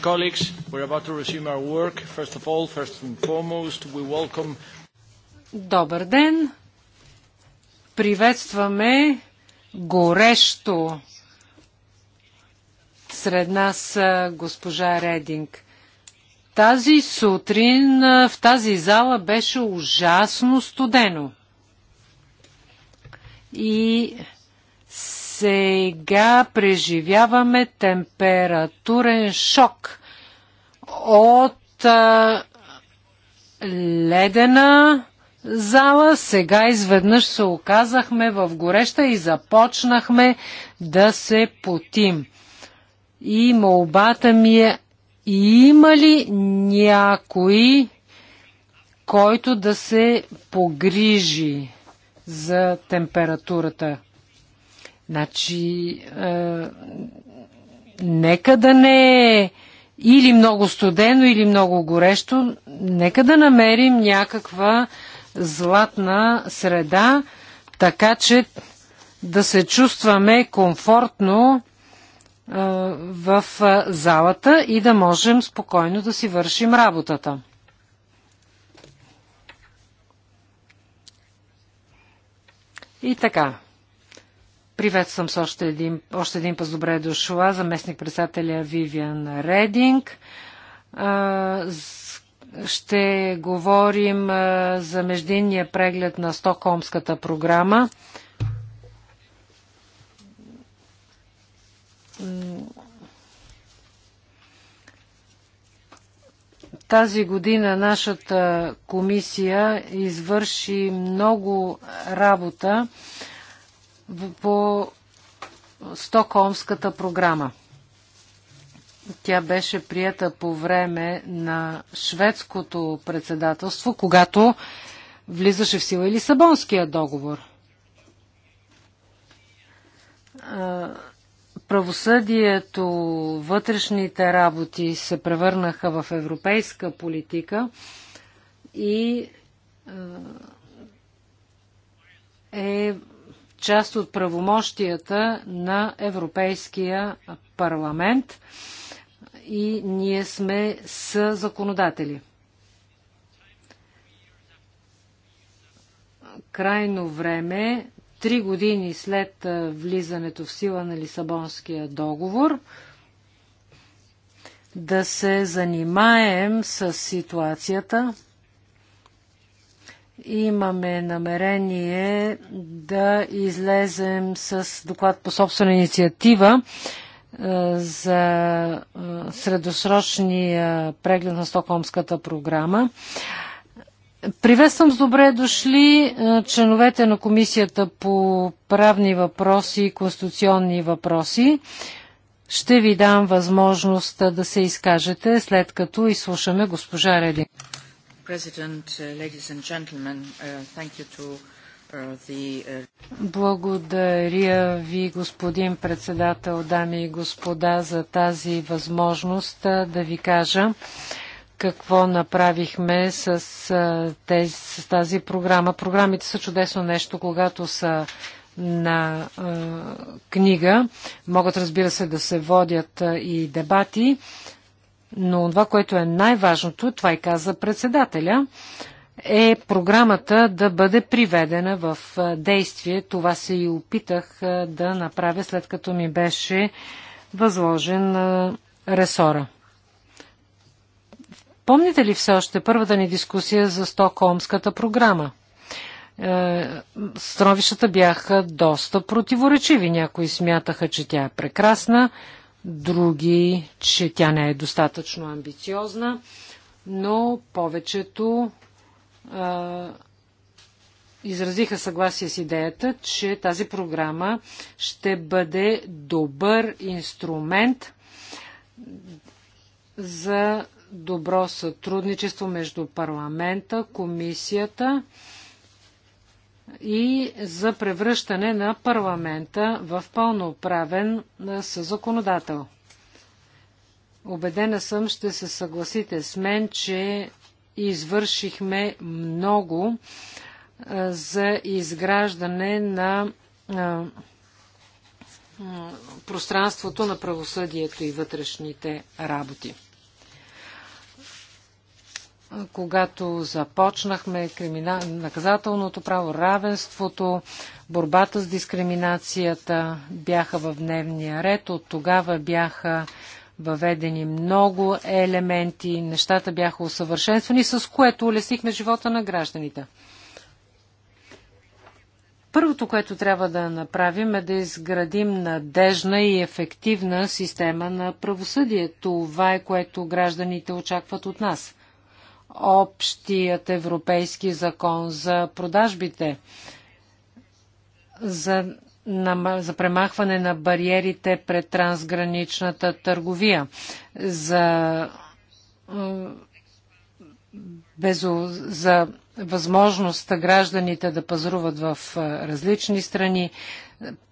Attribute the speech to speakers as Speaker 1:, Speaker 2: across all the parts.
Speaker 1: Dear colleagues, we're about to resume our work. First of all, first and foremost, we welcome...
Speaker 2: Добър ден! Приветстваме горещо сред нас госпожа Рединг. Тази сутрин в тази зала беше ужасно студено. И сега преживяваме температурен шок от а, ледена зала. Сега изведнъж се оказахме в гореща и започнахме да се потим. И молбата ми е, има ли някой, който да се погрижи за температурата? Значи, е, нека да не е или много студено, или много горещо. Нека да намерим някаква златна среда, така че да се чувстваме комфортно е, в е, залата и да можем спокойно да си вършим работата. И така. Приветствам с още един, още един път добре дошла заместник председателя Вивиан Рединг. Ще говорим за междинния преглед на Стокхолмската програма. Тази година нашата комисия извърши много работа по Стокхолмската програма. Тя беше прията по време на шведското председателство, когато влизаше в сила и Лисабонския договор. Правосъдието, вътрешните работи се превърнаха в европейска политика и е част от правомощията на Европейския парламент и ние сме с законодатели. Крайно време, три години след влизането в сила на Лисабонския договор, да се занимаем с ситуацията, имаме намерение да излезем с доклад по собствена инициатива е, за е, средосрочния преглед на Стокхолмската програма. Приветствам с добре дошли е, членовете на Комисията по правни въпроси и конституционни въпроси. Ще ви дам възможност да се изкажете след като изслушаме госпожа Редин. Благодаря ви, господин председател, дами и господа, за тази възможност да ви кажа какво направихме с, тези, с тази програма. Програмите са чудесно нещо, когато са на е, книга. Могат, разбира се, да се водят и дебати. Но това, което е най-важното, това и каза председателя, е програмата да бъде приведена в действие. Това се и опитах да направя след като ми беше възложен ресора. Помните ли все още първата ни дискусия за Стокхолмската програма? Е, становищата бяха доста противоречиви. Някои смятаха, че тя е прекрасна, други, че тя не е достатъчно амбициозна, но повечето а, изразиха съгласие с идеята, че тази програма ще бъде добър инструмент за добро сътрудничество между парламента, комисията, и за превръщане на парламента в пълноправен съзаконодател. Обедена съм, ще се съгласите с мен, че извършихме много за изграждане на пространството на правосъдието и вътрешните работи когато започнахме кримина... наказателното право, равенството, борбата с дискриминацията бяха в дневния ред. От тогава бяха въведени много елементи, нещата бяха усъвършенствани, с което улеснихме живота на гражданите. Първото, което трябва да направим е да изградим надежна и ефективна система на правосъдие. Това е което гражданите очакват от нас общият европейски закон за продажбите, за, на, за премахване на бариерите пред трансграничната търговия, за, без, за възможността гражданите да пазаруват в различни страни,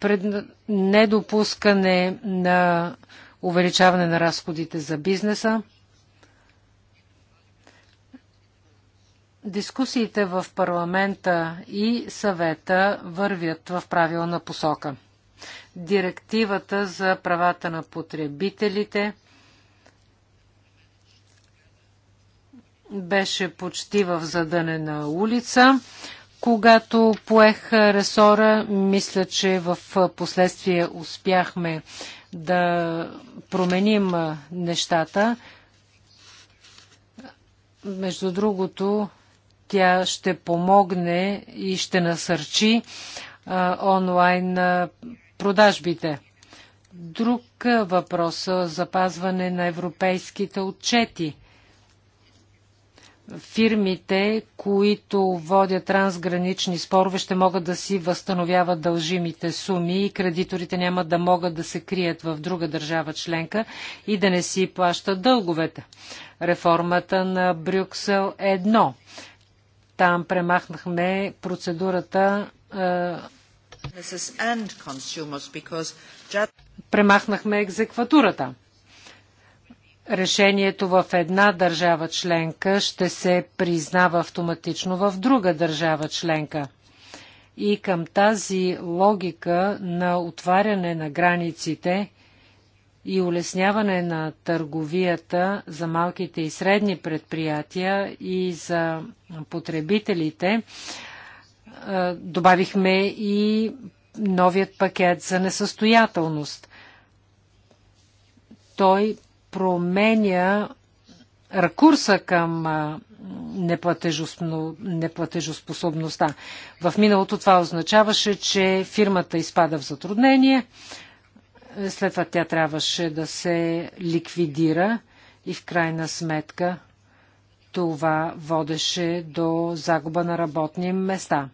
Speaker 2: пред недопускане на увеличаване на разходите за бизнеса. Дискусиите в парламента и съвета вървят в правилна посока. Директивата за правата на потребителите беше почти в задънена улица. Когато поех ресора, мисля, че в последствие успяхме да променим нещата. Между другото, тя ще помогне и ще насърчи а, онлайн а, продажбите. Друг въпрос – запазване на европейските отчети. Фирмите, които водят трансгранични спорове, ще могат да си възстановяват дължимите суми и кредиторите няма да могат да се крият в друга държава членка и да не си плащат дълговете. Реформата на Брюксел е едно – там премахнахме процедурата премахнахме екзекватурата. Решението в една държава членка ще се признава автоматично в друга държава членка. И към тази логика на отваряне на границите и улесняване на търговията за малките и средни предприятия и за потребителите, добавихме и новият пакет за несъстоятелност. Той променя ракурса към неплатежоспособността. В миналото това означаваше, че фирмата изпада в затруднение, след това тя трябваше да се ликвидира и в крайна сметка това водеше до загуба на работни места.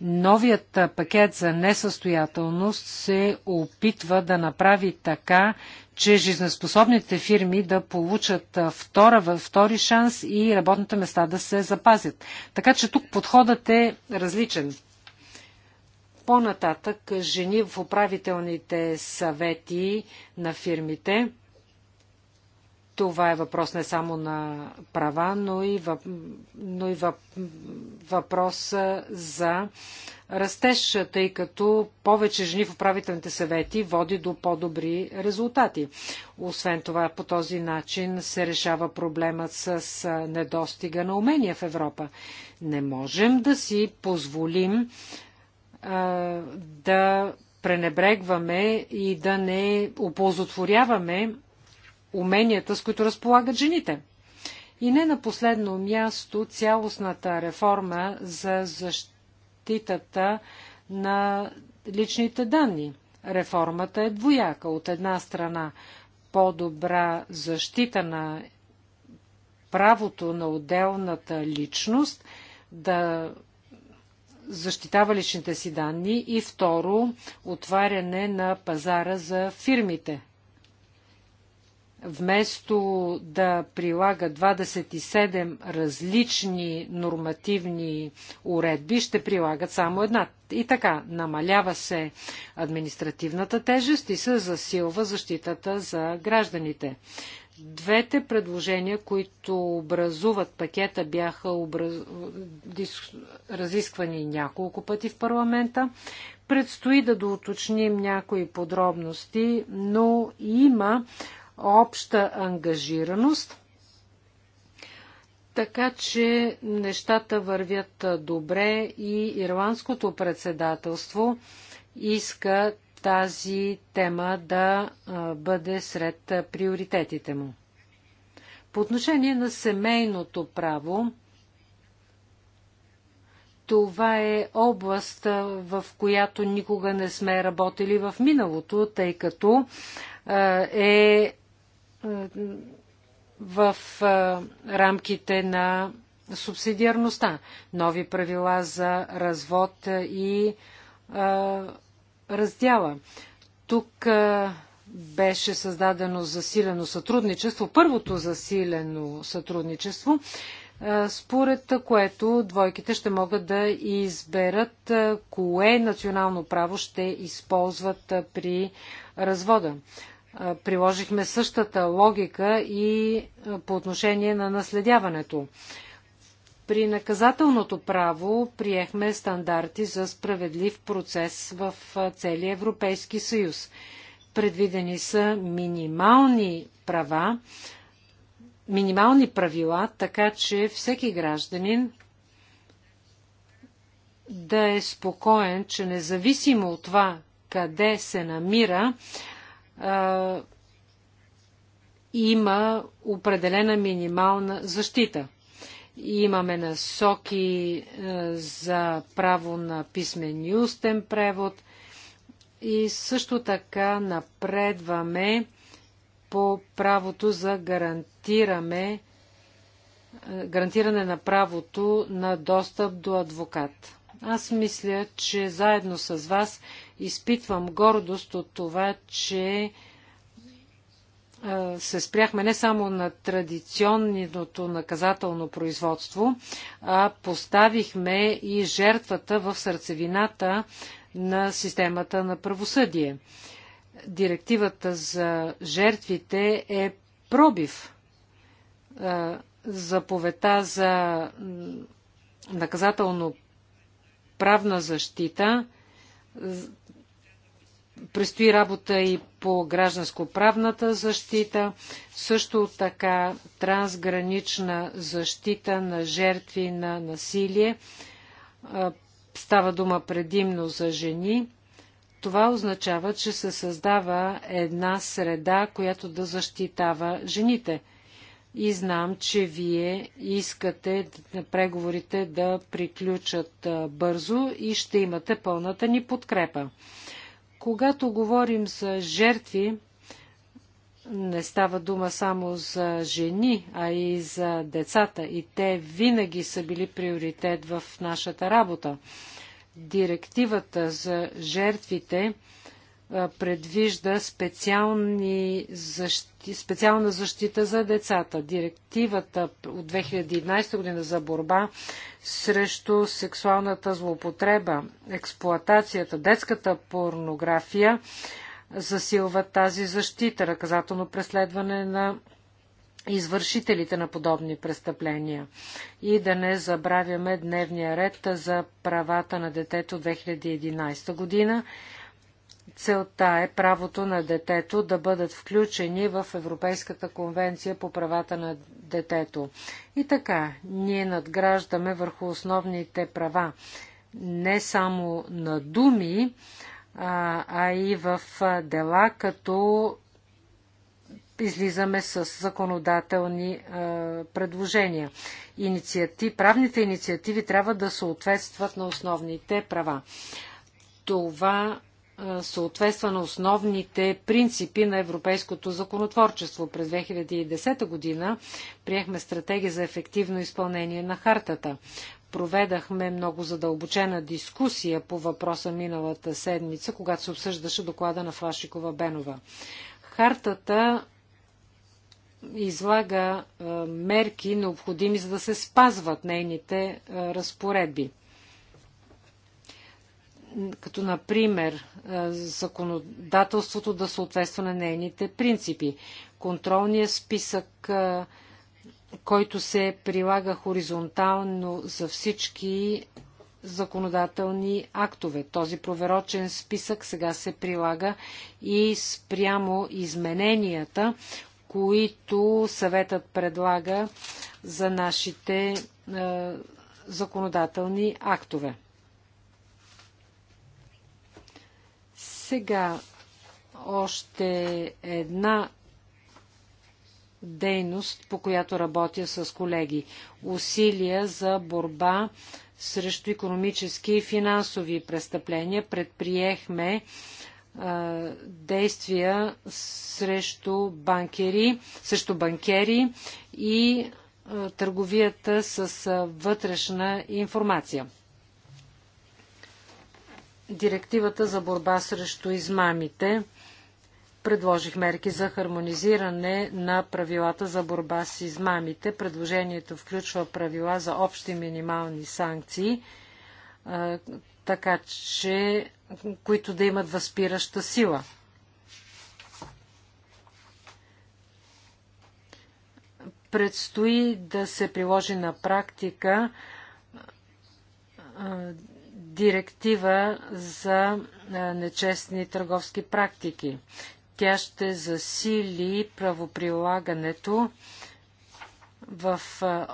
Speaker 2: Новият пакет за несъстоятелност се опитва да направи така, че жизнеспособните фирми да получат втора, втори шанс и работните места да се запазят. Така че тук подходът е различен. По-нататък жени в управителните съвети на фирмите. Това е въпрос не само на права, но и, въп... но и въп... въпрос за растеж, тъй като повече жени в управителните съвети води до по-добри резултати. Освен това, по този начин се решава проблемът с недостига на умения в Европа. Не можем да си позволим да пренебрегваме и да не оползотворяваме уменията, с които разполагат жените. И не на последно място цялостната реформа за защитата на личните данни. Реформата е двояка. От една страна по-добра защита на правото на отделната личност да защитава личните си данни и второ, отваряне на пазара за фирмите. Вместо да прилага 27 различни нормативни уредби, ще прилагат само една. И така, намалява се административната тежест и се засилва защитата за гражданите. Двете предложения, които образуват пакета, бяха образ... дис... разисквани няколко пъти в парламента. Предстои да доуточним някои подробности, но има обща ангажираност, така че нещата вървят добре и ирландското председателство иска тази тема да бъде сред приоритетите му. По отношение на семейното право, това е област, в която никога не сме работили в миналото, тъй като е в рамките на субсидиарността. Нови правила за развод и раздяла. Тук беше създадено засилено сътрудничество, първото засилено сътрудничество, според което двойките ще могат да изберат кое национално право ще използват при развода. Приложихме същата логика и по отношение на наследяването. При наказателното право приехме стандарти за справедлив процес в целия Европейски съюз. Предвидени са минимални права, минимални правила, така че всеки гражданин да е спокоен, че независимо от това къде се намира, има определена минимална защита. Имаме насоки е, за право на писмен и устен превод. И също така напредваме по правото за гарантираме е, гарантиране на правото на достъп до адвокат. Аз мисля, че заедно с вас изпитвам гордост от това, че се спряхме не само на традиционното наказателно производство, а поставихме и жертвата в сърцевината на системата на правосъдие. Директивата за жертвите е пробив. повета за наказателно правна защита Престои работа и по гражданско-правната защита, също така трансгранична защита на жертви на насилие. Става дума предимно за жени. Това означава, че се създава една среда, която да защитава жените. И знам, че вие искате на преговорите да приключат бързо и ще имате пълната ни подкрепа. Когато говорим за жертви, не става дума само за жени, а и за децата. И те винаги са били приоритет в нашата работа. Директивата за жертвите – предвижда специални защи, специална защита за децата. Директивата от 2011 година за борба срещу сексуалната злоупотреба, експлоатацията, детската порнография засилва тази защита, наказателно преследване на извършителите на подобни престъпления. И да не забравяме дневния ред за правата на детето 2011 година Целта е правото на детето да бъдат включени в Европейската конвенция по правата на детето. И така, ние надграждаме върху основните права не само на думи, а, а и в дела, като излизаме с законодателни а, предложения. Инициатив, правните инициативи трябва да съответстват на основните права. Това съответства на основните принципи на европейското законотворчество. През 2010 година приехме стратегия за ефективно изпълнение на хартата. Проведахме много задълбочена дискусия по въпроса миналата седмица, когато се обсъждаше доклада на Флашикова Бенова. Хартата излага мерки необходими, за да се спазват нейните разпоредби като например е, законодателството да съответства на нейните принципи. Контролният списък, е, който се прилага хоризонтално за всички законодателни актове. Този проверочен списък сега се прилага и спрямо измененията, които съветът предлага за нашите е, законодателни актове. Сега още една дейност, по която работя с колеги. Усилия за борба срещу економически и финансови престъпления. Предприехме а, действия срещу банкери, срещу банкери и а, търговията с а, вътрешна информация директивата за борба срещу измамите. Предложих мерки за хармонизиране на правилата за борба с измамите. Предложението включва правила за общи минимални санкции, така че, които да имат възпираща сила. Предстои да се приложи на практика директива за нечестни търговски практики. Тя ще засили правоприлагането в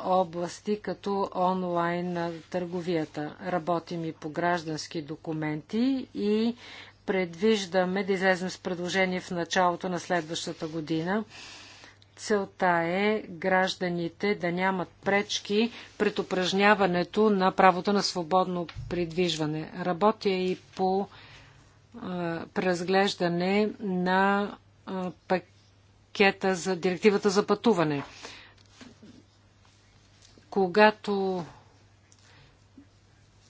Speaker 2: области като онлайн търговията. Работим и по граждански документи и предвиждаме да излезем с предложение в началото на следващата година Целта е гражданите да нямат пречки пред упражняването на правото на свободно придвижване. Работя и по преразглеждане на пакета за директивата за пътуване. Когато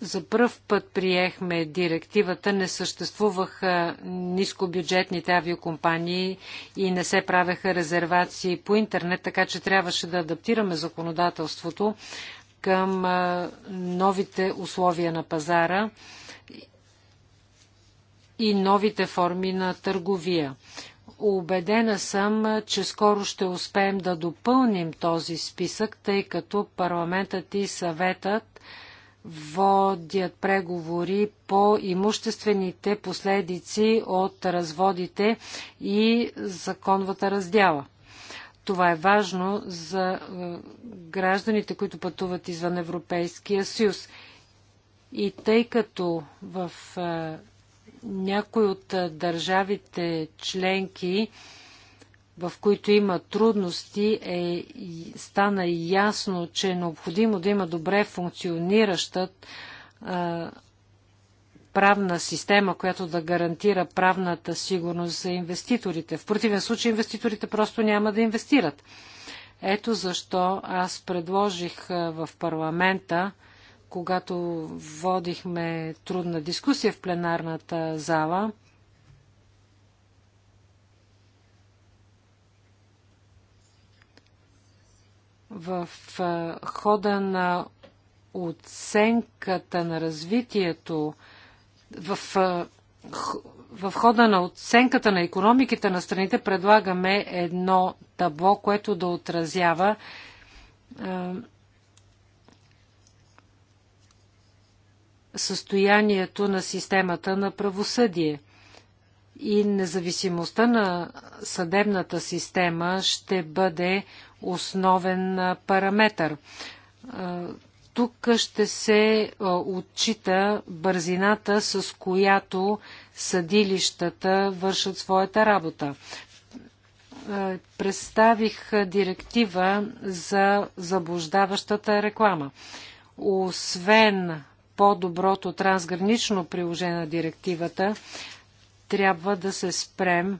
Speaker 2: за първ път приехме директивата, не съществуваха нискобюджетните авиокомпании и не се правеха резервации по интернет, така че трябваше да адаптираме законодателството към новите условия на пазара и новите форми на търговия. Убедена съм, че скоро ще успеем да допълним този списък, тъй като парламентът и съветът водят преговори по имуществените последици от разводите и законвата раздяла. Това е важно за е, гражданите, които пътуват извън Европейския съюз. И тъй като в е, някои от е, държавите членки в които има трудности, е, стана ясно, че е необходимо да има добре функционираща е, правна система, която да гарантира правната сигурност за инвеститорите. В противен случай инвеститорите просто няма да инвестират. Ето защо аз предложих е, в парламента, когато водихме трудна дискусия в пленарната зала, В хода на оценката на развитието, в, в хода на оценката на економиките на страните предлагаме едно табло, което да отразява състоянието на системата на правосъдие. И независимостта на съдебната система ще бъде основен параметр. Тук ще се отчита бързината, с която съдилищата вършат своята работа. Представих директива за заблуждаващата реклама. Освен по-доброто трансгранично приложение на директивата, трябва да се спрем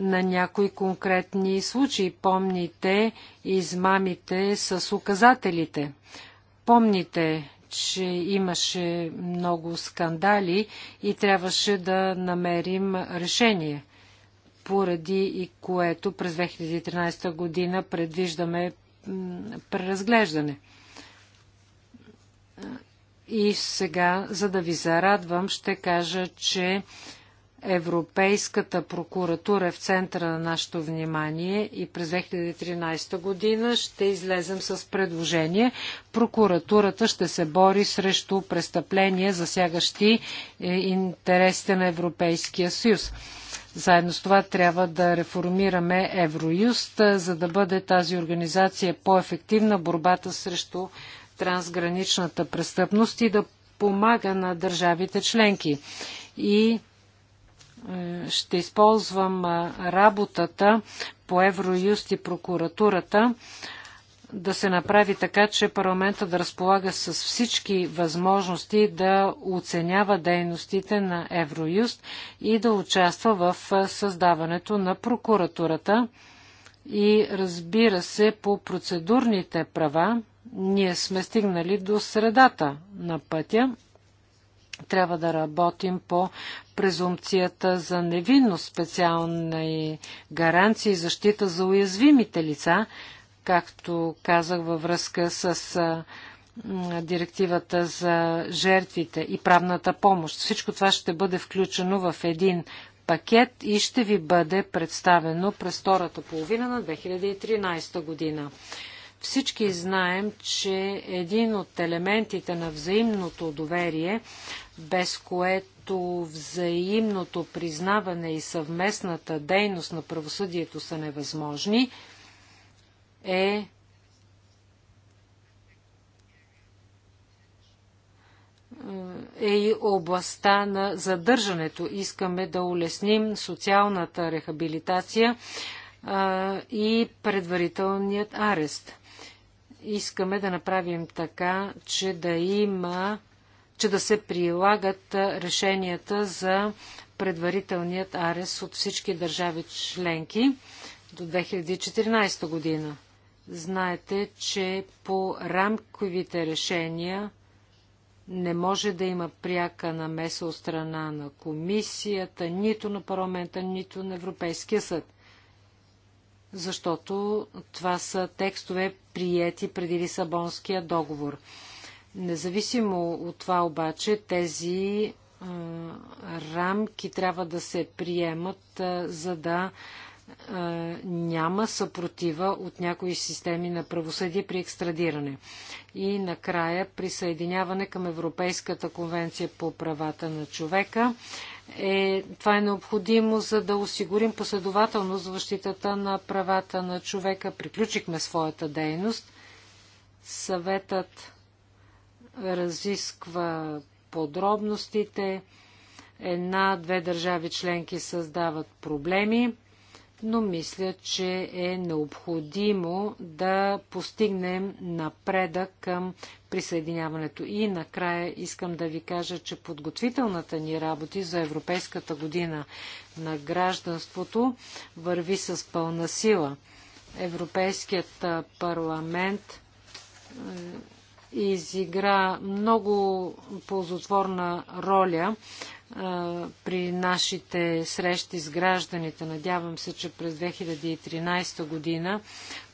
Speaker 2: на някои конкретни случаи. Помните измамите с указателите. Помните, че имаше много скандали и трябваше да намерим решение, поради и което през 2013 година предвиждаме преразглеждане. И сега, за да ви зарадвам, ще кажа, че Европейската прокуратура е в центъра на нашето внимание и през 2013 година ще излезем с предложение. Прокуратурата ще се бори срещу престъпления, засягащи е, интересите на Европейския съюз. Заедно с това трябва да реформираме Евроюст, е, за да бъде тази организация по-ефективна борбата срещу трансграничната престъпност и да помага на държавите членки. И е, ще използвам работата по Евроюст и прокуратурата да се направи така, че парламента да разполага с всички възможности да оценява дейностите на Евроюст и да участва в създаването на прокуратурата. И разбира се, по процедурните права ние сме стигнали до средата на пътя. Трябва да работим по презумпцията за невинност, специални гаранции и защита за уязвимите лица, както казах във връзка с директивата за жертвите и правната помощ. Всичко това ще бъде включено в един пакет и ще ви бъде представено през втората половина на 2013 година. Всички знаем, че един от елементите на взаимното доверие, без което като взаимното признаване и съвместната дейност на правосъдието са невъзможни, е е и областта на задържането. Искаме да улесним социалната рехабилитация а, и предварителният арест. Искаме да направим така, че да има че да се прилагат решенията за предварителният арест от всички държави членки до 2014 година. Знаете, че по рамковите решения не може да има пряка намеса от страна на комисията, нито на парламента, нито на Европейския съд. Защото това са текстове, приети преди Лисабонския договор. Независимо от това обаче, тези рамки трябва да се приемат, за да няма съпротива от някои системи на правосъдие при екстрадиране. И накрая присъединяване към Европейската конвенция по правата на човека. Е, това е необходимо, за да осигурим последователност в защитата на правата на човека. Приключихме своята дейност. Съветът разисква подробностите. Една-две държави членки създават проблеми, но мисля, че е необходимо да постигнем напредък към присъединяването. И накрая искам да ви кажа, че подготвителната ни работи за Европейската година на гражданството върви с пълна сила. Европейският парламент изигра много ползотворна роля при нашите срещи с гражданите. Надявам се, че през 2013 година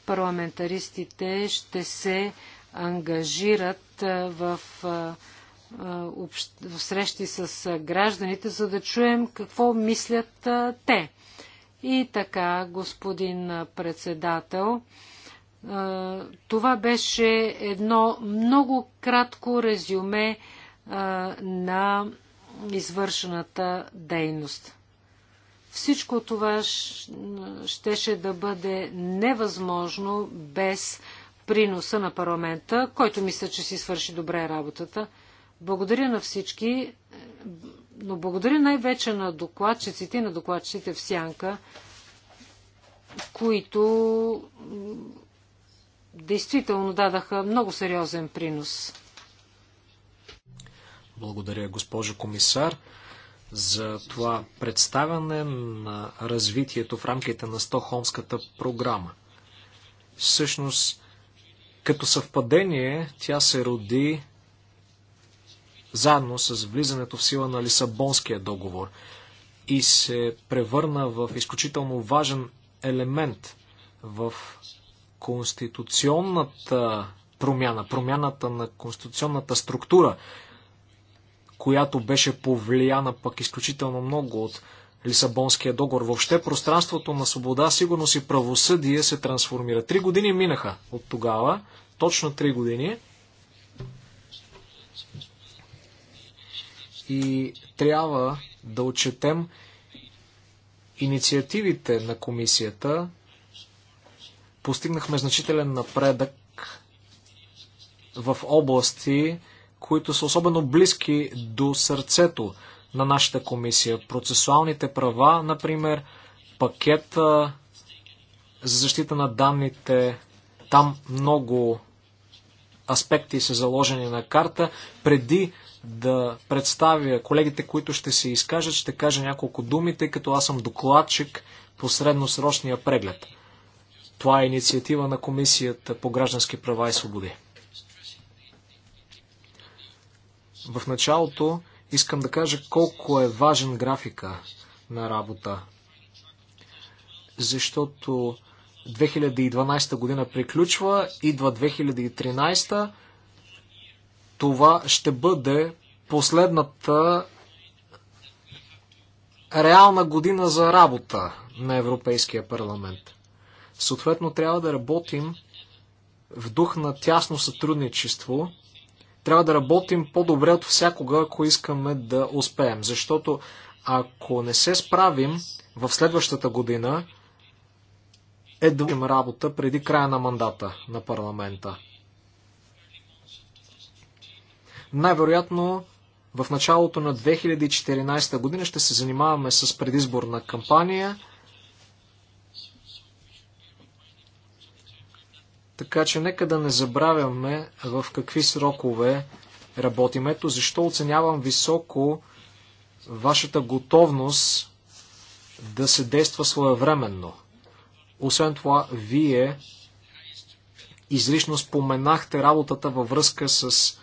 Speaker 2: парламентаристите ще се ангажират в срещи с гражданите, за да чуем какво мислят те. И така, господин председател, това беше едно много кратко резюме на извършената дейност. Всичко това щеше да бъде невъзможно без приноса на парламента, който мисля, че си свърши добре работата. Благодаря на всички, но благодаря най-вече на докладчиците и на докладчиците в Сянка, които действително дадаха много сериозен принос.
Speaker 1: Благодаря, госпожо комисар, за това представяне на развитието в рамките на Стохомската програма. Всъщност, като съвпадение, тя се роди заедно с влизането в сила на Лисабонския договор и се превърна в изключително важен елемент в конституционната промяна, промяната на конституционната структура, която беше повлияна пък изключително много от Лисабонския договор. Въобще пространството на свобода, сигурност и правосъдие се трансформира. Три години минаха от тогава, точно три години. И трябва да отчетем инициативите на комисията, Постигнахме значителен напредък в области, които са особено близки до сърцето на нашата комисия. Процесуалните права, например, пакета за защита на данните, там много аспекти са заложени на карта. Преди да представя колегите, които ще се изкажат, ще кажа няколко думи, тъй като аз съм докладчик по средносрочния преглед това е инициатива на Комисията по граждански права и свободи. В началото искам да кажа колко е важен графика на работа, защото 2012 година приключва, идва 2013. Това ще бъде последната реална година за работа на Европейския парламент. Съответно, трябва да работим в дух на тясно сътрудничество. Трябва да работим по-добре от всякога, ако искаме да успеем. Защото ако не се справим в следващата година, е да им работа преди края на мандата на парламента. Най-вероятно в началото на 2014 година ще се занимаваме с предизборна кампания – Така че нека да не забравяме в какви срокове работим. Ето защо оценявам високо вашата готовност да се действа своевременно. Освен това, вие излишно споменахте работата във връзка с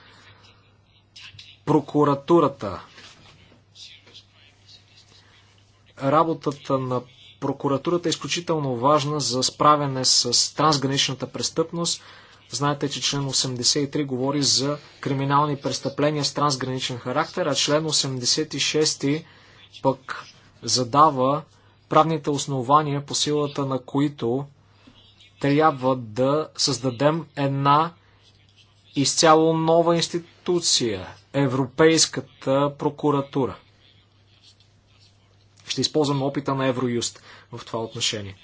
Speaker 1: прокуратурата. Работата на Прокуратурата е изключително важна за справяне с трансграничната престъпност. Знаете, че член 83 говори за криминални престъпления с трансграничен характер, а член 86 пък задава правните основания, по силата на които трябва да създадем една изцяло нова институция Европейската прокуратура. Ще използвам опита на Евроюст в това отношение.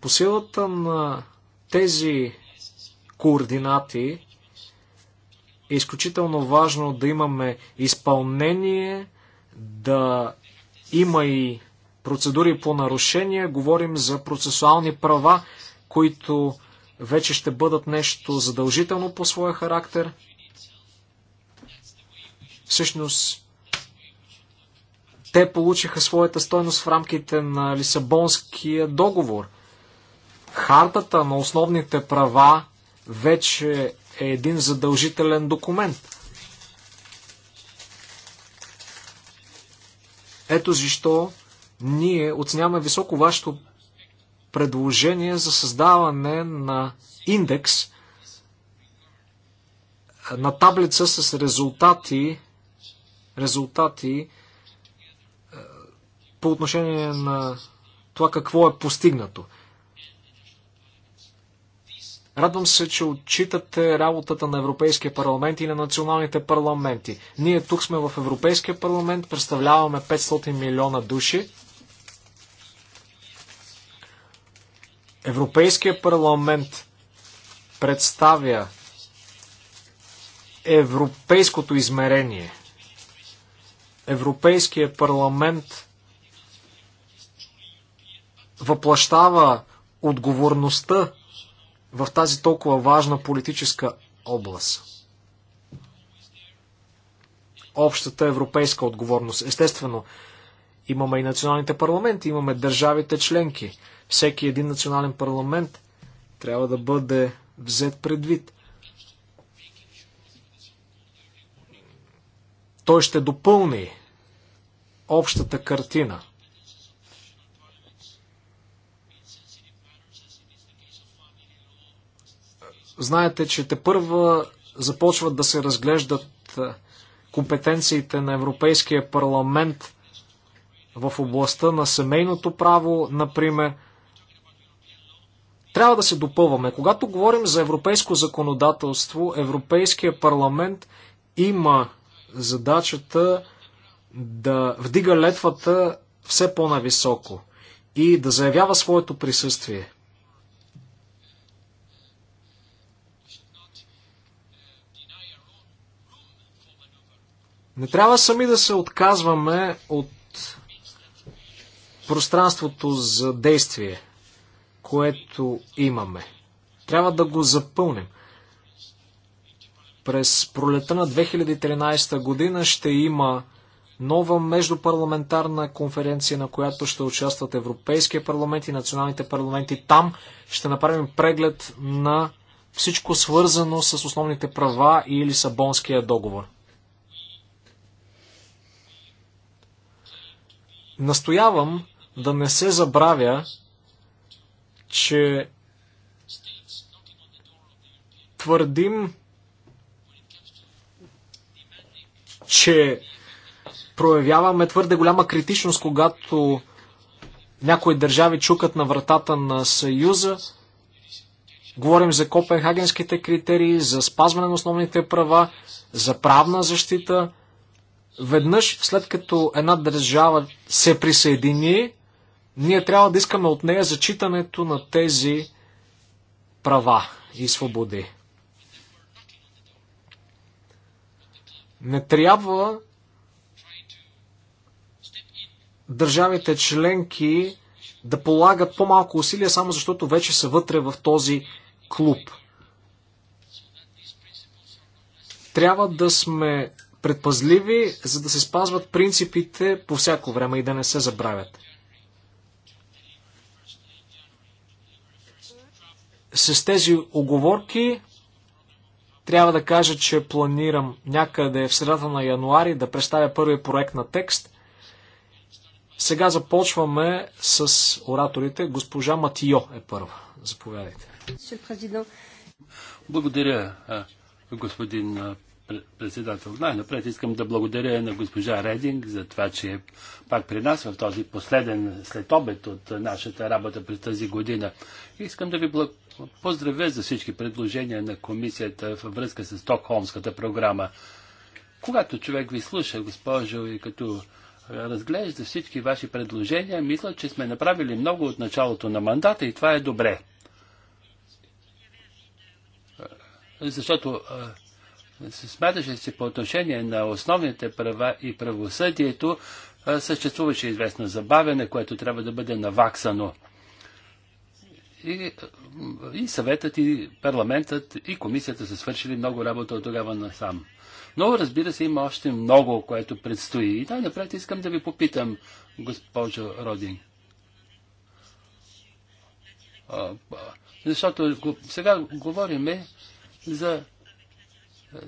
Speaker 1: По силата на тези координати е изключително важно да имаме изпълнение, да има и процедури по нарушение. Говорим за процесуални права, които вече ще бъдат нещо задължително по своя характер. Всъщност, те получиха своята стойност в рамките на Лисабонския договор. Хартата на основните права вече е един задължителен документ. Ето защо ние оценяваме високо вашето предложение за създаване на индекс на таблица с резултати, резултати по отношение на това какво е постигнато. Радвам се, че отчитате работата на Европейския парламент и на националните парламенти. Ние тук сме в Европейския парламент, представляваме 500 милиона души. Европейския парламент представя европейското измерение. Европейския парламент въплащава отговорността в тази толкова важна политическа област. Общата европейска отговорност. Естествено, имаме и националните парламенти, имаме държавите членки. Всеки един национален парламент трябва да бъде взет предвид. Той ще допълни общата картина – Знаете, че те първа започват да се разглеждат е, компетенциите на Европейския парламент в областта на семейното право, например. Трябва да се допълваме. Когато говорим за европейско законодателство, Европейския парламент има задачата да вдига летвата все по-нависоко и да заявява своето присъствие. Не трябва сами да се отказваме от пространството за действие, което имаме. Трябва да го запълним. През пролета на 2013 година ще има нова междупарламентарна конференция, на която ще участват Европейския парламент и националните парламенти. Там ще направим преглед на всичко свързано с основните права и Лисабонския договор. Настоявам да не се забравя, че твърдим, че проявяваме твърде голяма критичност, когато някои държави чукат на вратата на Съюза. Говорим за копенхагенските критерии, за спазване на основните права, за правна защита. Веднъж след като една държава се присъедини, ние трябва да искаме от нея зачитането на тези права и свободи. Не трябва държавите членки да полагат по-малко усилия, само защото вече са вътре в този клуб. Трябва да сме предпазливи, за да се спазват принципите по всяко време и да не се забравят. С тези оговорки трябва да кажа, че планирам някъде в средата на януари да представя първи проект на текст. Сега започваме с ораторите. Госпожа Матио е първа.
Speaker 3: Заповядайте. Благодаря, господин председател. Най-напред искам да благодаря на госпожа Рединг за това, че е пак при нас в този последен след обед от нашата работа през тази година. Искам да ви поздравя за всички предложения на комисията във връзка с Токхолмската програма. Когато човек ви слуша, госпожо, и като разглежда всички ваши предложения, мисля, че сме направили много от началото на мандата и това е добре. Защото смяташе, се по отношение на основните права и правосъдието съществуваше известно забавяне, което трябва да бъде наваксано. И, и съветът, и парламентът, и комисията са свършили много работа от тогава насам. Но, разбира се, има още много, което предстои. И да, напред искам да ви попитам, госпожо Родин. Защото сега говориме за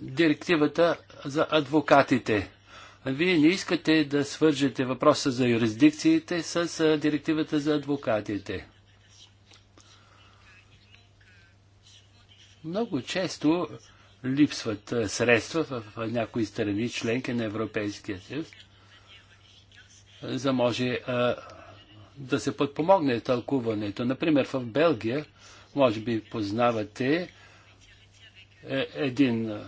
Speaker 3: директивата за адвокатите. Вие не искате да свържете въпроса за юрисдикциите с директивата за адвокатите. Много често липсват средства в някои страни, членки на Европейския съюз, за да може да се подпомогне тълкуването. Например, в Белгия, може би познавате, е, един е,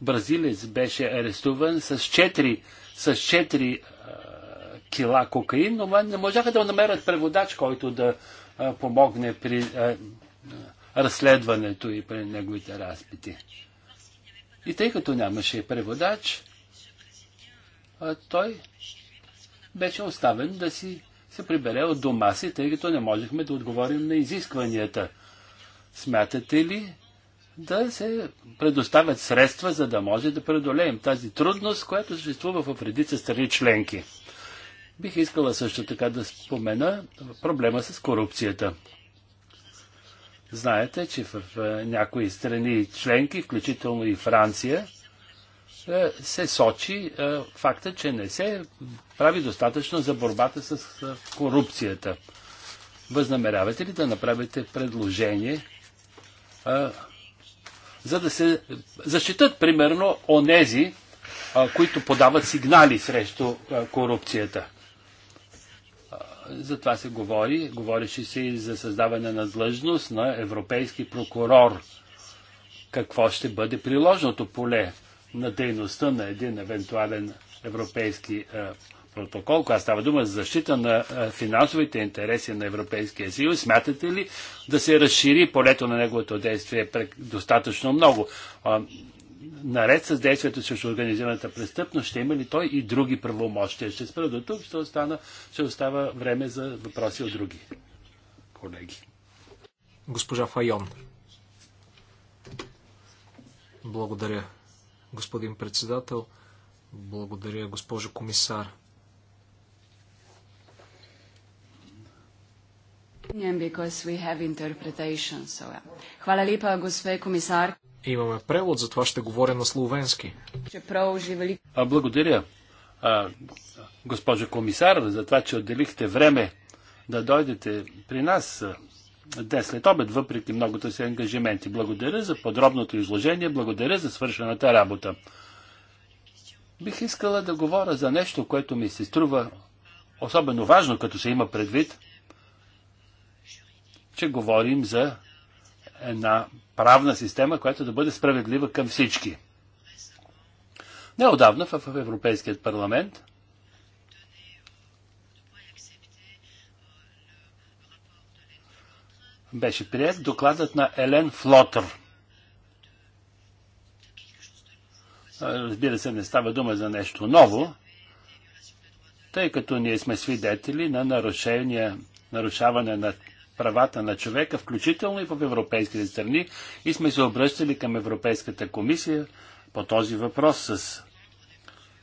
Speaker 3: бразилец беше арестуван с 4, с 4 е, кила кокаин, но не можаха да намерят преводач, който да помогне при разследването и при неговите разпити. И тъй като нямаше преводач, той беше оставен да си се прибере от дома си, тъй като не можехме да отговорим на изискванията. Смятате ли, да се предоставят средства, за да може да преодолеем тази трудност, която съществува в редица страни членки. Бих искала също така да спомена проблема с корупцията. Знаете, че в някои страни членки, включително и Франция, е, се сочи е, факта, че не се прави достатъчно за борбата с е, корупцията. Възнамерявате ли да направите предложение за да се защитат, примерно, онези, които подават сигнали срещу корупцията. За това се говори. Говореше се и за създаване на длъжност на европейски прокурор. Какво ще бъде приложното поле на дейността на един евентуален европейски протокол, когато става дума за защита на финансовите интереси на Европейския съюз, смятате ли да се разшири полето на неговото действие достатъчно много? наред с действието срещу организираната престъпност, ще има ли той и други правомощия? Ще спра до тук, ще, остана, ще остава време за въпроси от други колеги.
Speaker 1: Госпожа Файон. Благодаря, господин председател. Благодаря, госпожо комисар.
Speaker 2: Hvala lepa, gospe komisar.
Speaker 1: Имаме превод, затова ще говоря на словенски.
Speaker 3: благодаря, госпожо комисар, за това, че отделихте време да дойдете при нас днес след обед, въпреки многото си ангажименти. Благодаря за подробното изложение, благодаря за свършената работа. Бих искала да говоря за нещо, което ми се струва особено важно, като се има предвид, че говорим за една правна система, която да бъде справедлива към всички. Неодавна в Европейският парламент беше прият докладът на Елен Флотър. Разбира се, не става дума за нещо ново, тъй като ние сме свидетели на нарушаване на правата на човека, включително и в европейските страни, и сме се обръщали към Европейската комисия по този въпрос с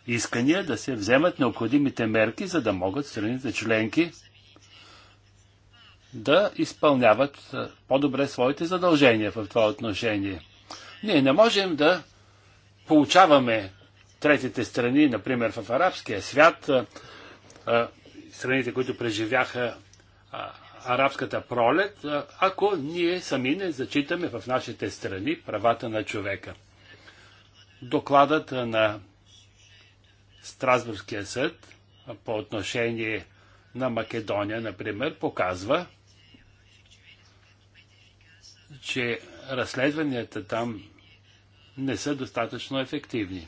Speaker 3: искания да се вземат необходимите мерки, за да могат страните членки да изпълняват по-добре своите задължения в това отношение. Ние не можем да получаваме третите страни, например в арабския свят, страните, които преживяха арабската пролет, ако ние сами не зачитаме в нашите страни правата на човека. Докладът на Страсбургския съд по отношение на Македония, например, показва, че разследванията там не са достатъчно ефективни.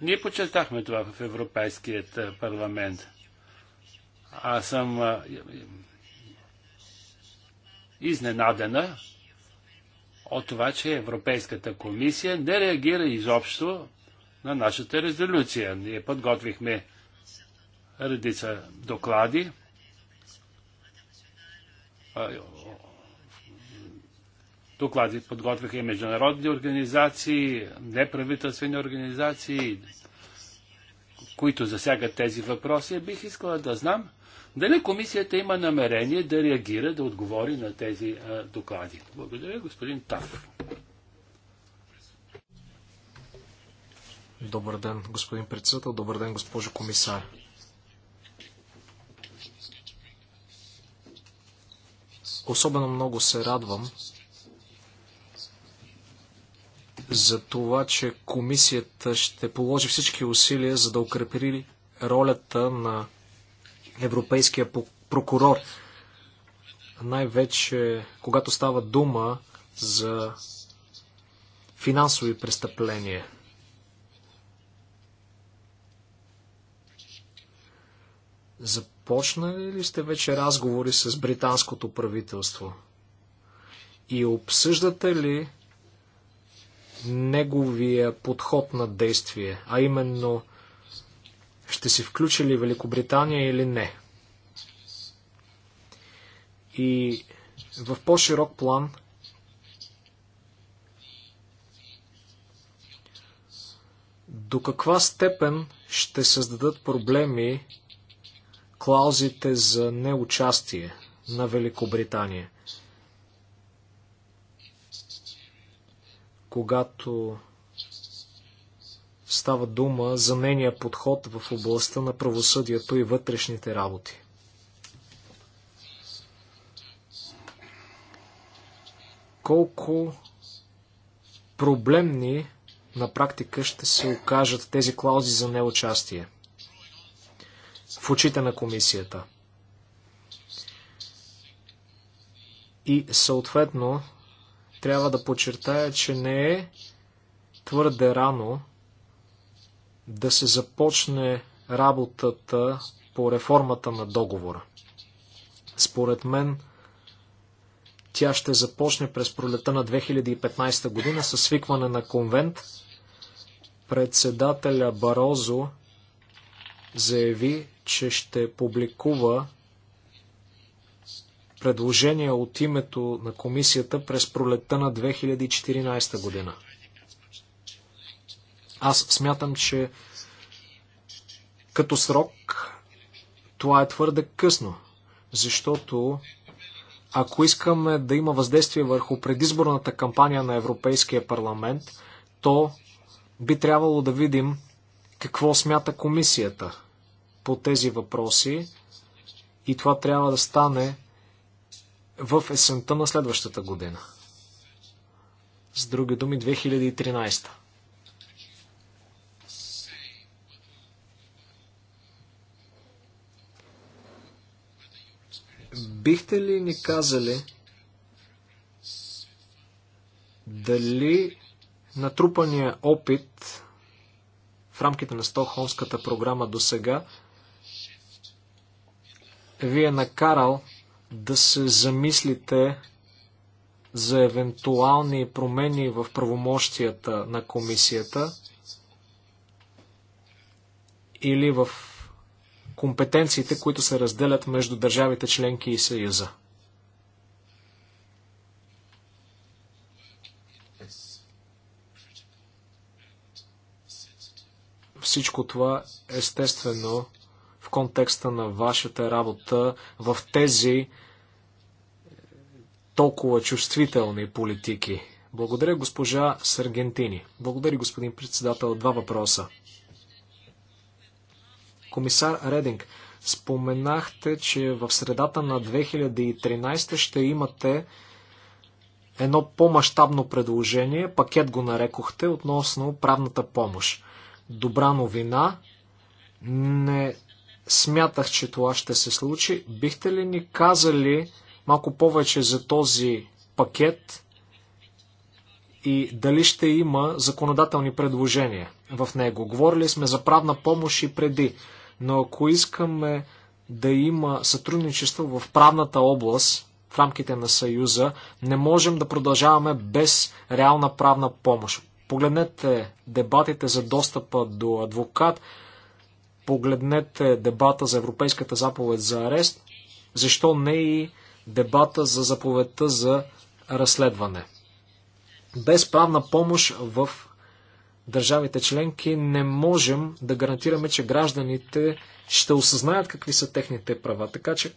Speaker 3: Ние подчертахме това в Европейският парламент – аз съм изненадена от това, че Европейската комисия не реагира изобщо на нашата резолюция. Ние подготвихме редица доклади. Доклади подготвиха и международни организации, неправителствени организации, които засягат тези въпроси. Бих искала да знам дали комисията има намерение да реагира, да отговори на тези а, доклади? Благодаря, господин Тафов.
Speaker 1: Добър ден, господин председател. Добър ден, госпожо комисар. Особено много се радвам за това, че комисията ще положи всички усилия, за да укрепи ролята на европейския прокурор. Най-вече, когато става дума за финансови престъпления. Започнали ли сте вече разговори с британското правителство? И обсъждате ли неговия подход на действие, а именно – ще се включи ли Великобритания или не? И в по-широк план до каква степен ще създадат проблеми клаузите за неучастие на Великобритания? Когато Става дума за нейния подход в областта на правосъдието и вътрешните работи. Колко проблемни на практика ще се окажат тези клаузи за неучастие в очите на комисията. И съответно трябва да подчертая, че не е твърде рано да се започне работата по реформата на договора. Според мен, тя ще започне през пролета на 2015 година с свикване на конвент. Председателя Барозо заяви, че ще публикува предложение от името на комисията през пролета на 2014 година. Аз смятам, че като срок това е твърде късно, защото ако искаме да има въздействие върху предизборната кампания на Европейския парламент, то би трябвало да видим какво смята комисията по тези въпроси и това трябва да стане в есента на следващата година. С други думи, 2013. бихте ли ни казали дали натрупания опит в рамките на Стокхолмската програма до сега ви е накарал да се замислите за евентуални промени в правомощията на комисията или в компетенциите, които се разделят между държавите членки и Съюза. Всичко това естествено в контекста на вашата работа в тези толкова чувствителни политики. Благодаря госпожа Саргентини. Благодаря господин председател. Два въпроса. Комисар Рединг, споменахте, че в средата на 2013 ще имате едно по-масштабно предложение, пакет го нарекохте, относно правната помощ. Добра новина. Не смятах, че това ще се случи. Бихте ли ни казали малко повече за този пакет и дали ще има законодателни предложения в него? Говорили сме за правна помощ и преди. Но ако искаме да има сътрудничество в правната област, в рамките на Съюза, не можем да продължаваме без реална правна помощ. Погледнете дебатите за достъпа до адвокат, погледнете дебата за Европейската заповед за арест, защо не и дебата за заповедта за разследване. Без правна помощ в държавите членки не можем да гарантираме, че гражданите ще осъзнаят какви са техните права. Така че,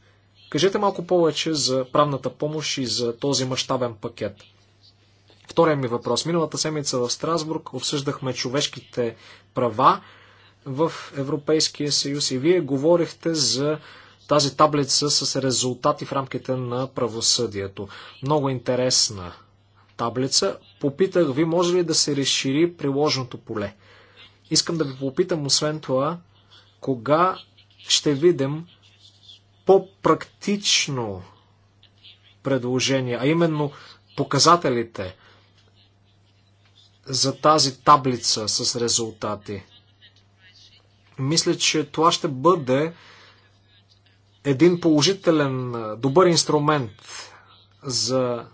Speaker 1: кажете малко повече за правната помощ и за този мащабен пакет. Втория ми въпрос. Миналата седмица в Страсбург обсъждахме човешките права в Европейския съюз и вие говорихте за тази таблица с резултати в рамките на правосъдието. Много интересна таблица. Попитах ви, може ли да се разшири приложното поле. Искам да ви попитам, освен това, кога ще видим по-практично предложение, а именно показателите за тази таблица с резултати. Мисля, че това ще бъде един положителен, добър инструмент за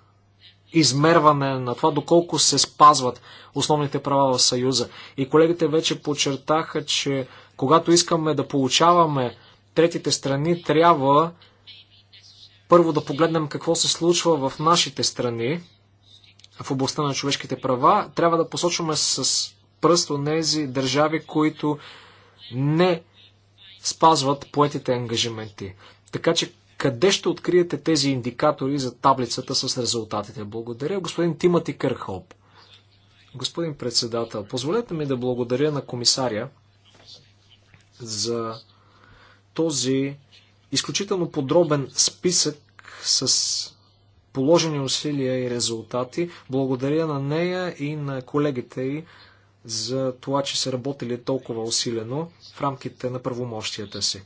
Speaker 1: измерване на това доколко се спазват основните права в Съюза. И колегите вече подчертаха, че когато искаме да получаваме третите страни, трябва първо да погледнем какво се случва в нашите страни в областта на човешките права. Трябва да посочваме с пръст от тези държави, които не спазват поетите ангажименти. Така че къде ще откриете тези индикатори за таблицата с резултатите? Благодаря, господин Тимати Кърхоп. Господин председател, позволете ми да благодаря на комисаря за този изключително подробен списък с положени усилия и резултати. Благодаря на нея и на колегите й за това, че са работили толкова усилено в рамките на правомощията си.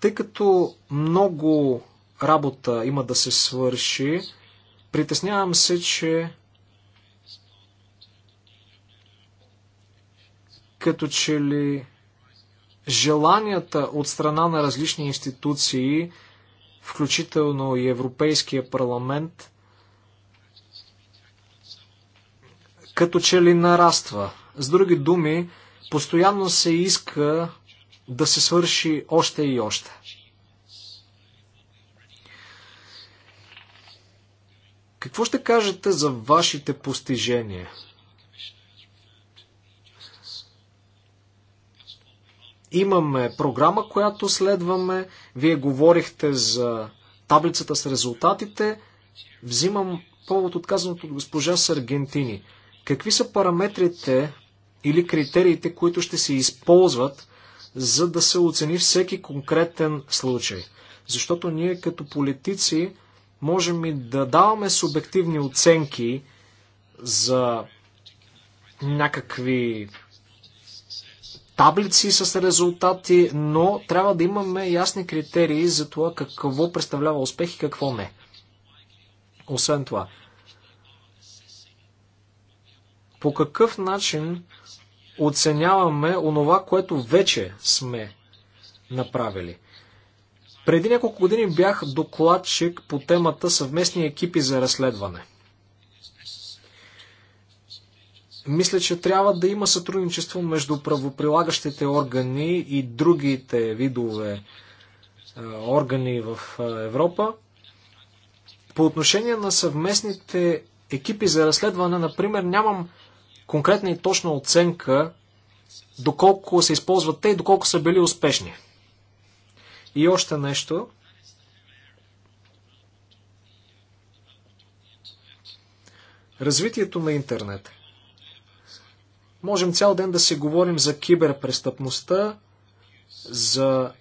Speaker 1: Тъй като много работа има да се свърши, притеснявам се, че като че ли желанията от страна на различни институции, включително и Европейския парламент, като че ли нараства. С други думи, постоянно се иска да се свърши още и още. Какво ще кажете за вашите постижения? Имаме програма, която следваме. Вие говорихте за таблицата с резултатите. Взимам повод отказаното от госпожа Саргентини. Какви са параметрите или критериите, които ще се използват за да се оцени всеки конкретен случай. Защото ние като политици можем и да даваме субективни оценки за някакви таблици с резултати, но трябва да имаме ясни критерии за това какво представлява успех и какво не. Освен това, по какъв начин оценяваме онова, което вече сме направили. Преди няколко години бях докладчик по темата съвместни екипи за разследване. Мисля, че трябва да има сътрудничество между правоприлагащите органи и другите видове е, органи в е, Европа. По отношение на съвместните екипи за разследване, например, нямам конкретна и точна оценка доколко се използват те и доколко са били успешни. И още нещо. Развитието на интернет. Можем цял ден да си говорим за киберпрестъпността, за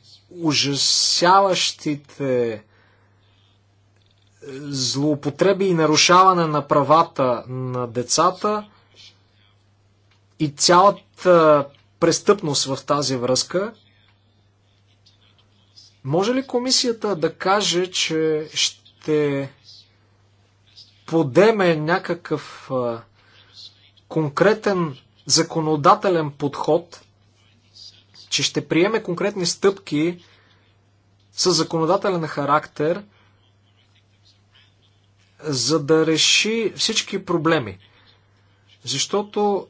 Speaker 1: ужасяващите злоупотреби и нарушаване на правата на децата – и цялата престъпност в тази връзка, може ли комисията да каже, че ще подеме някакъв конкретен законодателен подход, че ще приеме конкретни стъпки с законодателен характер, за да реши всички проблеми? Защото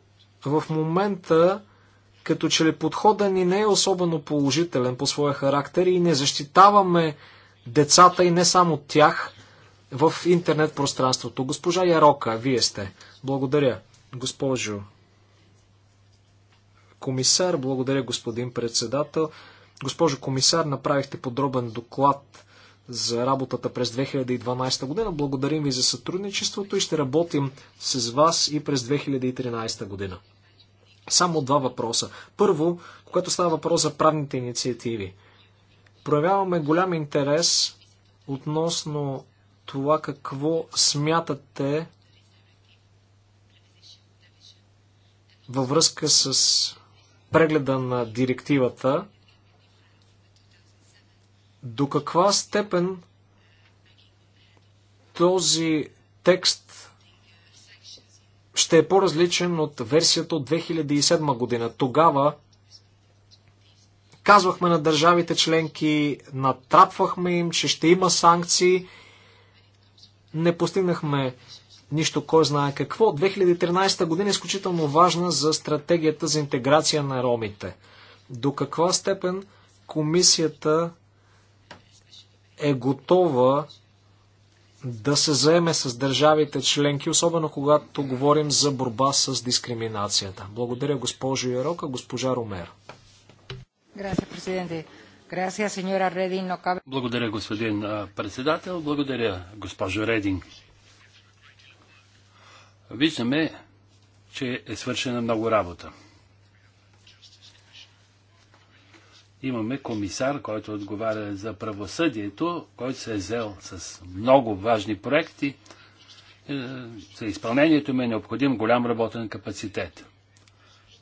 Speaker 1: в момента, като че ли подхода ни не е особено положителен по своя характер и не защитаваме децата и не само тях в интернет пространството. Госпожа Ярока, вие сте. Благодаря, госпожо комисар, благодаря господин председател. Госпожо комисар, направихте подробен доклад за работата през 2012 година. Благодарим ви за сътрудничеството и ще работим с вас и през 2013 година. Само два въпроса. Първо, когато става въпрос за правните инициативи. Проявяваме голям интерес относно това какво смятате във връзка с прегледа на директивата, до каква степен този текст ще е по-различен от версията от 2007 година. Тогава казвахме на държавите членки, натрапвахме им, че ще има санкции. Не постигнахме нищо кой знае какво. 2013 година е изключително важна за стратегията за интеграция на ромите. До каква степен комисията е готова да се заеме с държавите членки, особено когато говорим за борба с дискриминацията. Благодаря госпожо Ярока, госпожа Ромер.
Speaker 3: Благодаря, господин председател. Благодаря, госпожо Рединг. Виждаме, че е свършена много работа. имаме комисар, който отговаря за правосъдието, който се е взел с много важни проекти. Е, за изпълнението ми е необходим голям работен капацитет.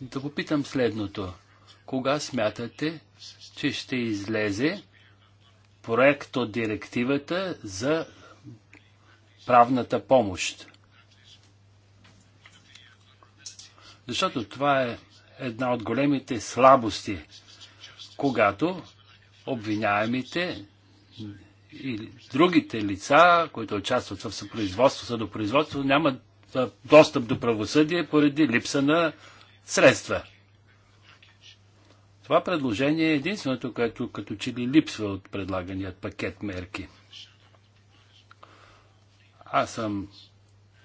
Speaker 3: Да го питам следното. Кога смятате, че ще излезе проект от директивата за правната помощ? Защото това е една от големите слабости когато обвиняемите и другите лица, които участват в съпроизводство, съдопроизводство, нямат достъп до правосъдие поради липса на средства. Това предложение е единственото, което като че ли липсва от предлаганият пакет мерки. Аз съм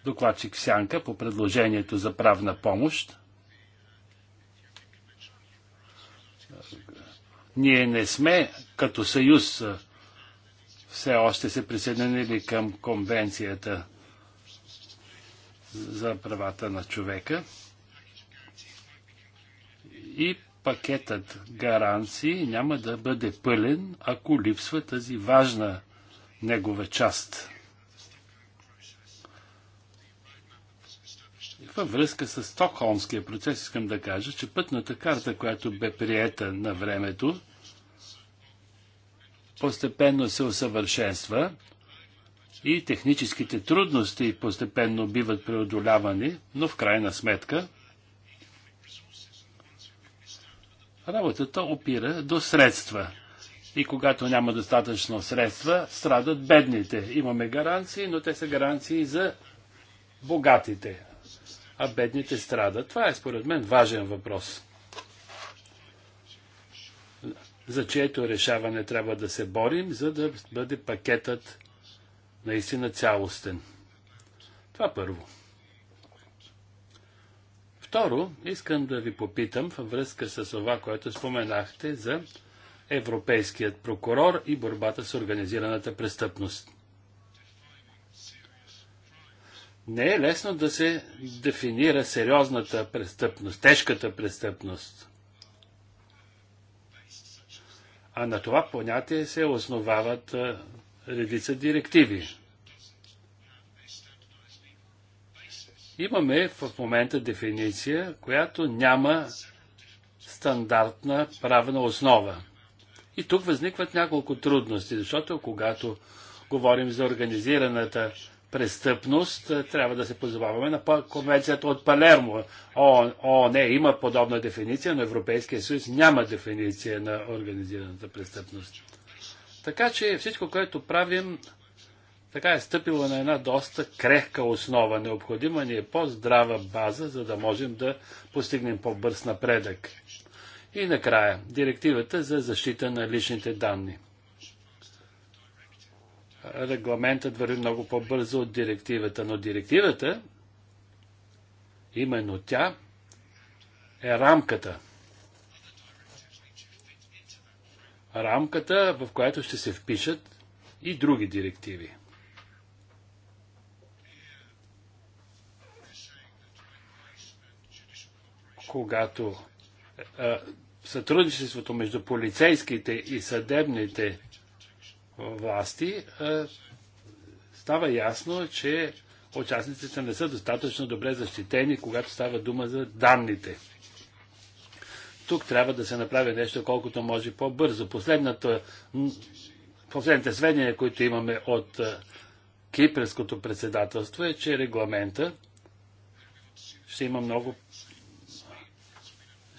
Speaker 3: докладчик в Сянка по предложението за правна помощ. Ние не сме като съюз все още се присъединили към конвенцията за правата на човека и пакетът гаранции няма да бъде пълен, ако липсва тази важна негова част. Във връзка с Стокхолмския процес искам да кажа, че пътната карта, която бе приета на времето, постепенно се усъвършенства и техническите трудности постепенно биват преодолявани, но в крайна сметка работата опира до средства. И когато няма достатъчно средства, страдат бедните. Имаме гаранции, но те са гаранции за богатите а бедните страдат. Това е според мен важен въпрос, за чието решаване трябва да се борим, за да бъде пакетът наистина цялостен. Това първо. Второ, искам да ви попитам във връзка с това, което споменахте за европейският прокурор и борбата с организираната престъпност. не е лесно да се дефинира сериозната престъпност, тежката престъпност. А на това понятие се основават редица директиви. Имаме в момента дефиниция, която няма стандартна правна основа. И тук възникват няколко трудности, защото когато говорим за организираната престъпност, е, трябва да се позоваваме на конвенцията от Палермо. О, о, не, има подобна дефиниция, но Европейския съюз няма дефиниция на организираната престъпност. Така че всичко, което правим, така е стъпило на една доста крехка основа. Необходима ни е по-здрава база, за да можем да постигнем по-бърз напредък. И накрая, директивата за защита на личните данни – регламентът върви много по-бързо от директивата, но директивата, именно тя, е рамката. Рамката, в която ще се впишат и други директиви. Когато а, сътрудничеството между полицейските и съдебните власти, е, става ясно, че участниците не са достатъчно добре защитени, когато става дума за данните. Тук трябва да се направи нещо колкото може по-бързо. Последните сведения, които имаме от е, Кипърското председателство е, че регламента ще има много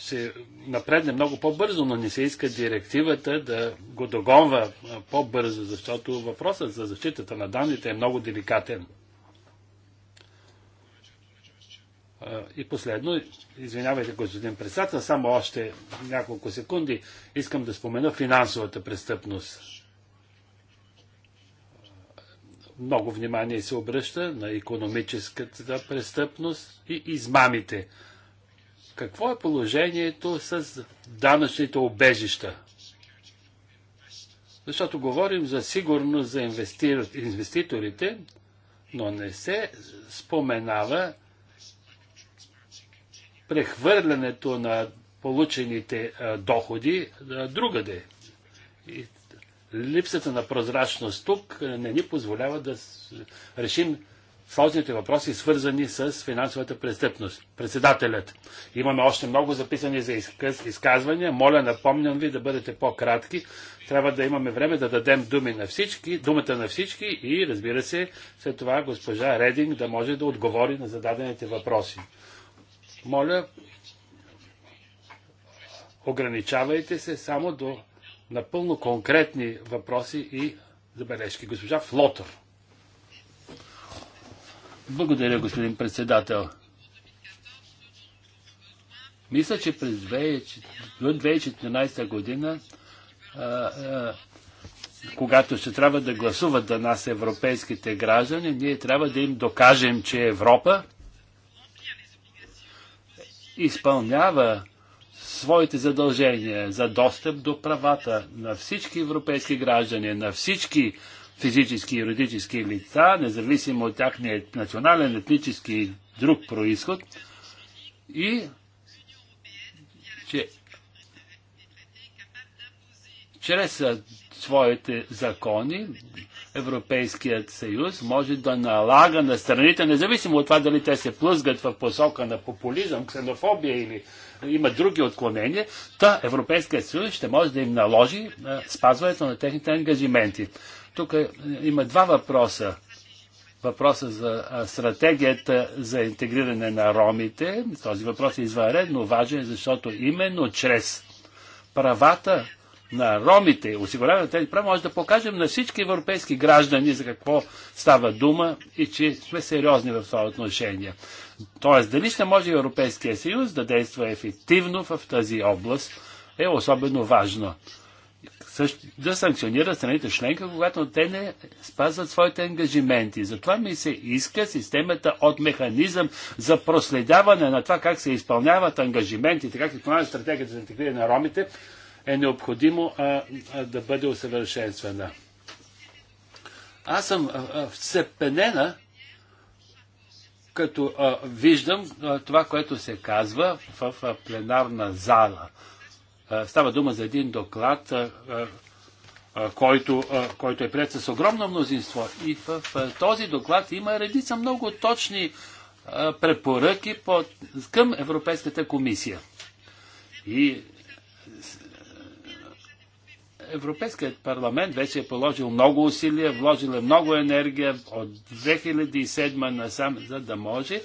Speaker 3: ще напредне много по-бързо, но не се иска директивата да го догонва по-бързо, защото въпросът за защитата на данните е много деликатен. И последно, извинявайте, господин председател, само още няколко секунди искам да спомена финансовата престъпност. Много внимание се обръща на економическата престъпност и измамите. Какво е положението с данъчните обежища? Защото говорим за сигурност за инвеститорите, но не се споменава прехвърлянето на получените доходи другаде. И липсата на прозрачност тук не ни позволява да решим сложните въпроси, свързани с финансовата престъпност. Председателят, имаме още много записани за изказ, изказвания. Моля, напомням ви да бъдете по-кратки. Трябва да имаме време да дадем думи на всички, думата на всички и, разбира се, след това госпожа Рединг да може да отговори на зададените въпроси. Моля, ограничавайте се само до напълно конкретни въпроси и забележки. Госпожа Флотов. Благодаря, господин председател. Мисля, че през 2014 година, а, а, когато ще трябва да гласуват за нас европейските граждани, ние трябва да им докажем, че Европа изпълнява своите задължения за достъп до правата на всички европейски граждани, на всички физически и юридически лица, независимо от тяхния национален, етнически и друг происход, и че чрез своите закони Европейският съюз може да налага на страните, независимо от това дали те се плъзгат в посока на популизъм, ксенофобия или има други отклонения, та Европейският съюз ще може да им наложи спазването на техните ангажименти. Тук е, има два въпроса. Въпроса за стратегията за интегриране на ромите. Този въпрос е извънредно важен, защото именно чрез правата на ромите, осигуряване на тези права, може да покажем на всички европейски граждани за какво става дума и че сме сериозни в това отношение. Тоест, дали ще може Европейския съюз да действа ефективно в тази област е особено важно да санкционира страните членка, когато те не спазват своите ангажименти. Затова ми се иска системата от механизъм за проследяване на това как се изпълняват ангажиментите, как се е стратегията за интегриране на ромите, е необходимо а, а, да бъде усъвършенствана. Аз съм всепенена, като а, виждам а, това, което се казва в, в а, пленарна зала е, става дума за един доклад, който, е, е, който е пред с огромно мнозинство. И в този доклад има редица много точни препоръки към Европейската комисия. И Европейският парламент вече е положил много усилия, вложил е много енергия от 2007 насам, за да може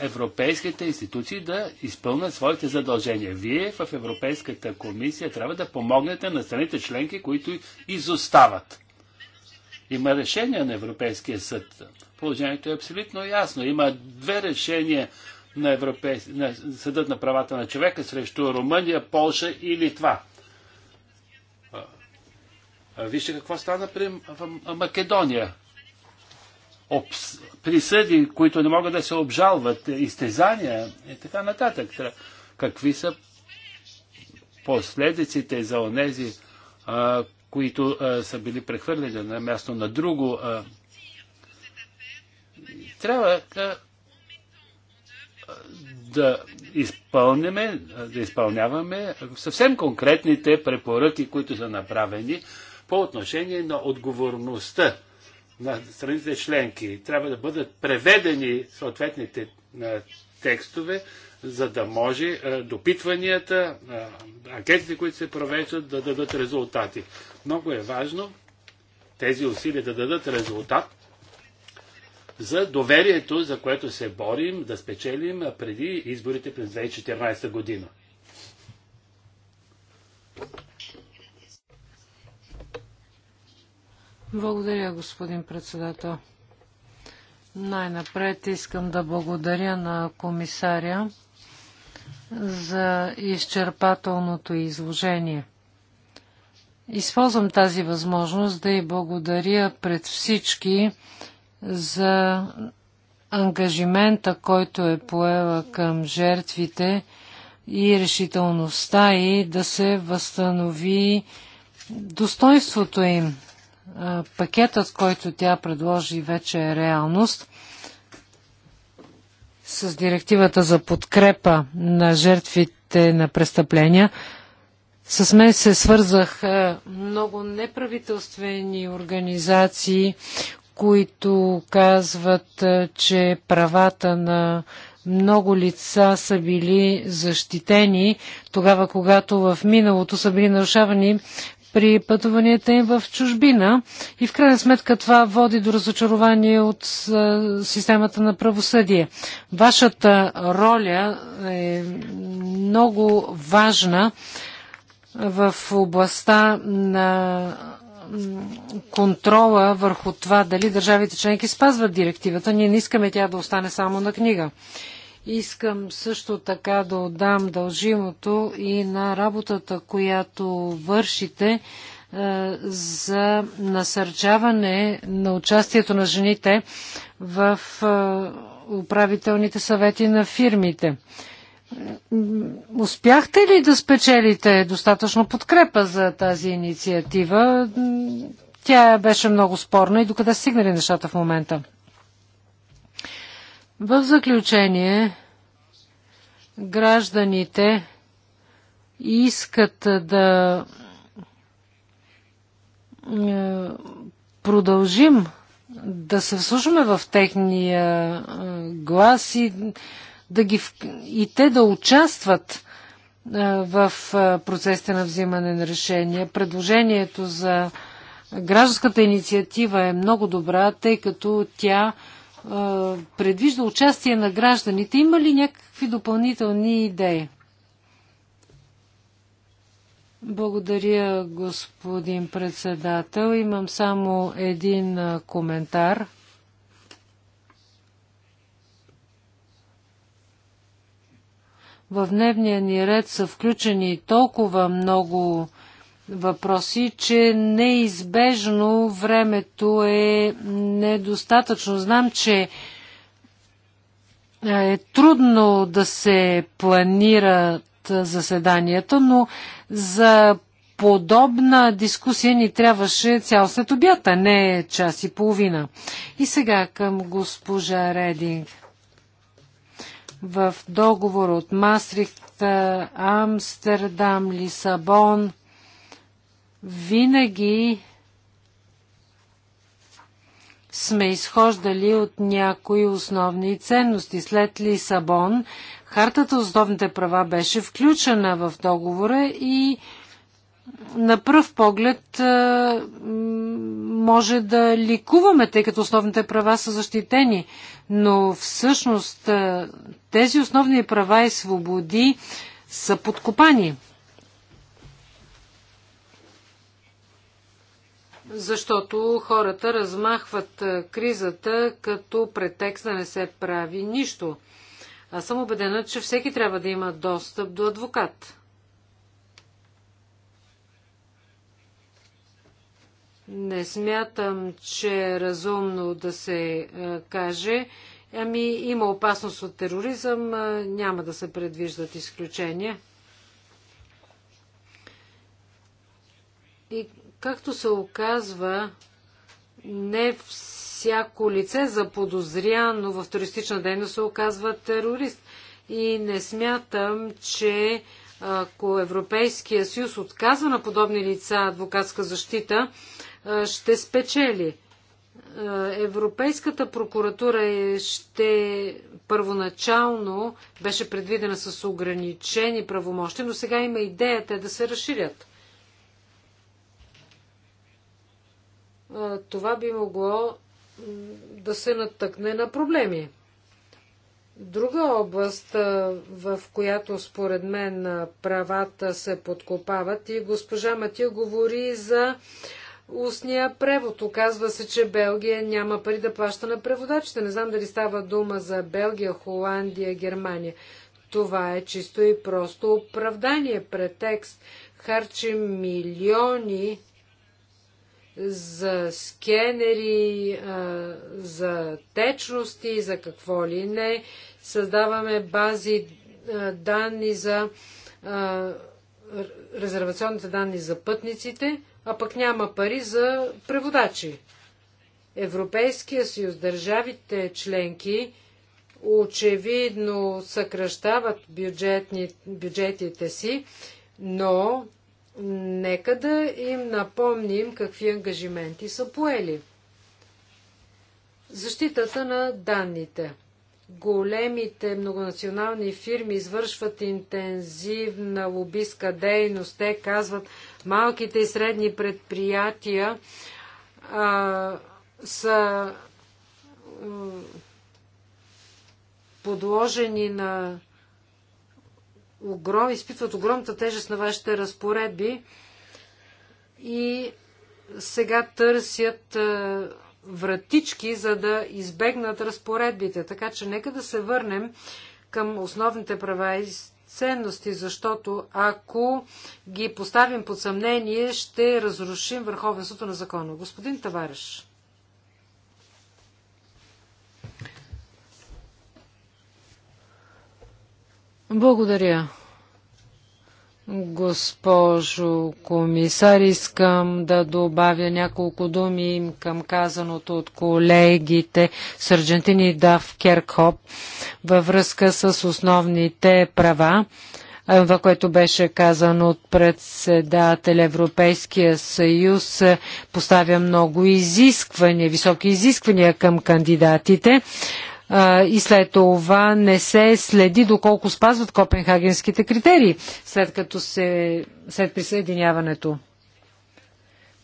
Speaker 3: европейските институции да изпълнят своите задължения. Вие в Европейската комисия трябва да помогнете на страните членки, които изостават. Има решение на Европейския съд. Положението е абсолютно ясно. Има две решения на, Европей... на Съдът на правата на човека срещу Румъния, Полша и Литва. Вижте какво стана при Македония обс... присъди, които не могат да се обжалват, изтезания и така нататък. Какви са последиците за онези, а, които а, са били прехвърлени на място на друго. А, трябва а, да изпълняме, да изпълняваме съвсем конкретните препоръки, които са направени по отношение на отговорността на страните членки. Трябва да бъдат преведени съответните текстове, за да може допитванията, анкетите, които се провеждат, да дадат резултати. Много е важно тези усилия да дадат резултат за доверието, за което се борим да спечелим преди изборите през 2014 година.
Speaker 2: Благодаря, господин председател. Най-напред искам да благодаря на комисаря за изчерпателното изложение. Използвам тази възможност да и благодаря пред всички за ангажимента, който е поела към жертвите и решителността и да се възстанови достоинството им пакетът, който тя предложи, вече е реалност. С директивата за подкрепа на жертвите на престъпления, с мен се свързах много неправителствени организации, които казват, че правата на много лица са били защитени тогава, когато в миналото са били нарушавани при пътуванията им в чужбина. И в крайна сметка това води до разочарование от е, системата на правосъдие. Вашата роля е много важна в областта на контрола върху това дали държавите членки спазват директивата. Ние не искаме тя да остане само на книга. Искам също така да отдам дължимото и на работата, която вършите е, за насърчаване на участието на жените в е, управителните съвети на фирмите. Успяхте ли да спечелите достатъчно подкрепа за тази инициатива? Тя беше много спорна и докъде стигнали нещата в момента? В заключение, гражданите искат да е, продължим да се вслушваме в техния е, глас и, да ги, и те да участват е, в процесите на взимане на решения. Предложението за гражданската инициатива е много добра, тъй като тя предвижда участие на гражданите. Има ли някакви допълнителни идеи? Благодаря, господин председател. Имам само един коментар. В дневния ни ред са включени толкова много въпроси, че неизбежно времето е недостатъчно. Знам, че е, е трудно да се планират заседанията, но за подобна дискусия ни трябваше цял след обяд, а не час и половина. И сега към госпожа Рединг. В договор от Мастрихт, Амстердам, Лисабон – винаги сме изхождали от някои основни ценности. След Лисабон, хартата основните права беше включена в договора и на пръв поглед може да ликуваме, тъй като основните права са защитени, но всъщност тези основни права и свободи са подкопани. защото хората размахват е, кризата като претекст да не се прави нищо. Аз съм убедена, че всеки трябва да има достъп до адвокат. Не смятам, че е разумно да се е, каже, ами има опасност от тероризъм, е, няма да се предвиждат изключения. И Както се оказва, не всяко лице заподозряно в туристична дейност се оказва терорист. И не смятам, че ако Европейския съюз отказва на подобни лица адвокатска защита, ще спечели. Европейската прокуратура е ще първоначално беше предвидена с ограничени правомощи, но сега има идеята да се разширят. това би могло да се натъкне на проблеми. Друга област, в която според мен правата се подкопават и госпожа Матия говори за устния превод. Оказва се, че Белгия няма пари да плаща на преводачите. Не знам дали става дума за Белгия, Холандия, Германия. Това е чисто и просто оправдание, претекст. Харчи милиони за скенери, за течности, за какво ли не. Създаваме бази данни за резервационните данни за пътниците, а пък няма пари за преводачи. Европейския съюз, държавите членки очевидно съкръщават бюджетите си, но Нека да им напомним какви ангажименти са поели. Защитата на данните. Големите многонационални фирми извършват интензивна лобистка дейност. Те казват, малките и средни предприятия а, са подложени на огром, изпитват огромната тежест на вашите разпоредби и сега търсят е, вратички, за да избегнат разпоредбите. Така че нека да се върнем към основните права и ценности, защото ако ги поставим под съмнение, ще разрушим върховенството на закона. Господин Тавареш. Благодаря. Госпожо комисар, искам да добавя няколко думи към казаното от колегите с Аржентини Дав Керкхоп във връзка с основните права, в което беше казано от председател Европейския съюз, поставя много изисквания, високи изисквания към кандидатите и след това не се следи доколко спазват копенхагенските критерии, след като се след присъединяването.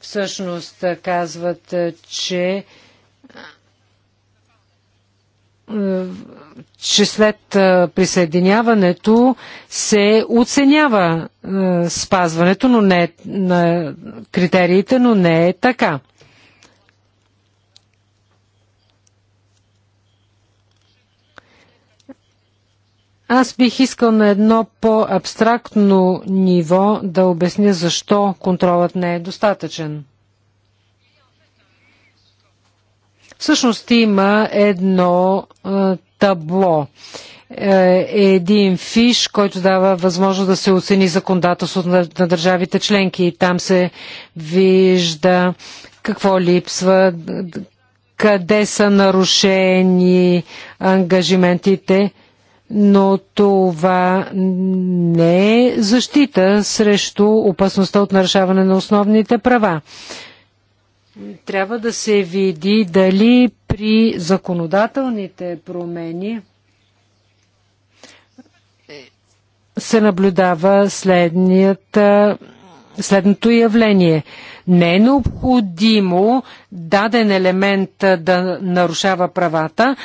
Speaker 2: Всъщност казват, че че след присъединяването се оценява спазването но не, е, на критериите, но не е така. Аз бих искал на едно по-абстрактно ниво да обясня защо контролът не е достатъчен. Всъщност има едно е, табло. Е, един фиш, който дава възможност да се оцени законодателството на, на държавите членки. И там се вижда какво липсва, къде са нарушени ангажиментите но това не е защита срещу опасността от нарушаване на основните права. Трябва да се види дали при законодателните промени се наблюдава следнията, следното явление. Не е необходимо даден елемент да нарушава правата.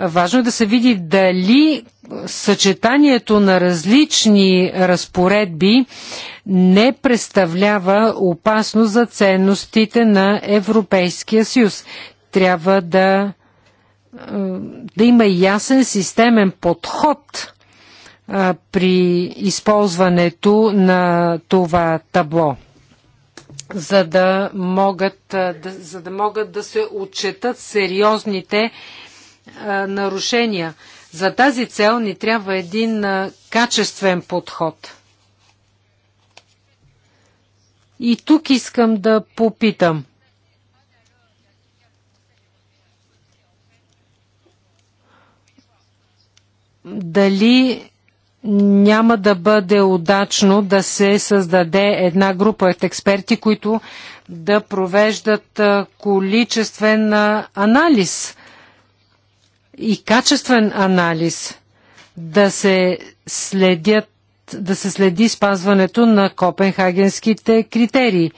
Speaker 2: Важно е да се види дали съчетанието на различни разпоредби не представлява опасност за ценностите на Европейския съюз. Трябва да, е, да има ясен системен подход е, при използването на това табло за да могат е, да, за да, могат да се отчетат сериозните а, нарушения. За тази цел ни трябва един качествен подход. И тук искам да попитам. Дали няма да бъде удачно да се създаде една група от експерти, които да провеждат количествен анализ и качествен анализ да се следят да се следи спазването на копенхагенските критерии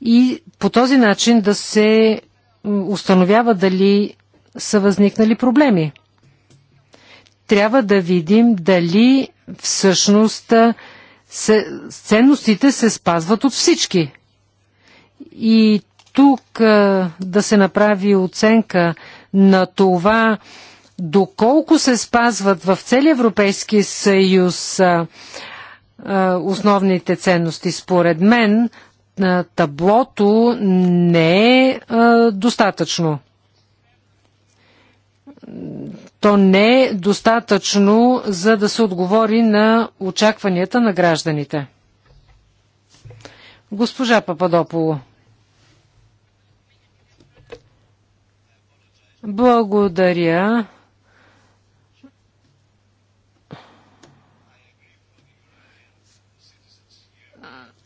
Speaker 2: и по този начин да се установява дали са възникнали проблеми. Трябва да видим дали всъщност се, ценностите се спазват от всички. И тук да се направи оценка на това, доколко се спазват в целия Европейски съюз а, а, основните ценности. Според мен а, таблото не е а, достатъчно. То не е достатъчно, за да се отговори на очакванията на гражданите. Госпожа Пападополо. Благодаря.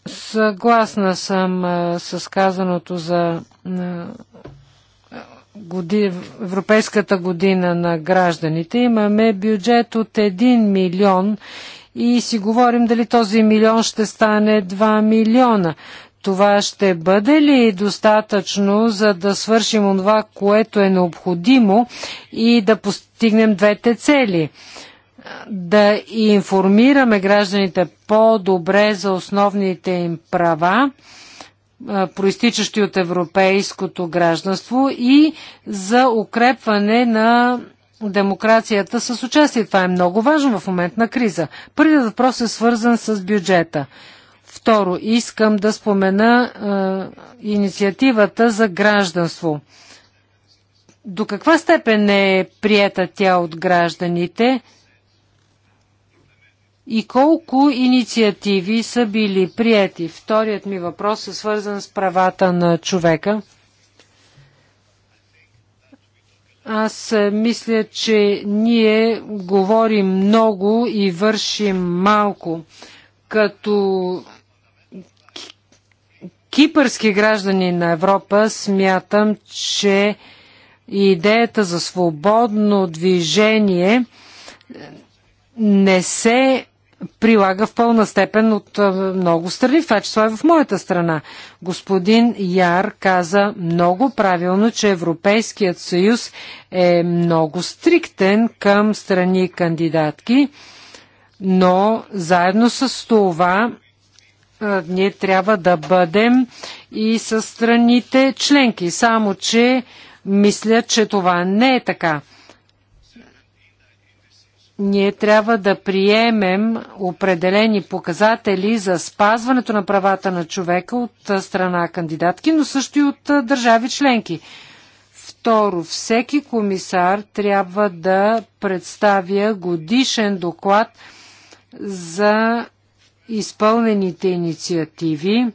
Speaker 2: Съгласна съм с казаното за годи, Европейската година на гражданите. Имаме бюджет от 1 милион и си говорим дали този милион ще стане 2 милиона. Това ще бъде ли достатъчно, за да свършим това, което е необходимо и да постигнем двете цели? Да информираме гражданите по-добре за основните им права, проистичащи от европейското гражданство и за укрепване на демокрацията с участие. Това е много важно в момент на криза. Първият въпрос е свързан с бюджета. Второ, искам да спомена а, инициативата за гражданство. До каква степен е прията тя от гражданите и колко инициативи са били прияти? Вторият ми въпрос е свързан с правата на човека. Аз мисля, че ние говорим много и вършим малко. Като кипърски граждани на Европа, смятам, че идеята за свободно движение не се прилага в пълна степен от много страни, в това число е в моята страна. Господин Яр каза много правилно, че Европейският съюз е много стриктен към страни кандидатки, но заедно с това ние трябва да бъдем и с страните членки. Само, че мисля, че това не е така. Ние трябва да приемем определени показатели за спазването на правата на човека от страна кандидатки, но също и от държави членки. Второ, всеки комисар трябва да представя годишен доклад за изпълнените инициативи,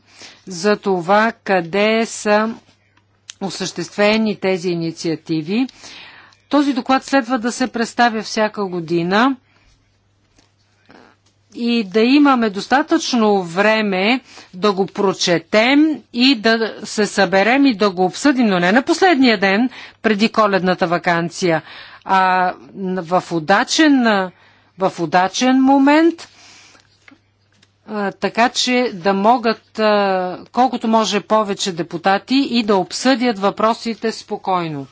Speaker 2: за това къде са осъществени тези инициативи. Този доклад следва да се представя всяка година и да имаме достатъчно време да го прочетем и да се съберем и да го обсъдим, но не на последния ден преди коледната вакансия, а в удачен, в удачен момент – така че да могат колкото може повече депутати и да обсъдят въпросите спокойно.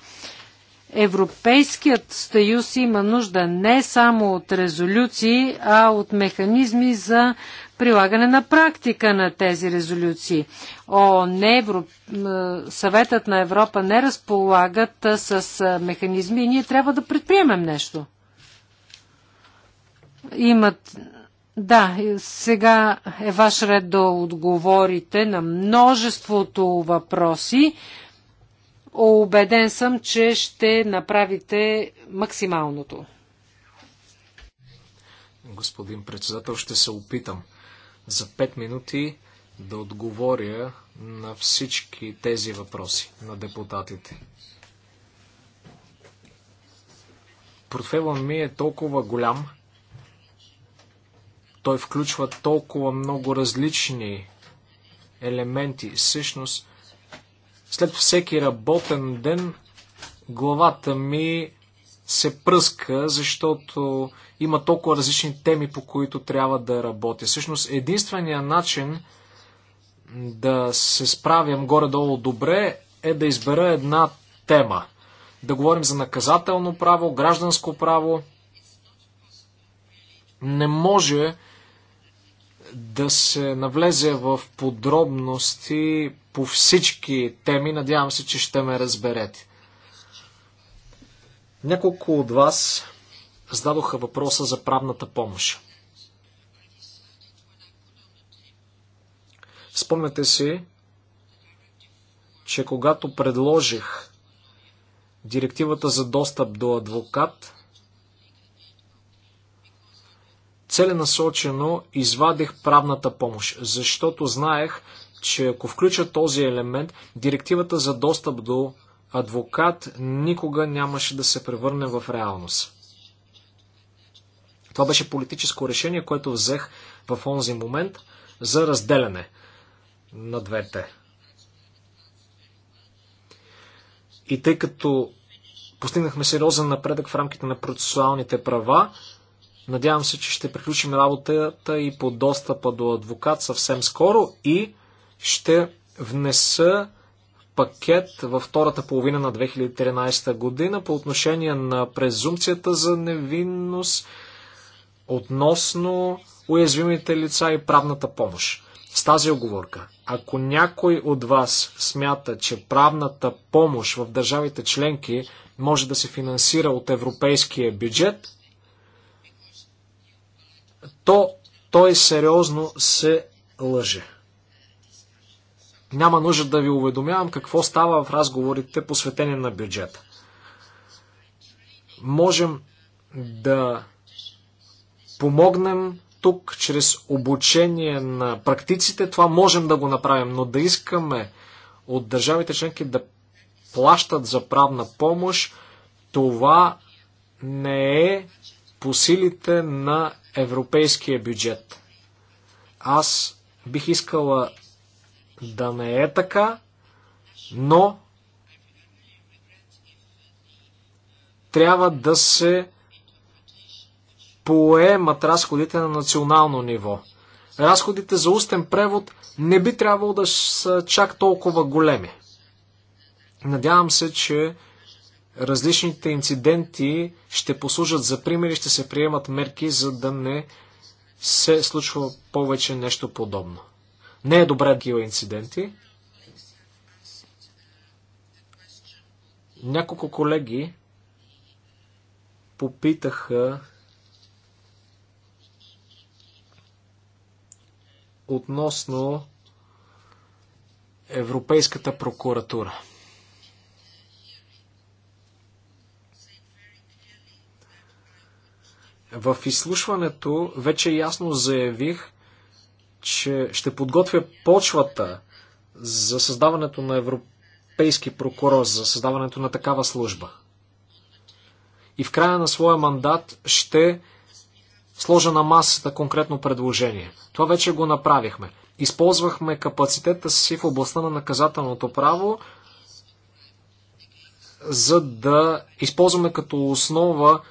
Speaker 2: Европейският съюз има нужда не само от резолюции, а от механизми за прилагане на практика на тези резолюции. О, не Европ... Съветът на Европа не разполагат с механизми и ние трябва да предприемем нещо. Имат да, сега е ваш ред да отговорите на множеството въпроси. Обеден съм, че ще направите максималното.
Speaker 1: Господин председател, ще се опитам за 5 минути да отговоря на всички тези въпроси на депутатите. Портфела ми е толкова голям, той включва толкова много различни елементи. Всъщност, след всеки работен ден, главата ми се пръска, защото има толкова различни теми, по които трябва да работя. Всъщност, единствения начин да се справям горе-долу добре е да избера една тема. Да говорим за наказателно право, гражданско право. Не може да се навлезе в подробности по всички теми. Надявам се, че ще ме разберете. Няколко от вас зададоха въпроса за правната помощ. Спомняте си, че когато предложих директивата за достъп до адвокат, целенасочено извадих правната помощ, защото знаех, че ако включа този елемент, директивата за достъп до адвокат никога нямаше да се превърне в реалност. Това беше политическо решение, което взех в онзи момент за разделяне на двете. И тъй като постигнахме сериозен напредък в рамките на процесуалните права, Надявам се, че ще приключим работата и по достъпа до адвокат съвсем скоро и ще внеса пакет във втората половина на 2013 година по отношение на презумпцията за невинност относно уязвимите лица и правната помощ. С тази оговорка, ако някой от вас смята, че правната помощ в държавите членки може да се финансира от европейския бюджет, то той сериозно се лъже. Няма нужда да ви уведомявам какво става в разговорите посветени на бюджета. Можем да помогнем тук чрез обучение на практиците. Това можем да го направим, но да искаме от държавите членки да плащат за правна помощ, това не е по силите на европейския бюджет. Аз бих искала да не е така, но трябва да се поемат разходите на национално ниво. Разходите за устен превод не би трябвало да са чак толкова големи. Надявам се, че различните инциденти ще послужат за пример и ще се приемат мерки, за да не се случва повече нещо подобно. Не е добре такива инциденти. Няколко колеги попитаха относно Европейската прокуратура. В изслушването вече ясно заявих, че ще подготвя почвата за създаването на европейски прокурор, за създаването на такава служба. И в края на своя мандат ще сложа на масата конкретно предложение. Това вече го направихме. Използвахме капацитета си в областта на наказателното право, за да използваме като основа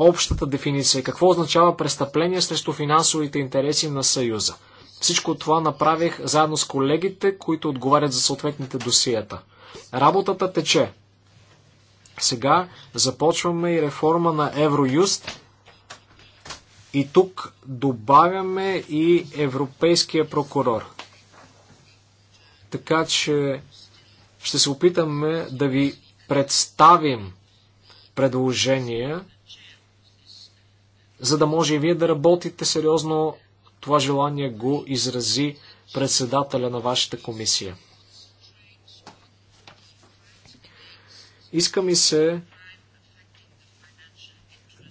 Speaker 1: общата дефиниция. Какво означава престъпление срещу финансовите интереси на Съюза? Всичко това направих заедно с колегите, които отговарят за съответните досиета. Работата тече. Сега започваме и реформа на Евроюст. И тук добавяме и Европейския прокурор. Така че ще се опитаме да ви представим предложения за да може и вие да работите сериозно. Това желание го изрази председателя на вашата комисия. Иска ми се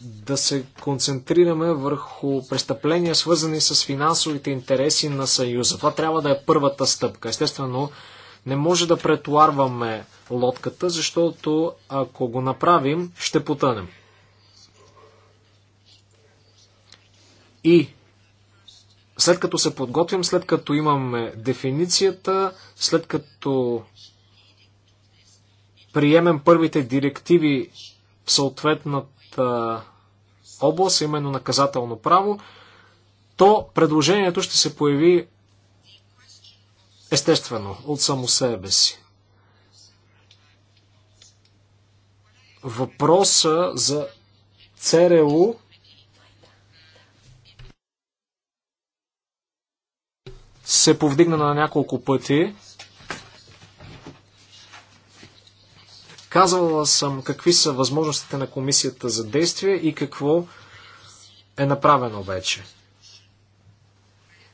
Speaker 1: да се концентрираме върху престъпления, свързани с финансовите интереси на Съюза. Това трябва да е първата стъпка. Естествено, не може да претоварваме лодката, защото ако го направим, ще потънем. И след като се подготвим, след като имаме дефиницията, след като приемем първите директиви в съответната област, именно наказателно право, то предложението ще се появи естествено, от само себе си. Въпроса за ЦРУ се повдигна на няколко пъти. Казвала съм какви са възможностите на комисията за действие и какво е направено вече.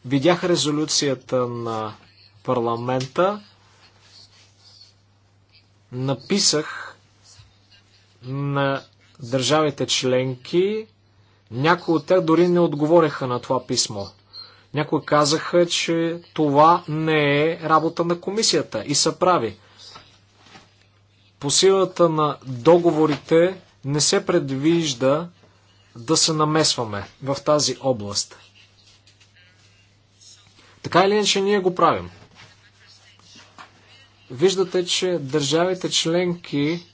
Speaker 1: Видях резолюцията на парламента, написах на държавите членки, някои от тях дори не отговореха на това писмо. Някои казаха, че това не е работа на комисията и са прави. По силата на договорите не се предвижда да се намесваме в тази област. Така или иначе ние го правим. Виждате, че държавите членки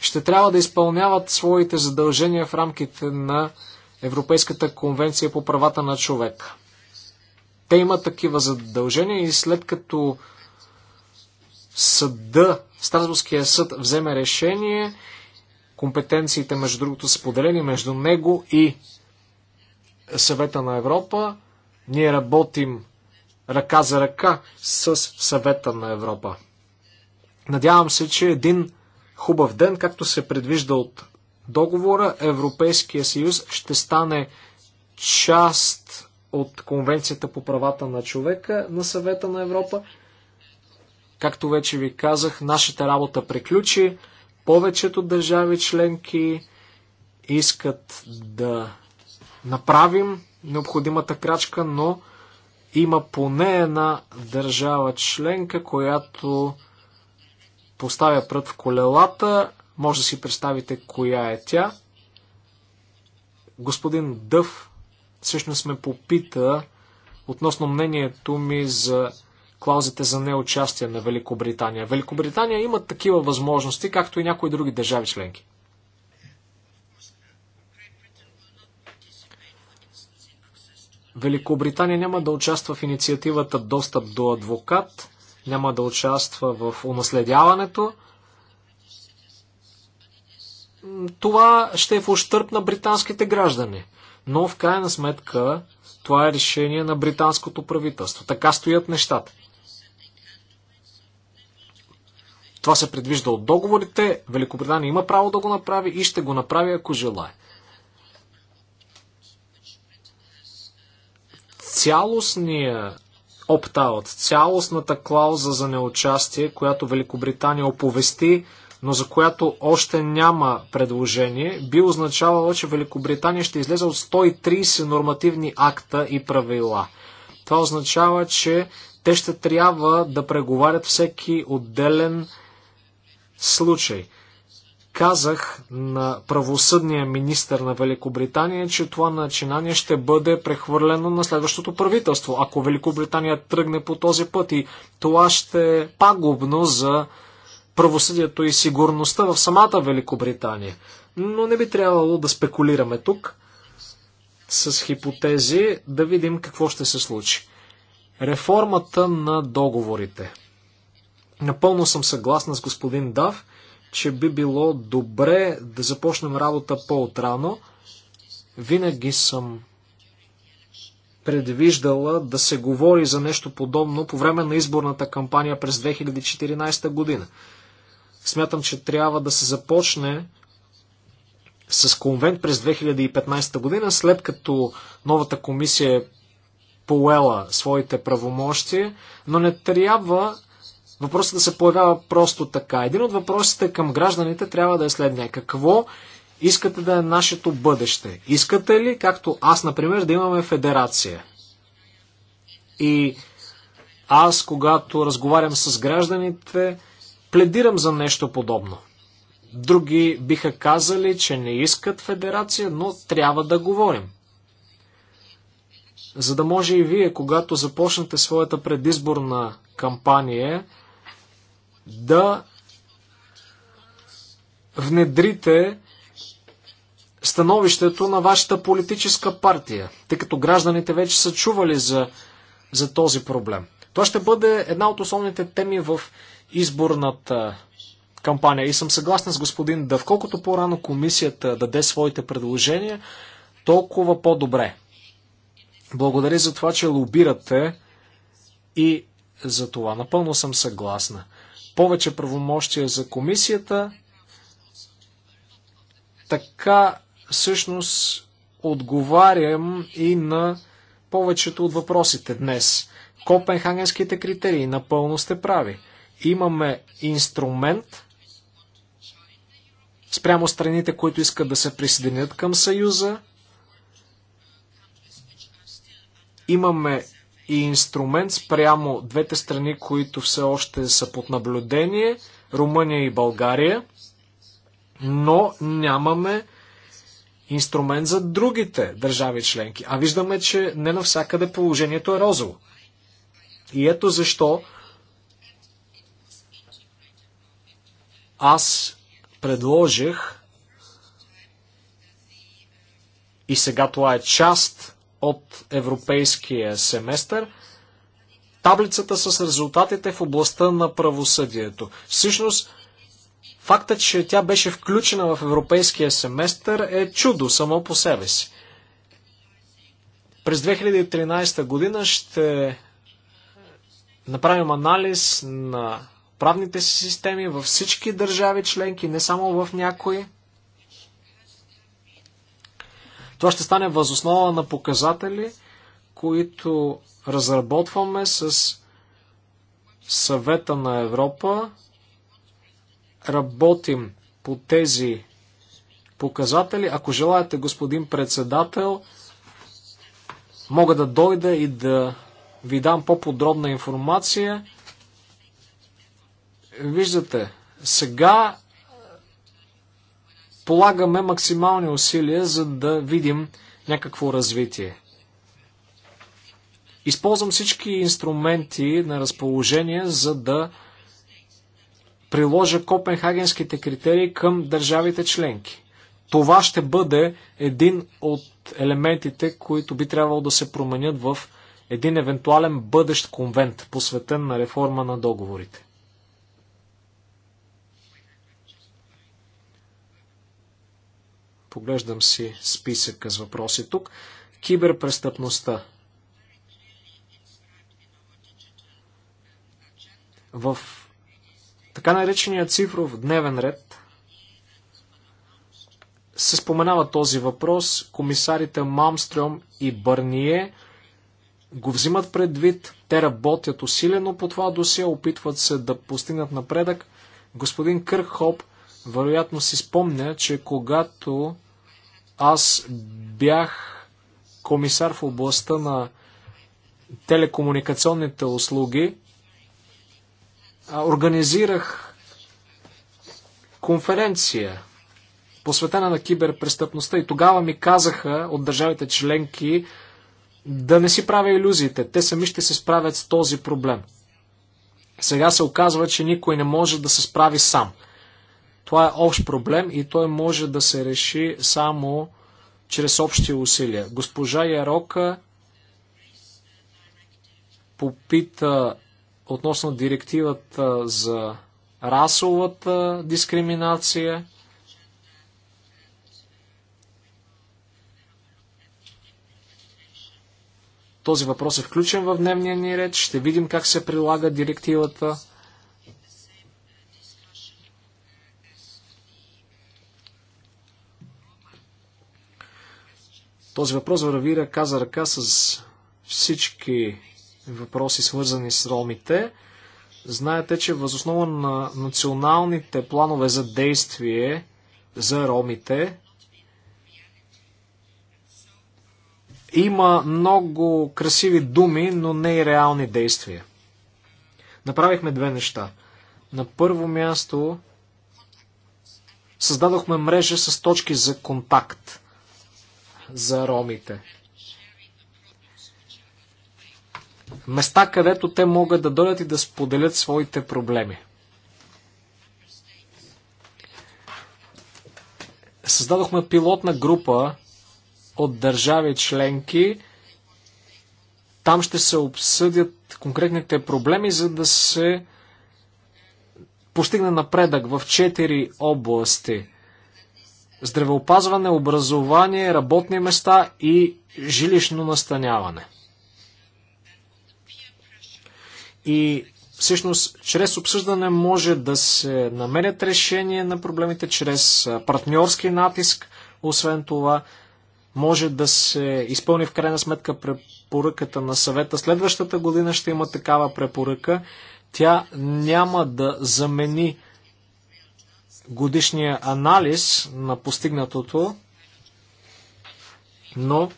Speaker 1: ще трябва да изпълняват своите задължения в рамките на Европейската конвенция по правата на човека. Те имат такива задължения и след като съда, Страсбургския съд вземе решение, компетенциите, между другото, са поделени между него и съвета на Европа. Ние работим ръка за ръка с съвета на Европа. Надявам се, че е един хубав ден, както се предвижда от договора, Европейския съюз ще стане част от Конвенцията по правата на човека на съвета на Европа. Както вече ви казах, нашата работа приключи. Повечето държави членки искат да направим необходимата крачка, но има поне една държава членка, която поставя прът в колелата. Може да си представите коя е тя. Господин Дъв всъщност ме попита относно мнението ми за клаузите за неучастие на Великобритания. Великобритания има такива възможности, както и някои други държави членки. Великобритания няма да участва в инициативата Достъп до адвокат, няма да участва в унаследяването, това ще е в ущърп на британските граждани. Но в крайна сметка това е решение на британското правителство. Така стоят нещата. Това се предвижда от договорите. Великобритания има право да го направи и ще го направи, ако желая. Цялостния опт-аут, цялостната клауза за неучастие, която Великобритания оповести, но за която още няма предложение, би означавало, че Великобритания ще излезе от 130 нормативни акта и правила. Това означава, че те ще трябва да преговарят всеки отделен случай. Казах на правосъдния министр на Великобритания, че това начинание ще бъде прехвърлено на следващото правителство, ако Великобритания тръгне по този път и това ще е пагубно за правосъдието и сигурността в самата Великобритания. Но не би трябвало да спекулираме тук с хипотези, да видим какво ще се случи. Реформата на договорите. Напълно съм съгласна с господин Дав, че би било добре да започнем работа по-отрано. Винаги съм предвиждала да се говори за нещо подобно по време на изборната кампания през 2014 година. Смятам, че трябва да се започне с конвент през 2015 година, след като новата комисия е поела своите правомощия, но не трябва въпросът да се появява просто така. Един от въпросите към гражданите трябва да е следния. Какво искате да е нашето бъдеще? Искате ли, както аз, например, да имаме федерация? И аз, когато разговарям с гражданите, Пледирам за нещо подобно. Други биха казали, че не искат федерация, но трябва да говорим. За да може и вие, когато започнете своята предизборна кампания, да внедрите становището на вашата политическа партия, тъй като гражданите вече са чували за, за този проблем. Това ще бъде една от основните теми в изборната кампания. И съм съгласен с господин Дъв. Колкото по-рано комисията даде своите предложения, толкова по-добре. Благодаря за това, че лобирате и за това. Напълно съм съгласна. Повече правомощия за комисията. Така всъщност отговарям и на повечето от въпросите днес. Копенхагенските критерии напълно сте прави. Имаме инструмент спрямо страните, които искат да се присъединят към Съюза. Имаме и инструмент спрямо двете страни, които все още са под наблюдение Румъния и България, но нямаме инструмент за другите държави членки. А виждаме, че не навсякъде положението е розово. И ето защо Аз предложих и сега това е част от европейския семестър, таблицата с резултатите в областта на правосъдието. Всъщност, факта, че тя беше включена в европейския семестър е чудо само по себе си. През 2013 година ще направим анализ на правните си системи във всички държави членки, не само в някои. Това ще стане възоснова на показатели, които разработваме с съвета на Европа. Работим по тези показатели. Ако желаете, господин председател, мога да дойда и да ви дам по-подробна информация. Виждате, сега полагаме максимални усилия, за да видим някакво развитие. Използвам всички инструменти на разположение, за да приложа копенхагенските критерии към държавите членки. Това ще бъде един от елементите, които би трябвало да се променят в един евентуален бъдещ конвент, посветен на реформа на договорите. Поглеждам си списъка с въпроси тук. Киберпрестъпността. В така наречения цифров дневен ред се споменава този въпрос. Комисарите Мамстрем и Бърние го взимат предвид. Те работят усилено по това досие, опитват се да постигнат напредък. Господин Кърхоп вероятно си спомня, че когато аз бях комисар в областта на телекомуникационните услуги, организирах конференция, посветена на киберпрестъпността и тогава ми казаха от държавите членки да не си правя иллюзиите. Те сами ще се справят с този проблем. Сега се оказва, че никой не може да се справи сам – това е общ проблем и той може да се реши само чрез общи усилия. Госпожа Ярока попита относно директивата за расовата дискриминация. Този въпрос е включен в дневния ни ред. Ще видим как се прилага директивата. Този въпрос върви ръка за ръка с всички въпроси, свързани с ромите. Знаете, че възоснова на националните планове за действие за ромите има много красиви думи, но не и реални действия. Направихме две неща. На първо място създадохме мрежа с точки за контакт за ромите. Места, където те могат да дойдат и да споделят своите проблеми. Създадохме пилотна група от държави членки. Там ще се обсъдят конкретните проблеми, за да се постигне напредък в четири области – здравеопазване, образование, работни места и жилищно настаняване. И всъщност чрез обсъждане може да се намерят решение на проблемите, чрез партньорски натиск, освен това може да се изпълни в крайна сметка препоръката на съвета. Следващата година ще има такава препоръка. Тя няма да замени годишния анализ на постигнатото, но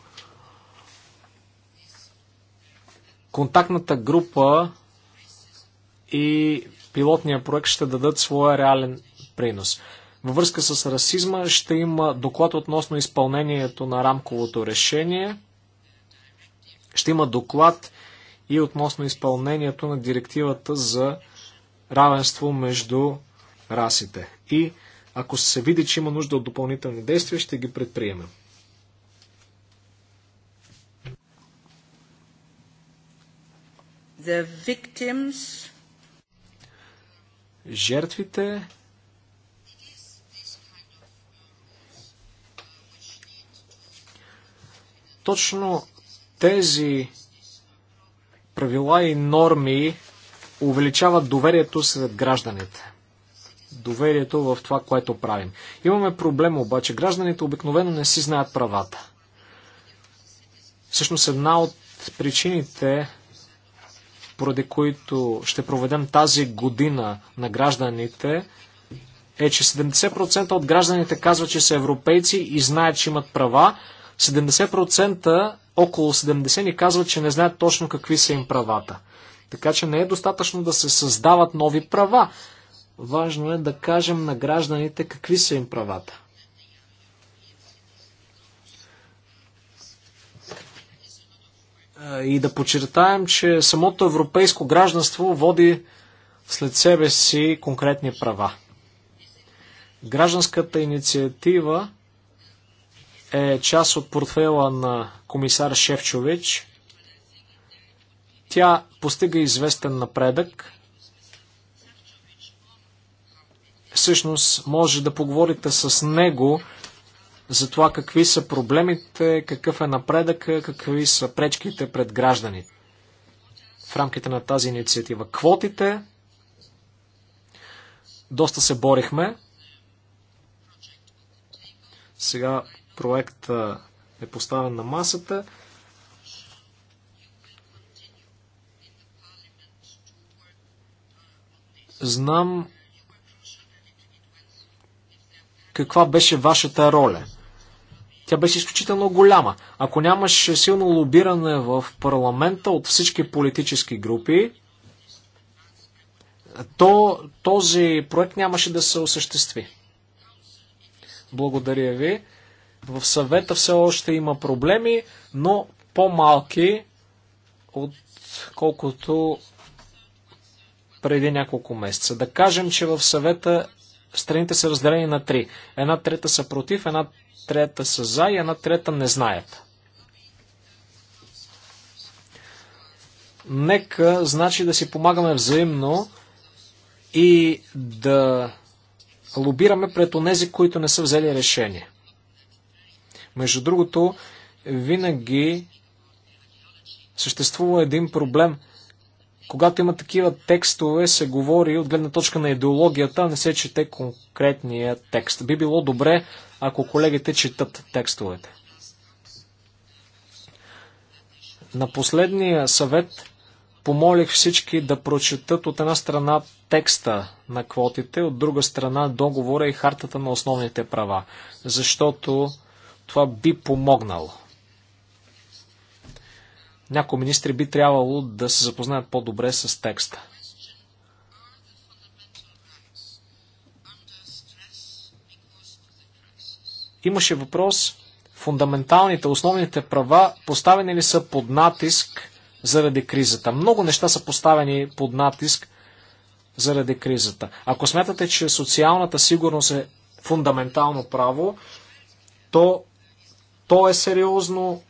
Speaker 1: контактната група и пилотния проект ще дадат своя реален принос. Във връзка с расизма ще има доклад относно изпълнението на рамковото решение. Ще има доклад и относно изпълнението на директивата за равенство между расите и ако се види, че има нужда от допълнителни действия, ще ги предприемем.
Speaker 2: The victims.
Speaker 1: Жертвите точно тези правила и норми увеличават доверието сред гражданите доверието в това, което правим. Имаме проблем обаче. Гражданите обикновено не си знаят правата. Всъщност една от причините, поради които ще проведем тази година на гражданите, е, че 70% от гражданите казват, че са европейци и знаят, че имат права. 70%, около 70% ни казват, че не знаят точно какви са им правата. Така че не е достатъчно да се създават нови права. Важно е да кажем на гражданите какви са им правата. И да подчертаем, че самото европейско гражданство води след себе си конкретни права. Гражданската инициатива е част от портфела на комисар Шевчович. Тя постига известен напредък. всъщност може да поговорите с него за това какви са проблемите, какъв е напредък, какви са пречките пред гражданите в рамките на тази инициатива. Квотите, доста се борихме. Сега проект е поставен на масата. Знам, каква беше вашата роля. Тя беше изключително голяма. Ако нямаше силно лобиране в парламента от всички политически групи, то този проект нямаше да се осъществи. Благодаря ви. В съвета все още има проблеми, но по-малки от колкото преди няколко месеца. Да кажем, че в съвета страните са разделени на три. Една трета са против, една трета са за и една трета не знаят. Нека значи да си помагаме взаимно и да лобираме пред онези, които не са взели решение. Между другото, винаги съществува един проблем – когато има такива текстове, се говори от гледна точка на идеологията, не се чете конкретния текст. Би било добре, ако колегите четат текстовете. На последния съвет помолих всички да прочетат от една страна текста на квотите, от друга страна договора и хартата на основните права, защото това би помогнало. Някои министри би трябвало да се запознаят по-добре с текста. Имаше въпрос, фундаменталните, основните права поставени ли са под натиск заради кризата? Много неща са поставени под натиск заради кризата. Ако смятате, че социалната сигурност е фундаментално право, то, то е сериозно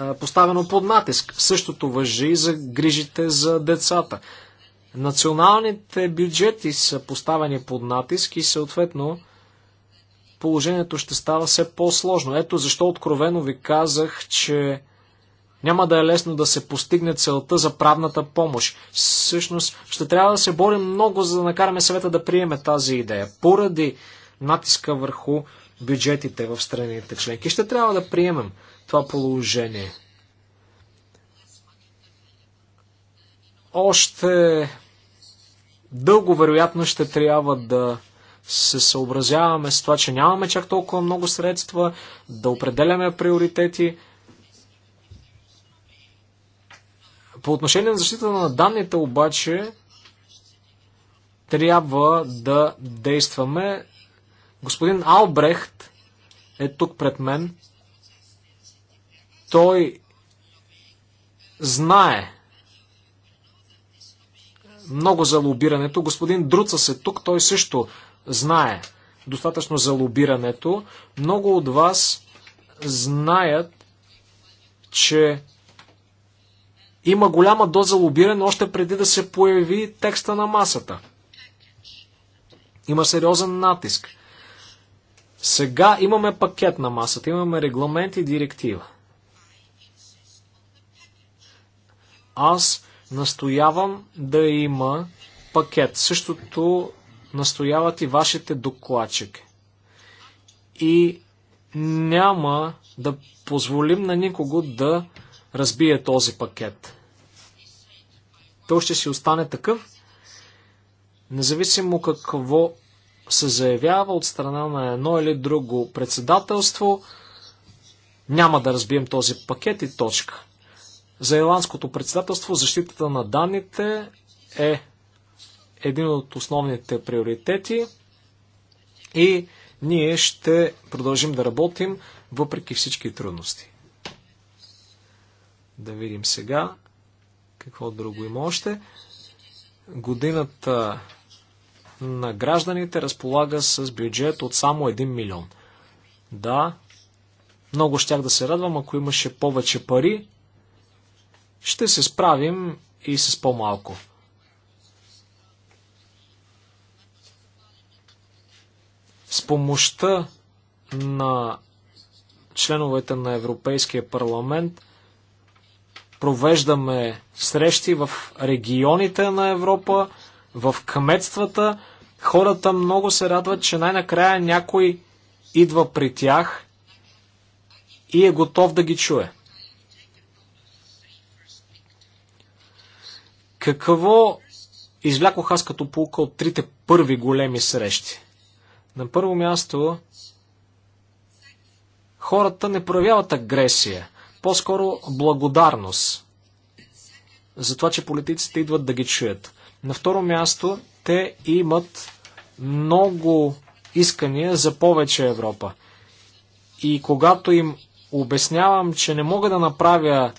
Speaker 1: е, поставено под натиск. Същото въжи и за грижите за децата. Националните бюджети са поставени под натиск и съответно положението ще става все по-сложно. Ето защо откровено ви казах, че няма да е лесно да се постигне целта за правната помощ. Всъщност ще трябва да се борим много, за да накараме съвета да приеме тази идея. Поради натиска върху бюджетите в страните членки ще трябва да приемем това положение. Още дълго вероятно ще трябва да се съобразяваме с това, че нямаме чак толкова много средства, да определяме приоритети. По отношение на защита на данните обаче, трябва да действаме. Господин Албрехт е тук пред мен. Той знае много за лобирането. Господин Друцас е тук, той също знае достатъчно за лобирането. Много от вас знаят, че има голяма доза лобиране още преди да се появи текста на масата. Има сериозен натиск. Сега имаме пакет на масата, имаме регламент и директива. Аз настоявам да има пакет. Същото настояват и вашите докладчики. И няма да позволим на никого да разбие този пакет. Той ще си остане такъв, независимо какво се заявява от страна на едно или друго председателство, няма да разбием този пакет и точка. За ирландското председателство защитата на данните е един от основните приоритети и ние ще продължим да работим въпреки всички трудности. Да видим сега какво друго има още. Годината на гражданите разполага с бюджет от само 1 милион. Да, много щях да се радвам, ако имаше повече пари, ще се справим и с по-малко. С помощта на членовете на Европейския парламент провеждаме срещи в регионите на Европа, в кметствата. Хората много се радват, че най-накрая някой идва при тях и е готов да ги чуе. Какво извлякох аз като полука от трите първи големи срещи? На първо място, хората не проявяват агресия, по-скоро благодарност за това, че политиците идват да ги чуят. На второ място, те имат много искания за повече Европа. И когато им обяснявам, че не мога да направя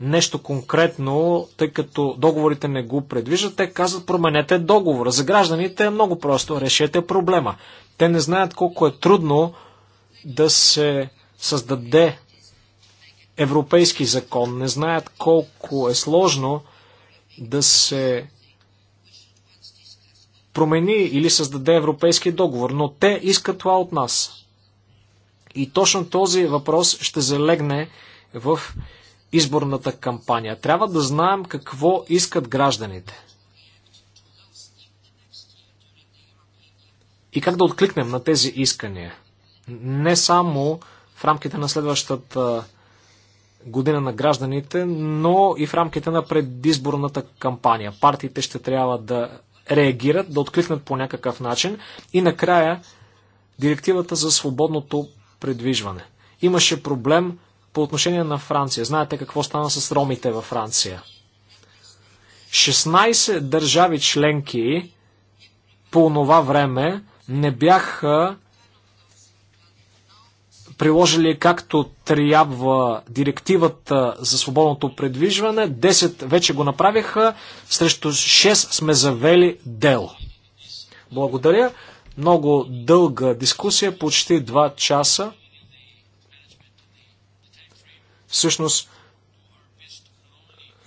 Speaker 1: нещо конкретно, тъй като договорите не го предвиждат, те казват променете договора. За гражданите е много просто, решете проблема. Те не знаят колко е трудно да се създаде европейски закон, не знаят колко е сложно да се промени или създаде европейски договор, но те искат това от нас. И точно този въпрос ще залегне в изборната кампания. Трябва да знаем какво искат гражданите. И как да откликнем на тези искания. Не само в рамките на следващата година на гражданите, но и в рамките на предизборната кампания. Партиите ще трябва да реагират, да откликнат по някакъв начин. И накрая директивата за свободното предвижване. Имаше проблем по отношение на Франция, знаете какво стана с ромите във Франция. 16 държави членки по това време не бяха приложили както трябва директивата за свободното предвижване. 10 вече го направиха, срещу 6 сме завели дел. Благодаря. Много дълга дискусия, почти 2 часа. Всъщност,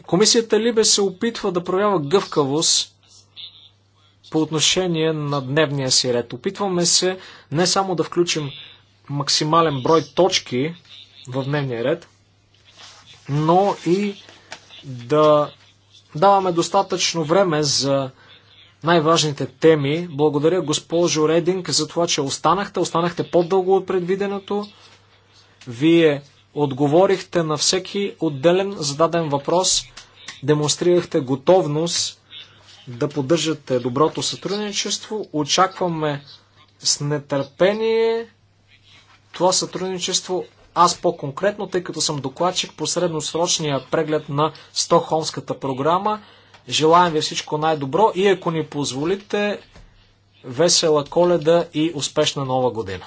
Speaker 1: комисията Либе се опитва да проявява гъвкавост по отношение на дневния си ред. Опитваме се не само да включим максимален брой точки в дневния ред, но и да даваме достатъчно време за най-важните теми. Благодаря госпожо Рединг за това, че останахте. Останахте по-дълго от предвиденото. Вие Отговорихте на всеки отделен зададен въпрос, демонстрирахте готовност да поддържате доброто сътрудничество. Очакваме с нетърпение това сътрудничество аз по-конкретно, тъй като съм докладчик по средносрочния преглед на Стокхолмската програма. Желаем ви всичко най-добро и ако ни позволите, весела коледа и успешна нова година!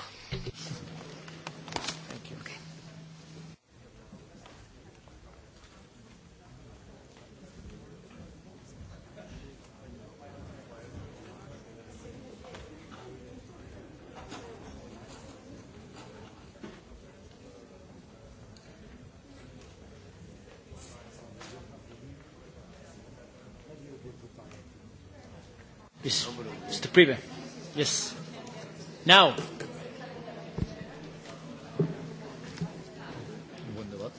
Speaker 1: Prive. Yes. Now.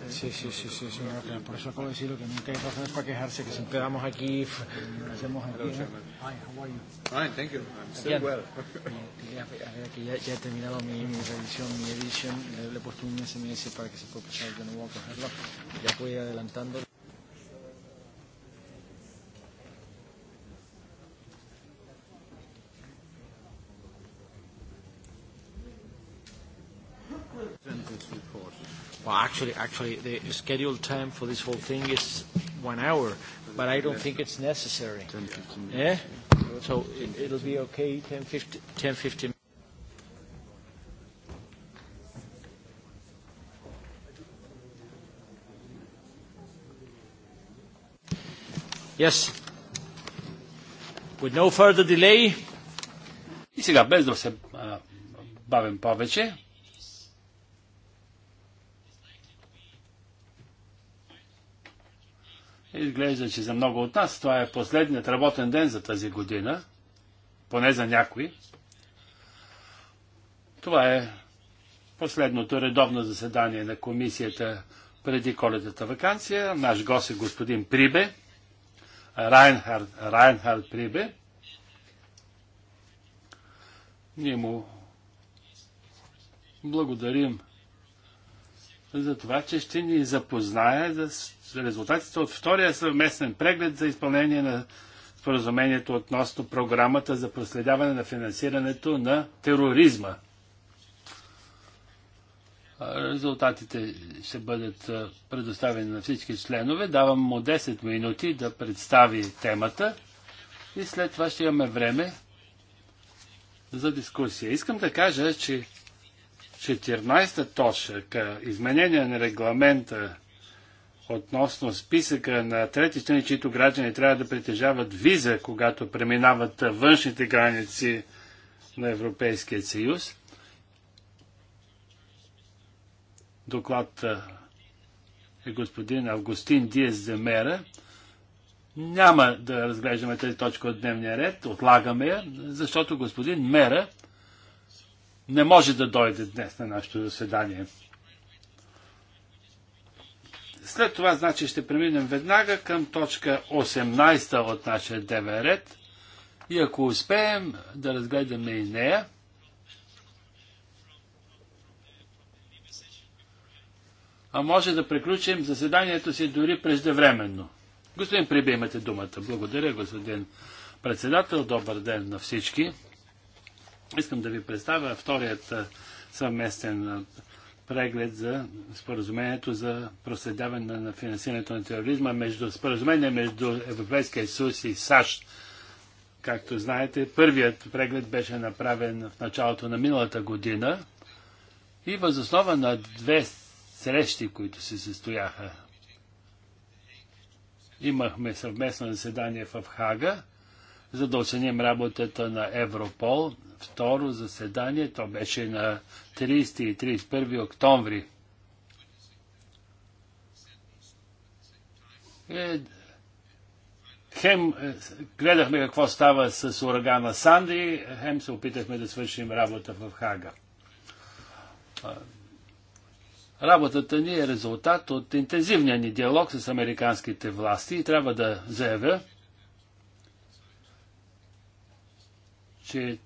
Speaker 1: Sí, sí, sí, sí, sí, no, por eso acabo de decir lo que nunca hay razones para quejarse, que siempre damos aquí, hacemos aquí. Hello, Hi, how are you? Fine, thank you. I'm still well. A ver, que ya, ya he terminado mi, mi revisión, mi edición, le, le he puesto un SMS para que se pueda pasar, yo no voy a cogerlo. Ya voy adelantando Well, actually, actually, the scheduled time for this whole thing is one hour, but I don't think it's necessary.
Speaker 3: 10, 15 Yeah? So it, it'll be okay, 10, 15, 10, 15 Yes. With no further delay. сега, без да се бавим повече, Изглежда, че за много от нас това е последният работен ден за тази година, поне за някои. Това е последното редовно заседание на комисията преди коледата вакансия. Наш гост е господин Прибе, Райнхард, Райнхард Прибе. Ние му благодарим за това, че ще ни запознае за резултатите от втория съвместен преглед за изпълнение на споразумението относно програмата за проследяване на финансирането на тероризма. Резултатите ще бъдат предоставени на всички членове. Давам му 10 минути да представи темата и след това ще имаме време за дискусия. Искам да кажа, че 14-та точка, изменение на регламента относно списъка на трети страни, чието граждани трябва да притежават виза, когато преминават външните граници на Европейския съюз. Доклад е господин Августин Диес Мера. Няма да разглеждаме тази точка от дневния ред, отлагаме я, защото господин Мера не може да дойде днес на нашето заседание. След това, значи, ще преминем веднага към точка 18 от нашия дневен ред. И ако успеем да разгледаме и нея, а може да приключим заседанието си дори преждевременно. Господин Приби, имате думата. Благодаря, господин председател. Добър ден на всички. Искам да ви представя вторият съвместен преглед за споразумението за проследяване на финансирането на тероризма между споразумение между Европейския съюз и САЩ. Както знаете, първият преглед беше направен в началото на миналата година и възоснова на две срещи, които се състояха. Имахме съвместно заседание в Хага за да оценим работата на Европол. Второ заседание, то беше на 30 и 31 октомври. Е, хем е, гледахме какво става с урагана Санди, хем се опитахме да свършим работа в Хага. Работата ни е резултат от интензивния ни диалог с американските власти и трябва да заявя, че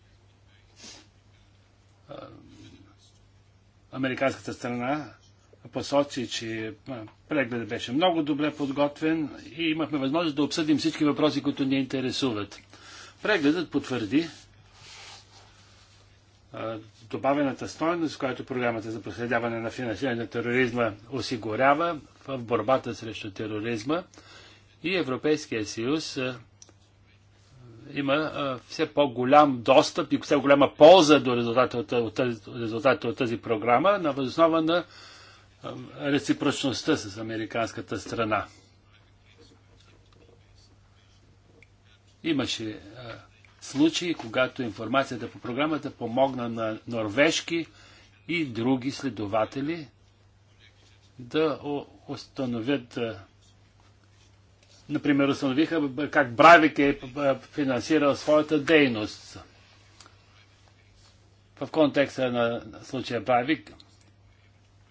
Speaker 3: американската страна посочи, че прегледът беше много добре подготвен и имахме възможност да обсъдим всички въпроси, които ни интересуват. Прегледът потвърди добавената стойност, която програмата за проследяване на финансиране на тероризма осигурява в борбата срещу тероризма и Европейския съюз има все по-голям достъп и все голяма полза до резултатите от тази, от тази програма на възоснова на реципрочността с американската страна. Имаше случаи, когато информацията по програмата помогна на норвежки и други следователи да установят например, установиха как Бравик е финансирал своята дейност. В контекста на случая Бравик,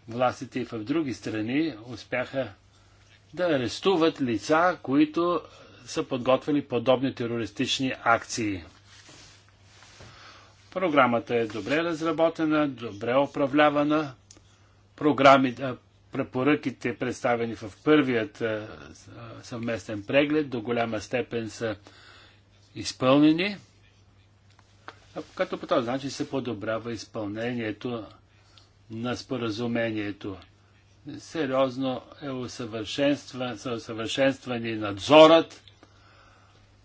Speaker 3: властите и в други страни успяха да арестуват лица, които са подготвили подобни терористични акции. Програмата е добре разработена, добре управлявана. Програми, препоръките, представени в първият е, съвместен преглед, до голяма степен са изпълнени, като по този начин се подобрява изпълнението на споразумението. Сериозно е усъвършенстван, са усъвършенствани надзорът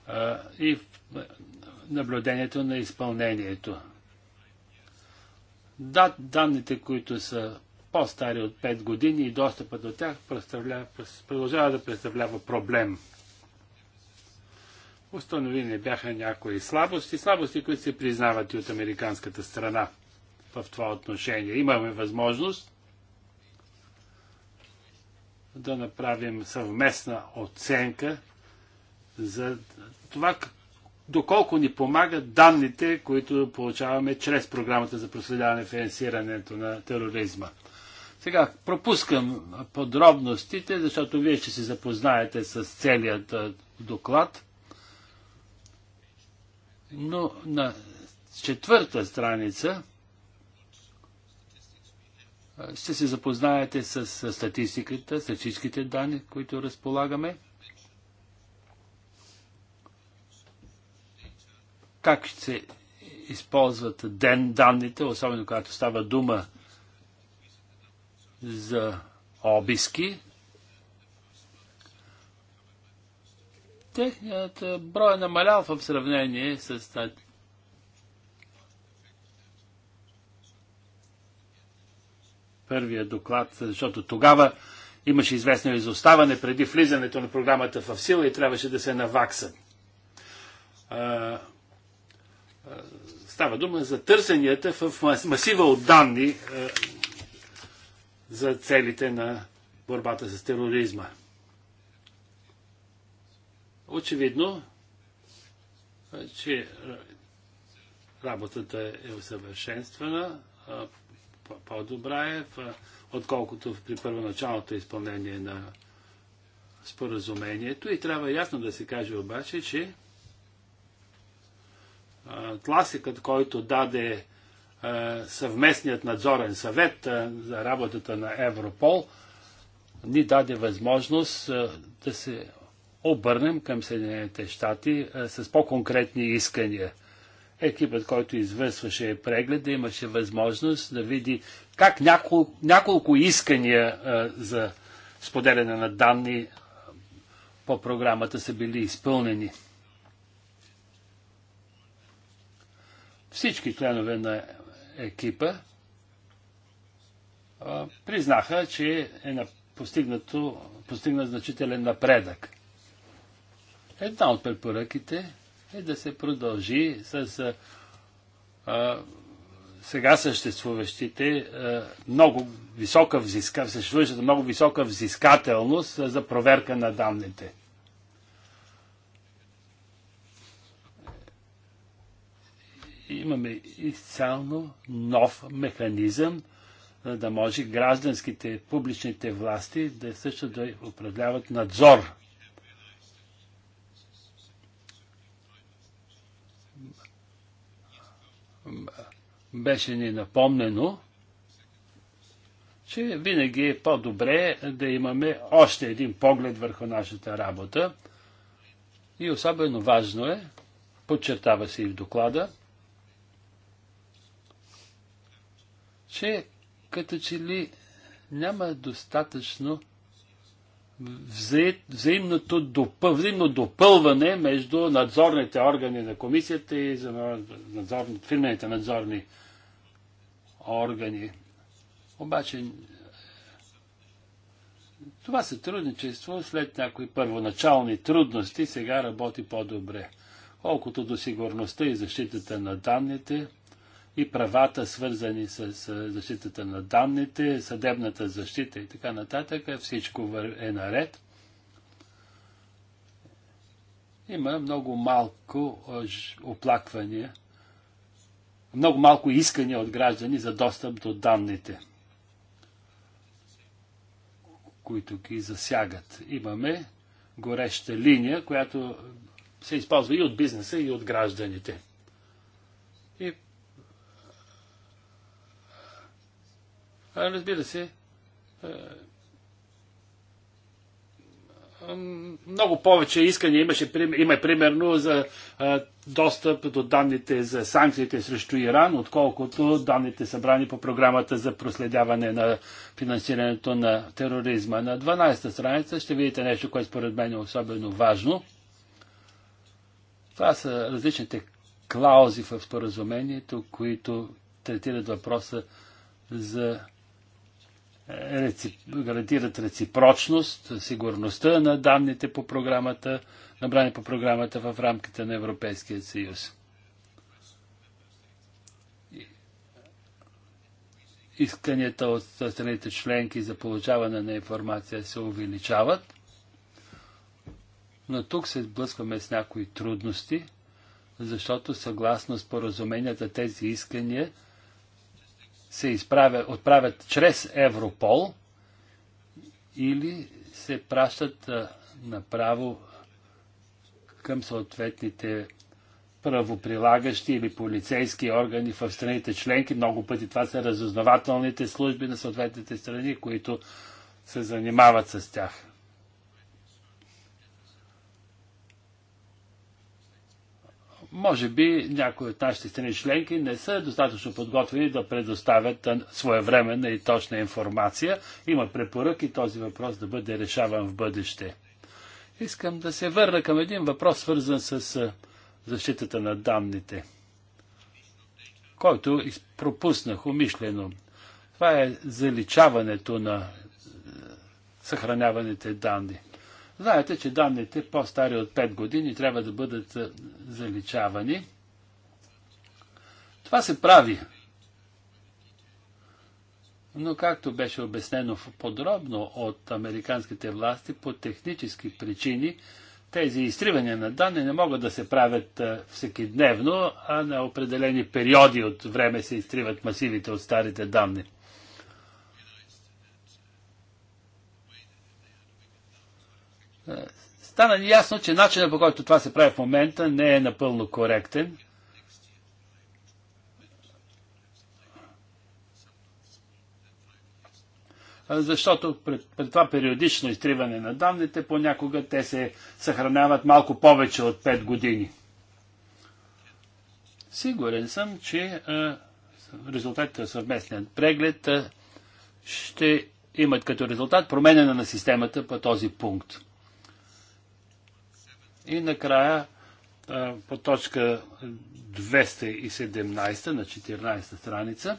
Speaker 3: а, е, и наблюдението на изпълнението. Да, данните, които са по-стари от 5 години и достъпът до тях продължава да представлява проблем. Установени бяха някои слабости, слабости, които се признават и от американската страна в това отношение. Имаме възможност да направим съвместна оценка за това доколко ни помагат данните, които получаваме чрез програмата за проследяване и финансирането на тероризма. Сега пропускам подробностите, защото вие ще се запознаете с целият доклад. Но на четвърта страница ще се запознаете с статистиката, с всичките данни, които разполагаме. Как ще се използват ден данните, особено когато става дума за обиски. Техният е, брой е намалял в сравнение с първия доклад, защото тогава имаше известно изоставане преди влизането на програмата в сила и трябваше да се навакса. Става дума за търсенията в масива от данни за целите на борбата с тероризма. Очевидно, че работата е усъвършенствана, по-добра е, отколкото при първоначалното изпълнение на споразумението. И трябва ясно да се каже обаче, че тласъкът, който даде е, съвместният надзорен съвет е, за работата на Европол ни даде възможност е, да се обърнем към Съединените щати с по-конкретни искания. Екипът, който извършваше прегледа, имаше възможност да види как няколко, няколко искания за споделяне на данни по програмата са били изпълнени. Всички членове на екипа признаха, че е постигнато, постигнат значителен напредък. Една от препоръките е да се продължи с а, сега съществуващите а, много висока взиска, съществуващата много висока взискателност за проверка на данните. имаме изцяло нов механизъм, за да може гражданските, публичните власти да също да управляват надзор. Беше ни напомнено, че винаги е по-добре да имаме още един поглед върху нашата работа. И особено важно е, подчертава се и в доклада, че като че ли няма достатъчно взаимното допъл... взаимно допълване между надзорните органи на комисията и надзор... фирмените надзорни органи. Обаче това сътрудничество след някои първоначални трудности сега работи по-добре. Колкото до сигурността и защитата на данните, и правата, свързани с защитата на данните, съдебната защита и така нататък. Всичко е наред. Има много малко оплаквания, много малко искания от граждани за достъп до данните, които ги засягат. Имаме гореща линия, която се използва и от бизнеса, и от гражданите. Разбира се, много повече искания имаше, има примерно за достъп до данните за санкциите срещу Иран, отколкото данните събрани по програмата за проследяване на финансирането на тероризма. На 12-та страница ще видите нещо, което според мен е особено важно. Това са различните клаузи в споразумението, които третират въпроса за гарантират реципрочност, сигурността на данните по програмата, набрани по програмата в рамките на Европейския съюз. Исканията от страните членки за получаване на информация се увеличават, но тук се сблъскваме с някои трудности, защото съгласно споразуменията тези искания – се изправя, отправят чрез Европол или се пращат направо към съответните правоприлагащи или полицейски органи в страните членки. Много пъти това са разузнавателните служби на съответните страни, които се занимават с тях. Може би някои от нашите страни членки не са достатъчно подготвени да предоставят своевременна и точна информация. Има препоръки този въпрос да бъде решаван в бъдеще. Искам да се върна към един въпрос, свързан с защитата на данните, който пропуснах умишлено. Това е заличаването на съхраняваните данни. Знаете, че данните по-стари от 5 години трябва да бъдат е, заличавани. Това се прави. Но както беше обяснено подробно от американските власти, по технически причини тези изтривания на данни не могат да се правят е, всеки дневно, а на определени периоди от време се изтриват масивите от старите данни. Стана ясно, че начинът по който това се прави в момента не е напълно коректен. Защото при, това периодично изтриване на данните, понякога те се съхраняват малко повече от 5 години. Сигурен съм, че резултатите от съвместният преглед ще имат като резултат променена на системата по този пункт. И накрая по точка 217 на 14 страница.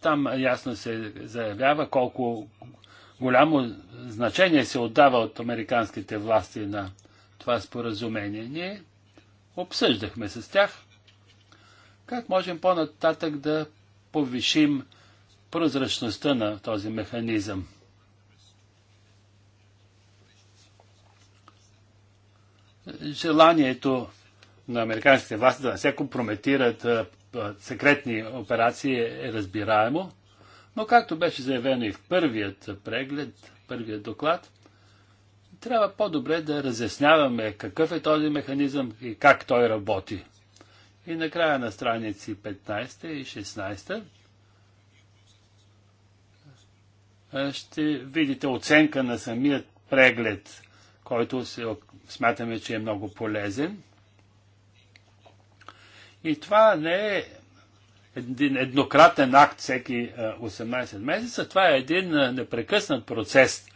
Speaker 3: Там ясно се заявява колко голямо значение се отдава от американските власти на това споразумение. Ние обсъждахме с тях как можем по-нататък да повишим прозрачността на този механизъм. желанието на американските власти да не се компрометират секретни операции е разбираемо, но както беше заявено и в първият преглед, първият доклад, трябва по-добре да разясняваме какъв е този механизъм и как той работи. И накрая на страници 15 и 16 ще видите оценка на самият преглед който смятаме, че е много полезен. И това не е един еднократен акт всеки 18 е, месеца, това е един е, непрекъснат процес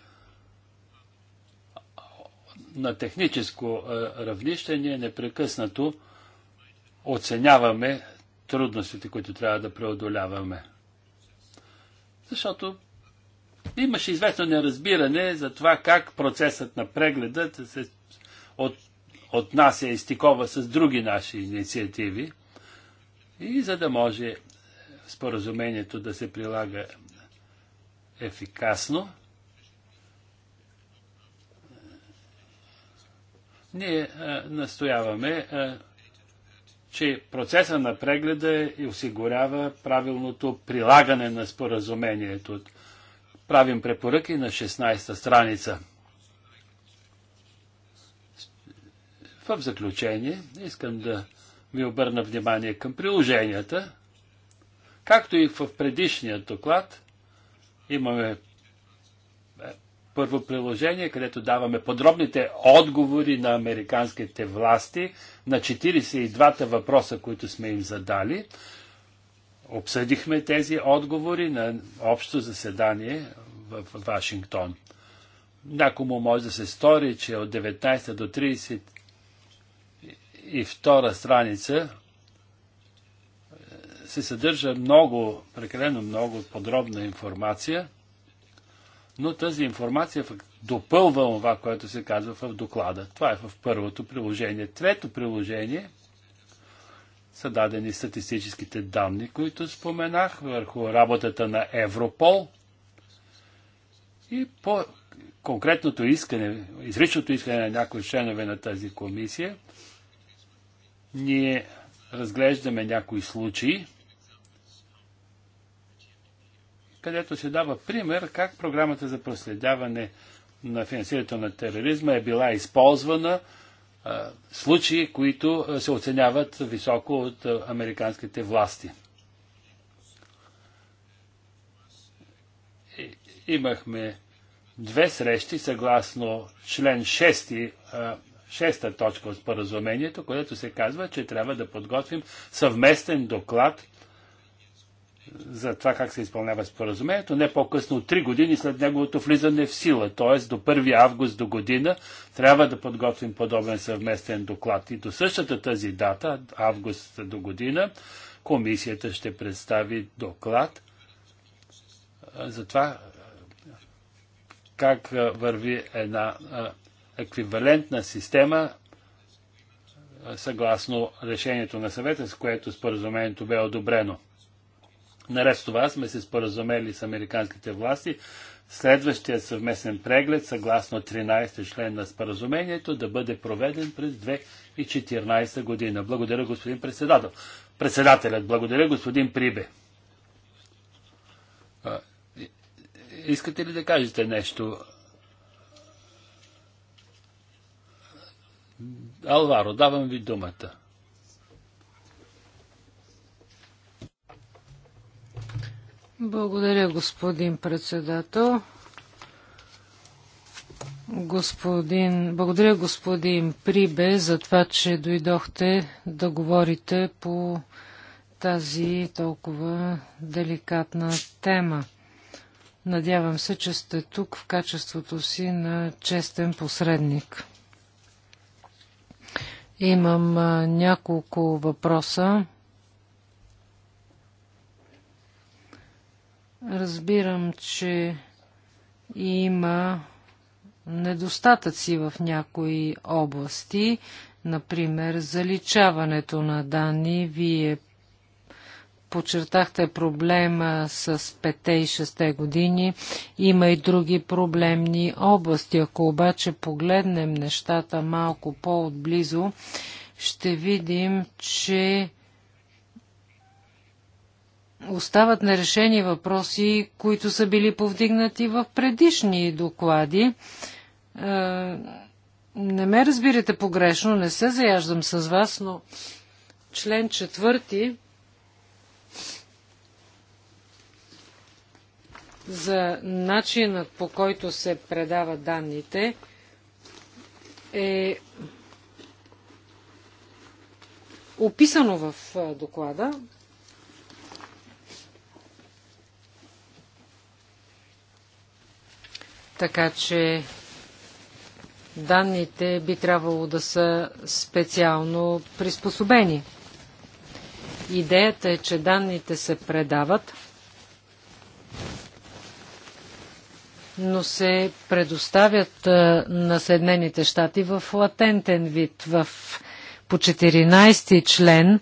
Speaker 3: на техническо е, равнище. Ние непрекъснато оценяваме трудностите, които трябва да преодоляваме. Защото Имаше известно неразбиране за това как процесът на прегледа се от, нас е изтикова с други наши инициативи. И за да може споразумението да се прилага ефикасно, ние а, настояваме, а, че процеса на прегледа и осигурява правилното прилагане на споразумението правим препоръки на 16-та страница. В заключение, искам да ви обърна внимание към приложенията. Както и в предишния доклад, имаме е, първо приложение, където даваме подробните отговори на американските власти на 42-та въпроса, които сме им задали. Обсъдихме тези отговори на общо заседание в Вашингтон. Някому може да се стори, че от 19 до 30 и втора страница е, се съдържа много, прекалено много подробна информация, но тази информация допълва това, което се казва в доклада. Това е в първото приложение. Трето приложение – са дадени статистическите данни, които споменах върху работата на Европол и по конкретното искане, изричното искане на някои членове на тази комисия, ние разглеждаме някои случаи, където се дава пример как програмата за проследяване на финансирането на тероризма е била използвана случаи, които се оценяват високо от американските власти. Имахме две срещи съгласно член 6, 6 точка от споразумението, което се казва, че трябва да подготвим съвместен доклад за това как се изпълнява споразумението, не по-късно от 3 години след неговото влизане в сила, т.е. до 1 август до година трябва да подготвим подобен съвместен доклад. И до същата тази дата, август до година, комисията ще представи доклад за това как върви една еквивалентна система съгласно решението на съвета, с което споразумението бе одобрено. Наред с това сме се споразумели с американските власти следващия съвместен преглед, съгласно 13 член на споразумението, да бъде проведен през 2014 година. Благодаря, господин председател. Председателят, благодаря, господин Прибе. Искате ли да кажете нещо? Алваро, давам ви думата.
Speaker 2: Благодаря, господин председател. Господин, благодаря, господин Прибе, за това, че дойдохте да говорите по тази толкова деликатна тема. Надявам се, че сте тук в качеството си на честен посредник. Имам няколко въпроса Разбирам, че има недостатъци в някои области, например заличаването на данни. Вие почертахте проблема с 5 и 6 години. Има и други проблемни области. Ако обаче погледнем нещата малко по-отблизо, ще видим, че остават нерешени въпроси, които са били повдигнати в предишни доклади. Е, не ме разбирате погрешно, не се заяждам с вас, но член четвърти за начинът по който се предават данните е описано в доклада. Така че данните би трябвало да са специално приспособени. Идеята е, че данните се предават, но се предоставят на Съединените щати в латентен вид. В, по 14 член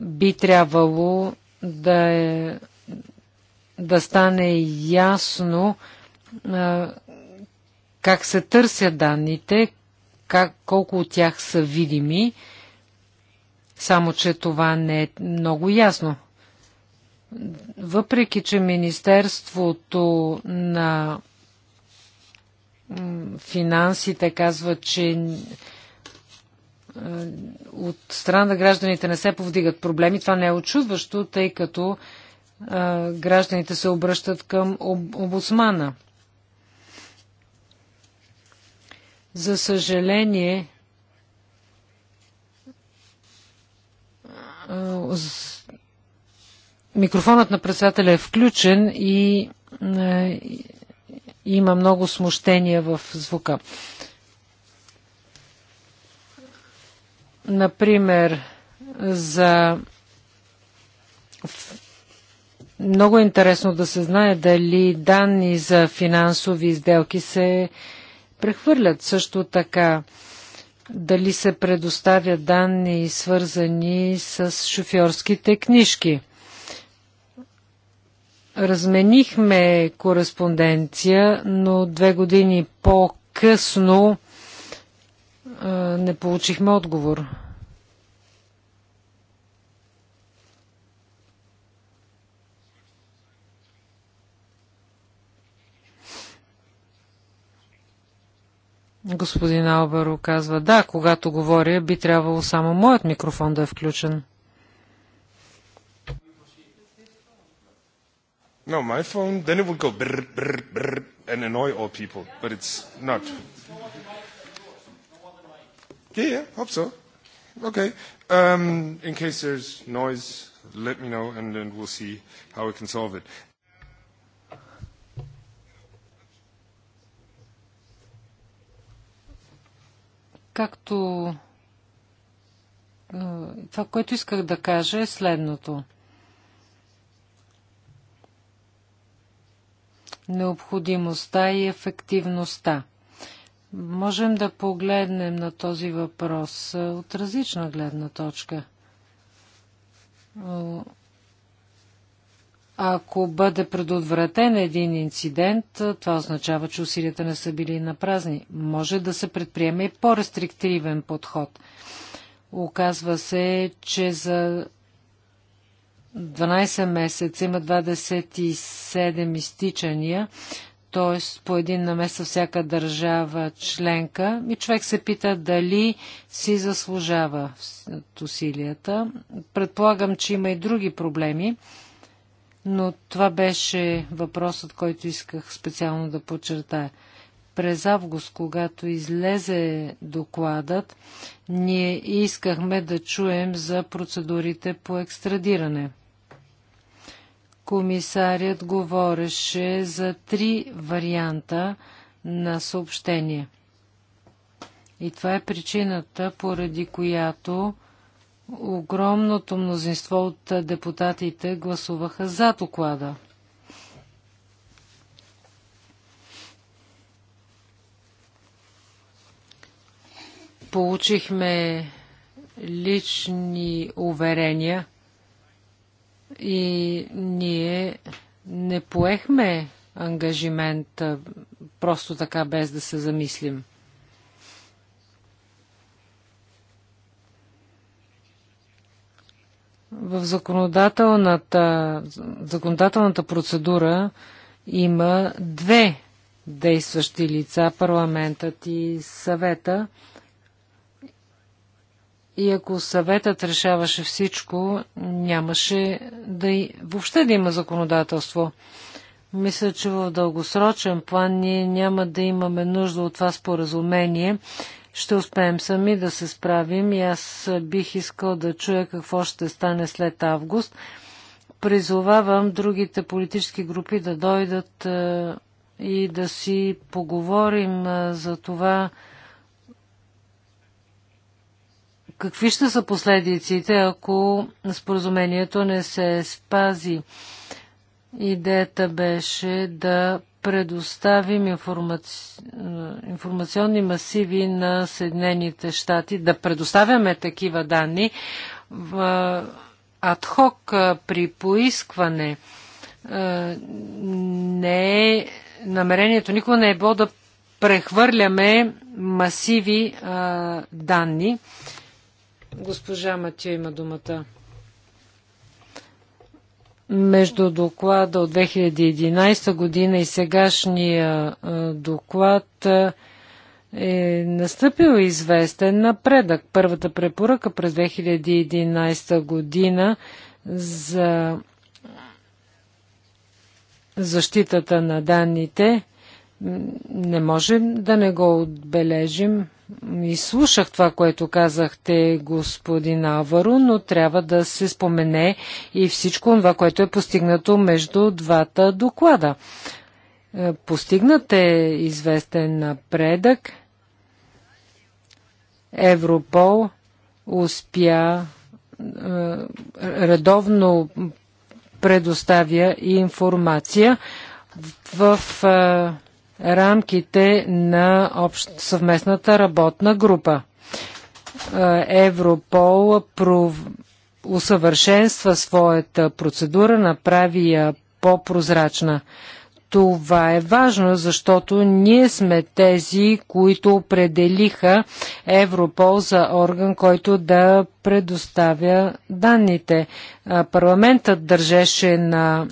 Speaker 2: би трябвало да, е, да стане ясно, как се търсят данните, как, колко от тях са видими, само че това не е много ясно. Въпреки, че Министерството на финансите казва, че от страна на гражданите не се повдигат проблеми, това не е очудващо, тъй като гражданите се обръщат към омбудсмана. За съжаление, микрофонът на председателя е включен и има много смущения в звука. Например, за много е интересно да се знае дали данни за финансови изделки се прехвърлят. Също така дали се предоставят данни, свързани с шофьорските книжки. Разменихме кореспонденция, но две години по-късно не получихме отговор. Господин Албаро казва, да, когато говоря, би трябвало само моят микрофон да е включен.
Speaker 3: No, my phone, then it would go brr, brr, brr, and annoy all people, but it's not. Yeah, yeah,
Speaker 1: hope so. Okay. Um, in case there's
Speaker 3: noise, let me know, and then we'll see how we can solve it.
Speaker 2: Както е, това, което исках да кажа е следното. Необходимостта и ефективността. Можем да погледнем на този въпрос е, от различна гледна точка е, ако бъде предотвратен един инцидент, това означава, че усилията не са били на празни. Може да се предприеме и по-рестриктивен подход. Оказва се, че за 12 месеца има 27 изтичания, т.е. по един на месец всяка държава членка. И човек се пита дали си заслужава усилията. Предполагам, че има и други проблеми. Но това беше въпросът, който исках специално да подчертая. През август, когато излезе докладът, ние искахме да чуем за процедурите по екстрадиране. Комисарят говореше за три варианта на съобщение. И това е причината, поради която огромното мнозинство от депутатите гласуваха за доклада. Получихме лични уверения и ние не поехме ангажимент просто така без да се замислим. В законодателната, законодателната процедура има две действащи лица, парламентът и съвета. И ако съветът решаваше всичко, нямаше да и, въобще да има законодателство. Мисля, че в дългосрочен план ние няма да имаме нужда от това споразумение, ще успеем сами да се справим и аз бих искал да чуя какво ще стане след август. Призовавам другите политически групи да дойдат е, и да си поговорим е, за това какви ще са последиците, ако споразумението не се спази. Идеята беше да предоставим информаци... Е, информационни масиви на Съединените щати, да предоставяме такива данни в е, адхок е, при поискване. Не е, намерението никога не е било да прехвърляме масиви данни. Госпожа Матио има думата между доклада от 2011 година и сегашния доклад е настъпил известен напредък. Първата препоръка през 2011 година за защитата на данните не можем да не го отбележим. Изслушах това, което казахте, господин Аваро, но трябва да се спомене и всичко това, което е постигнато между двата доклада. Постигнат е известен напредък. Европол успя е, редовно предоставя информация в е, рамките на общ, съвместната работна група. Е, Европол пров... усъвършенства своята процедура, направи я по-прозрачна. Това е важно, защото ние сме тези, които определиха Европол за орган, който да предоставя данните. Парламентът държеше на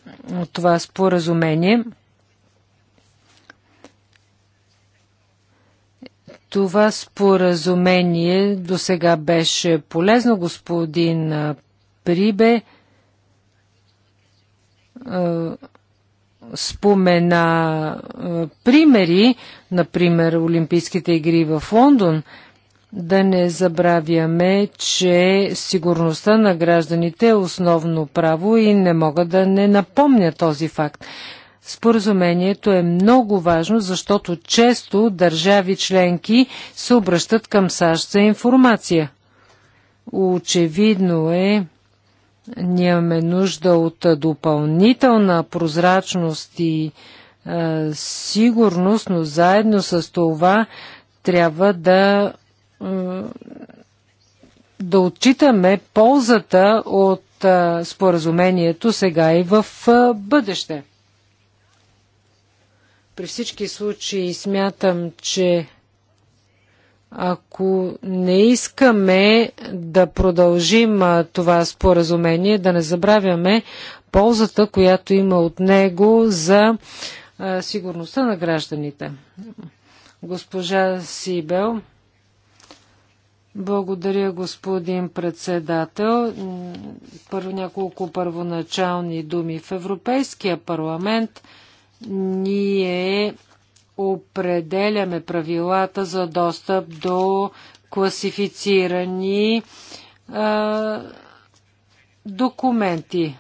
Speaker 2: това споразумение. Това споразумение до сега беше полезно, господин Прибе спомена примери, например Олимпийските игри в Лондон, да не забравяме, че сигурността на гражданите е основно право и не мога да не напомня този факт. Споразумението е много важно, защото често държави членки се обръщат към САЩ за информация. Очевидно е, ние имаме нужда от допълнителна прозрачност и е, сигурност, но заедно с това трябва да, е, да отчитаме ползата от е, споразумението сега и в е, бъдеще. При всички случаи смятам, че ако не искаме да продължим това споразумение, да не забравяме ползата, която има от него за сигурността на гражданите. Госпожа Сибел. Благодаря, господин председател. Първо няколко първоначални думи. В Европейския парламент ние определяме правилата за достъп до класифицирани а, документи.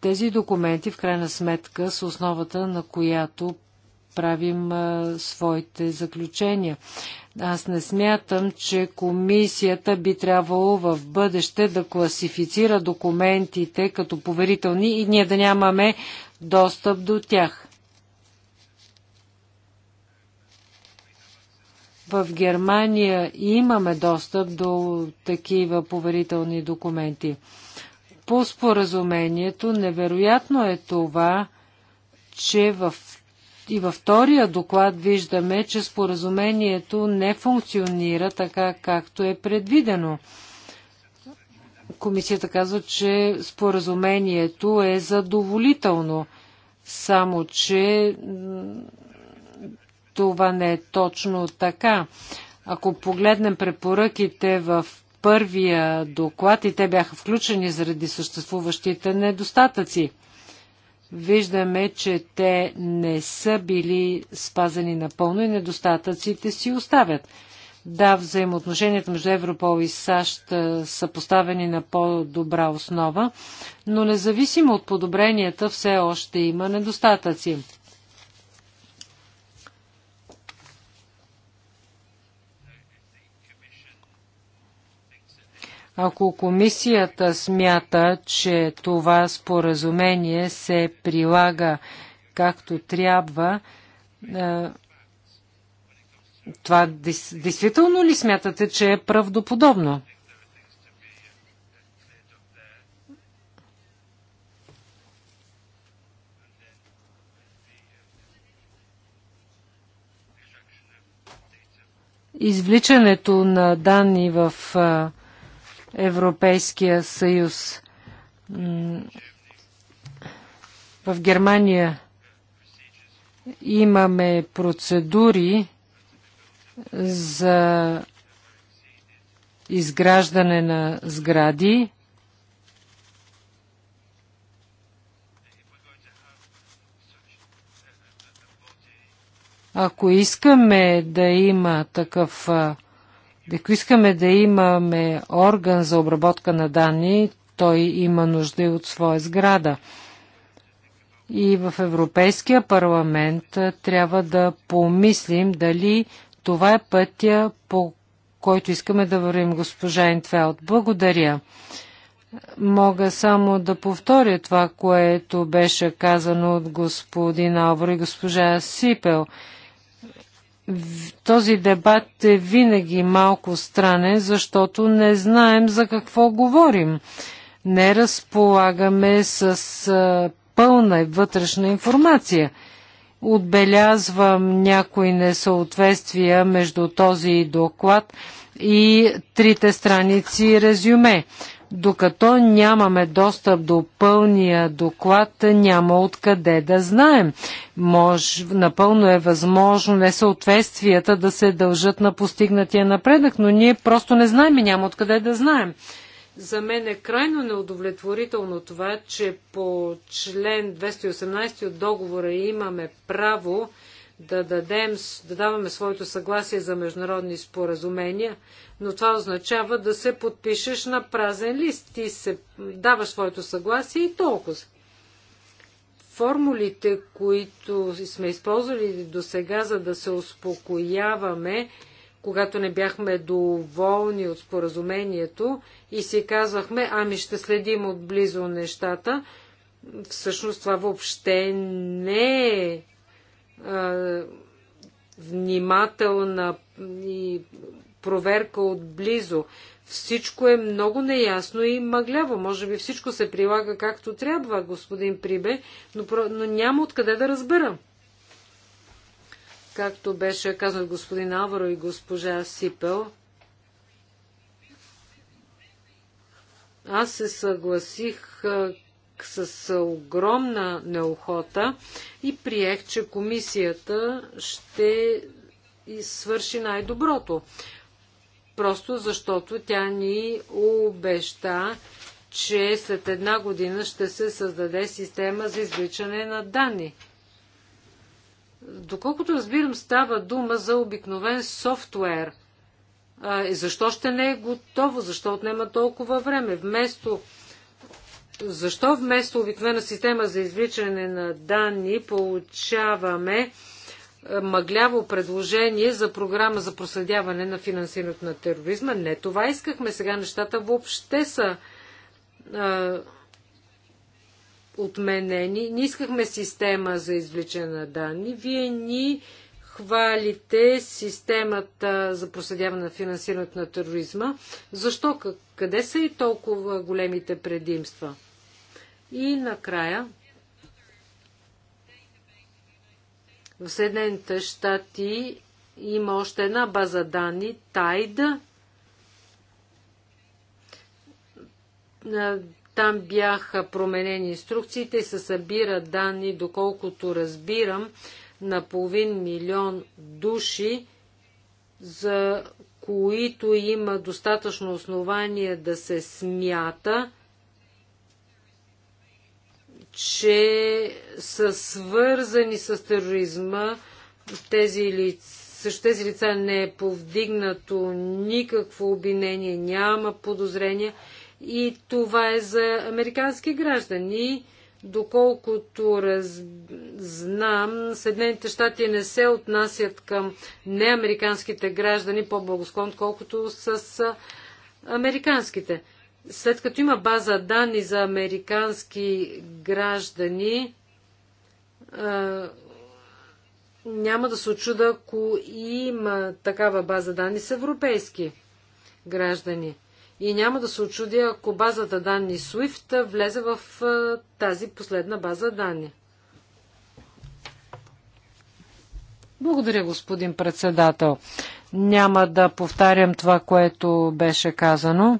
Speaker 2: Тези документи, в крайна сметка, са основата, на която правим а, своите заключения. Аз не смятам, че комисията би трябвало в бъдеще да класифицира документите като поверителни и ние да нямаме достъп до тях. В Германия имаме достъп до такива поверителни документи. По споразумението невероятно е това, че в и във втория доклад виждаме, че споразумението не функционира така, както е предвидено комисията казва, че споразумението е задоволително, само че това не е точно така. Ако погледнем препоръките в първия доклад и те бяха включени заради съществуващите недостатъци, виждаме, че те не са били спазени напълно и недостатъците си оставят. Да, взаимоотношенията между Европол и САЩ са поставени на по-добра основа, но независимо от подобренията все още има недостатъци. Ако комисията смята, че това споразумение се прилага както трябва, това действително ли смятате, че е правдоподобно? Извличането на данни в Европейския съюз в Германия имаме процедури, за изграждане на сгради. Ако искаме да има такъв, ако искаме да имаме орган за обработка на данни, той има нужда и от своя сграда. И в Европейския парламент трябва да помислим дали това е пътя, по който искаме да вървим госпожа Интфелд. Благодаря. Мога само да повторя това, което беше казано от господин Албор и госпожа Сипел. Този дебат е винаги малко странен, защото не знаем за какво говорим. Не разполагаме с пълна и вътрешна информация – Отбелязвам някои несъответствия между този доклад и трите страници резюме. Докато нямаме достъп до пълния доклад, няма откъде да знаем. Мож, напълно е възможно несъответствията да се дължат на постигнатия напредък, но ние просто не знаем и няма откъде да знаем. За мен е крайно неудовлетворително това, че по член 218 от договора имаме право да, дадем, да даваме своето съгласие за международни споразумения, но това означава да се подпишеш на празен лист. Ти се даваш своето съгласие и толкова. Формулите, които сме използвали до сега, за да се успокояваме, когато не бяхме доволни от споразумението и си казвахме, ами ще следим отблизо нещата, всъщност това въобще не е внимателна и проверка отблизо. Всичко е много неясно и мъгляво. Може би всичко се прилага както трябва, господин Прибе, но, но няма откъде да разбера както беше казват господин Аваро и госпожа Сипел, аз се съгласих с огромна неохота и приех, че комисията ще свърши най-доброто. Просто защото тя ни обеща, че след една година ще се създаде система за извличане на данни. Доколкото разбирам, става дума за обикновен софтуер. А, защо ще не е готово? Защо отнема толкова време? Вместо защо вместо обикновена система за извличане на данни получаваме мъгляво предложение за програма за проследяване на финансирането на тероризма? Не това искахме. Сега нещата въобще са отменени. Не искахме система за извлечена на данни. Вие ни хвалите системата за проследяване на финансирането на тероризма. Защо? Къде са и толкова големите предимства? И накрая, в Съединените щати има още една база данни, Тайда. Там бяха променени инструкциите и се събира данни, доколкото разбирам, на половин милион души, за които има достатъчно основание да се смята, че са свързани с тероризма. Тези лица, също тези лица не е повдигнато никакво обвинение, няма подозрение и това е за американски граждани. Доколкото раз... знам, Съединените щати не се отнасят към неамериканските граждани по-благосклонно, колкото с американските. След като има база данни за американски граждани, няма да се очуда, ако има такава база данни с европейски граждани. И няма да се очудя, ако базата данни SWIFT влезе в тази последна база данни. Благодаря, господин председател. Няма да повтарям това, което беше казано.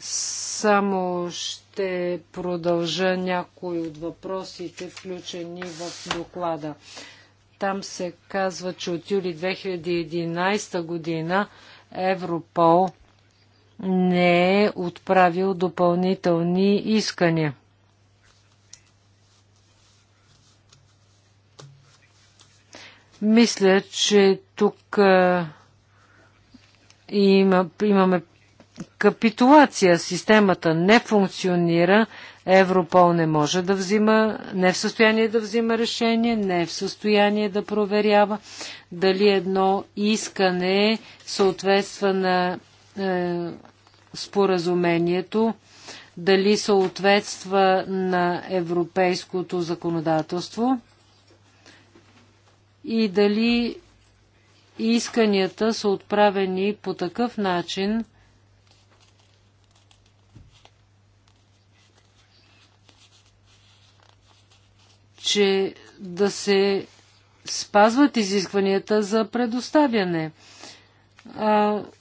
Speaker 2: Само ще продължа някои от въпросите, включени в доклада. Там се казва, че от юли 2011 година Европол не е отправил допълнителни искания. Мисля, че тук има, имаме капитулация. Системата не функционира. Европол не може да взима, не е в състояние да взима решение, не е в състояние да проверява дали едно искане съответства на е, споразумението дали съответства на европейското законодателство и дали исканията са отправени по такъв начин, че да се спазват изискванията за предоставяне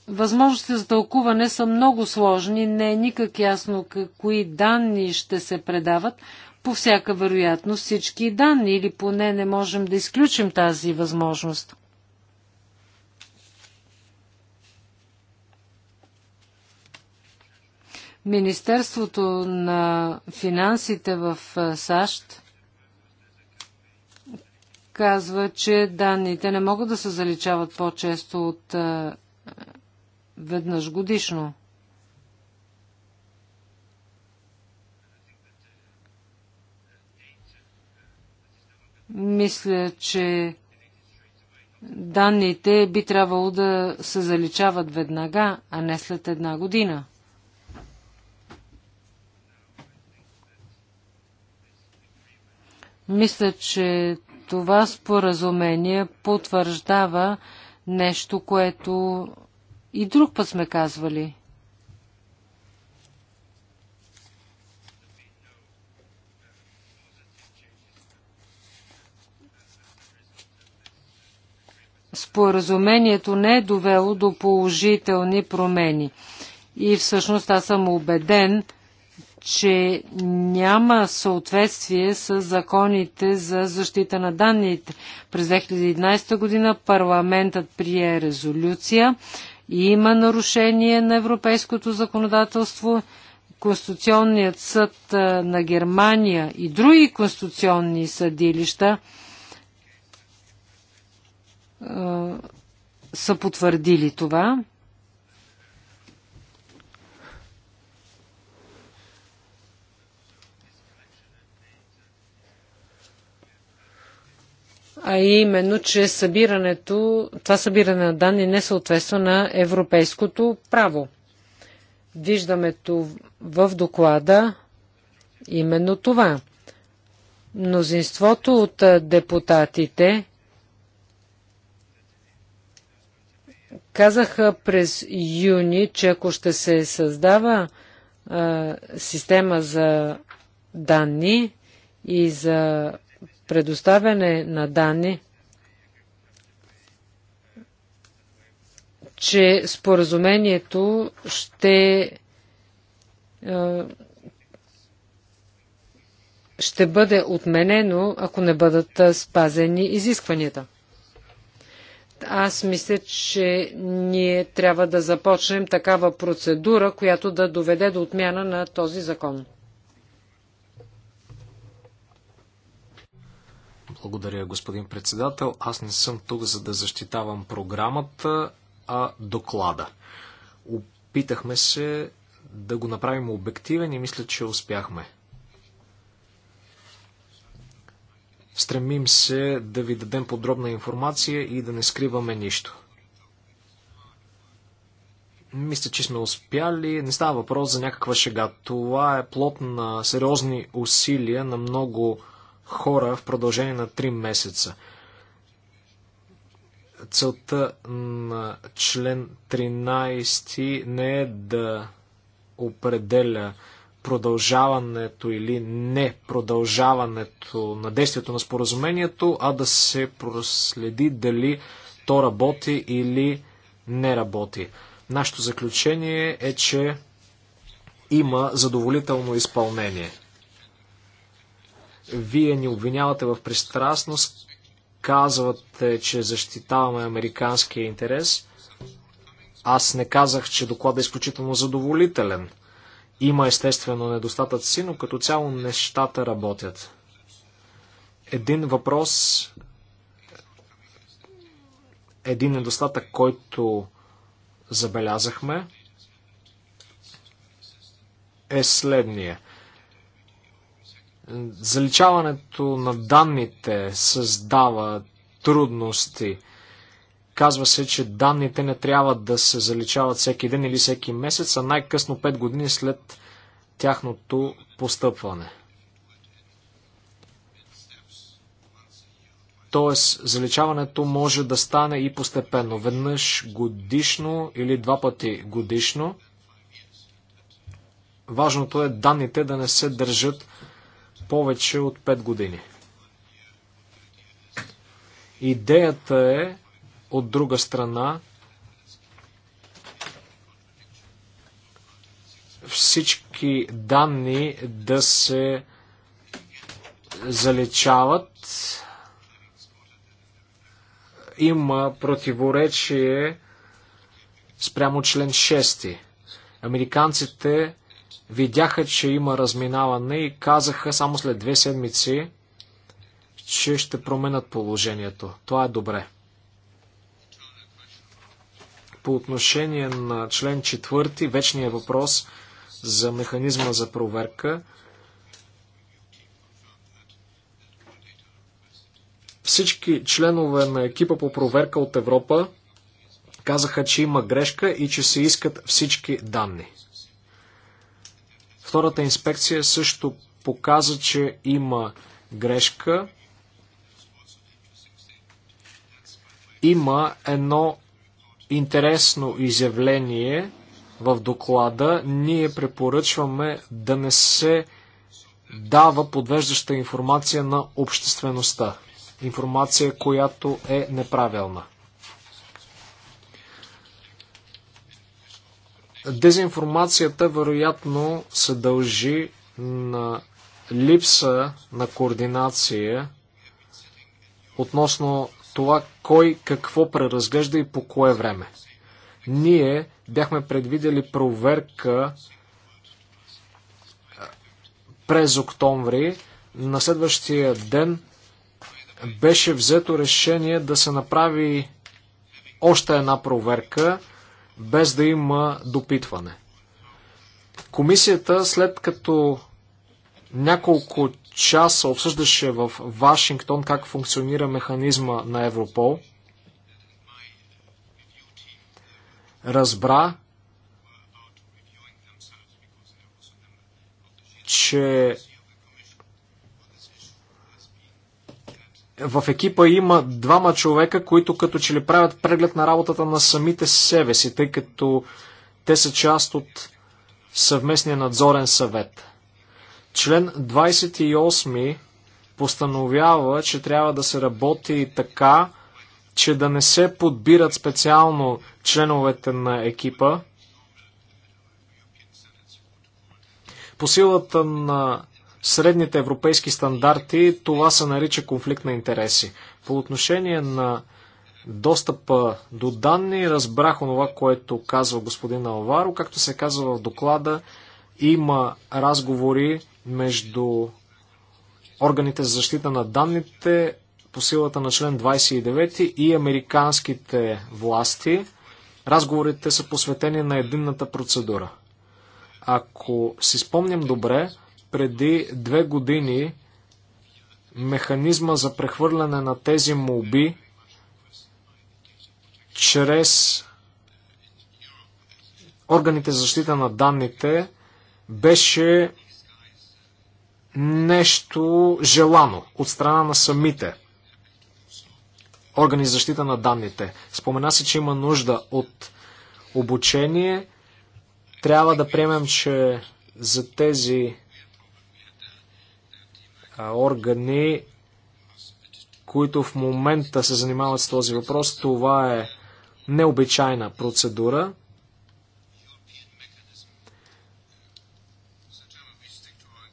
Speaker 2: възможностите за тълкуване са много сложни, не е никак ясно кои данни ще се предават. По всяка вероятност всички данни или поне не можем да изключим тази възможност. Министерството на финансите в САЩ казва, че данните не могат да се заличават по-често от веднъж годишно. Мисля, че данните би трябвало да се заличават веднага, а не след една година. Мисля, че това споразумение потвърждава нещо, което и друг път сме казвали. Споразумението не е довело до положителни промени. И всъщност аз съм убеден, че няма съответствие с законите за защита на данните. През 2011 година парламентът прие резолюция, има нарушение на европейското законодателство. Конституционният съд на Германия и други конституционни съдилища са потвърдили това. а именно, че събирането, това събиране на данни не съответства на европейското право. Виждаме в доклада именно това. Мнозинството от депутатите казаха през юни, че ако ще се създава система за данни и за предоставяне на данни, че споразумението ще ще бъде отменено, ако не бъдат спазени изискванията. Аз мисля, че ние трябва да започнем такава процедура, която да доведе до отмяна на този закон.
Speaker 1: Благодаря, господин председател. Аз не съм тук, за да защитавам програмата, а доклада. Опитахме се да го направим обективен и мисля, че успяхме. Стремим се да ви дадем подробна информация и да не скриваме нищо. Мисля, че сме успяли. Не става въпрос за някаква шега. Това е плод на сериозни усилия на много хора в продължение на 3 месеца. Целта на член 13 не е да определя продължаването или не продължаването на действието на споразумението, а да се проследи дали то работи или не работи. Нашето заключение е, че има задоволително изпълнение. Вие ни обвинявате в пристрастност, казвате, че защитаваме американския интерес. Аз не казах, че докладът е изключително задоволителен. Има естествено недостатъци, но като цяло нещата работят. Един въпрос, един недостатък, който забелязахме, е следния. Заличаването на данните създава трудности. Казва се, че данните не трябва да се заличават всеки ден или всеки месец, а най-късно 5 години след тяхното постъпване. Тоест, заличаването може да стане и постепенно, веднъж годишно или два пъти годишно. Важното е данните да не се държат повече от 5 години. Идеята е, от друга страна, всички данни да се залечават. Има противоречие спрямо член 6. Американците видяха, че има разминаване и казаха само след две седмици, че ще променят положението. Това е добре. По отношение на член 4, вечния въпрос за механизма за проверка, всички членове на екипа по проверка от Европа казаха, че има грешка и че се искат всички данни. Втората инспекция също показа, че има грешка. Има едно интересно изявление в доклада. Ние препоръчваме да не се дава подвеждаща информация на обществеността. Информация, която е неправилна. Дезинформацията вероятно се дължи на липса на координация относно това кой какво преразглежда и по кое време. Ние бяхме предвидели проверка през октомври. На следващия ден беше взето решение да се направи още една проверка без да има допитване. Комисията, след като няколко часа обсъждаше в Вашингтон как функционира механизма на Европол, разбра, че в екипа има двама човека, които като че ли правят преглед на работата на самите себе си, тъй като те са част от съвместния надзорен съвет. Член 28 постановява, че трябва да се работи така, че да не се подбират специално членовете на екипа. По силата на средните европейски стандарти, това се нарича конфликт на интереси. По отношение на достъпа до данни, разбрах онова, което казва господин Алваро. Както се казва в доклада, има разговори между органите за защита на данните по силата на член 29 и американските власти. Разговорите са посветени на единната процедура. Ако си спомням добре, преди две години механизма за прехвърляне на тези молби чрез органите за защита на данните беше нещо желано от страна на самите органи за защита на данните. Спомена се, че има нужда от обучение. Трябва да приемем, че за тези органи, които в момента се занимават с този въпрос. Това е необичайна процедура.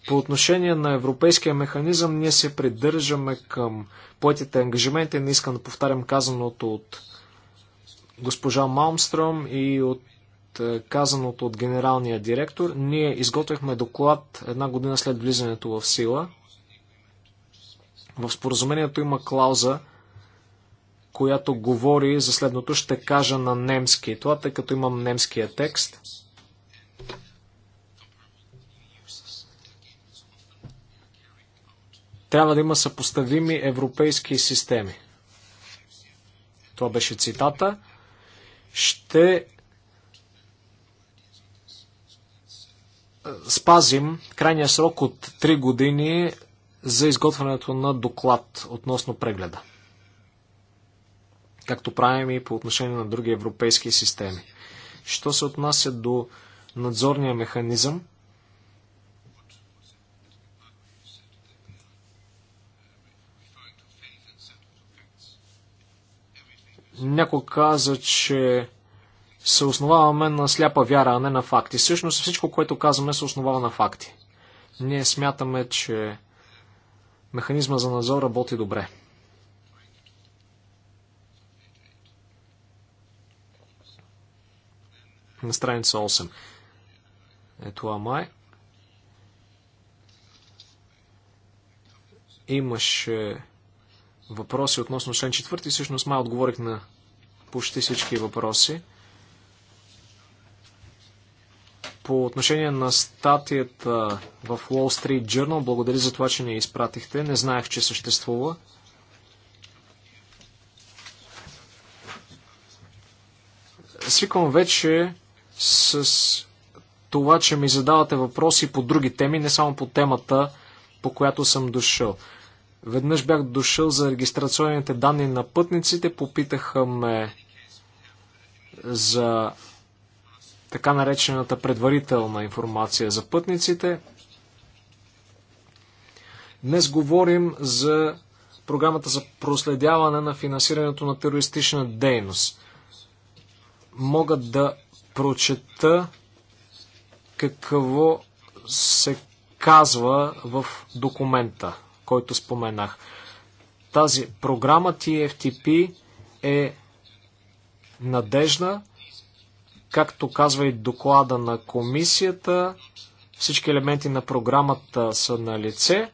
Speaker 1: По отношение на европейския механизъм, ние се придържаме към поетите ангажименти. Не искам да повтарям казаното от госпожа Малмстром и от е, казаното от генералния директор. Ние изготвихме доклад една година след влизането в сила в споразумението има клауза, която говори за следното, ще кажа на немски. Това, тъй като имам немския текст. Трябва да има съпоставими европейски системи. Това беше цитата. Ще спазим крайния срок от 3 години за изготвянето на доклад относно прегледа. Както правим и по отношение на други европейски системи. Що се отнася до надзорния механизъм, някой каза, че се основаваме на сляпа вяра, а не на факти. Всъщност всичко, което казваме, се основава на факти. Ние смятаме, че Механизма за надзор работи добре. На страница 8. Ето Амай. Имаш въпроси относно член 4. Всъщност май отговорих на почти всички въпроси. по отношение на статията в Wall Street Journal. Благодаря за това, че ни изпратихте. Не знаех, че съществува. Свиквам вече с това, че ми задавате въпроси по други теми, не само по темата, по която съм дошъл. Веднъж бях дошъл за регистрационните данни на пътниците, попитаха ме за така наречената предварителна информация за пътниците. Днес говорим за програмата за проследяване на финансирането на терористична дейност. Мога да прочета какво се казва в документа, който споменах. Тази програма TFTP е надежна, Както казва и доклада на комисията, всички елементи на програмата са на лице.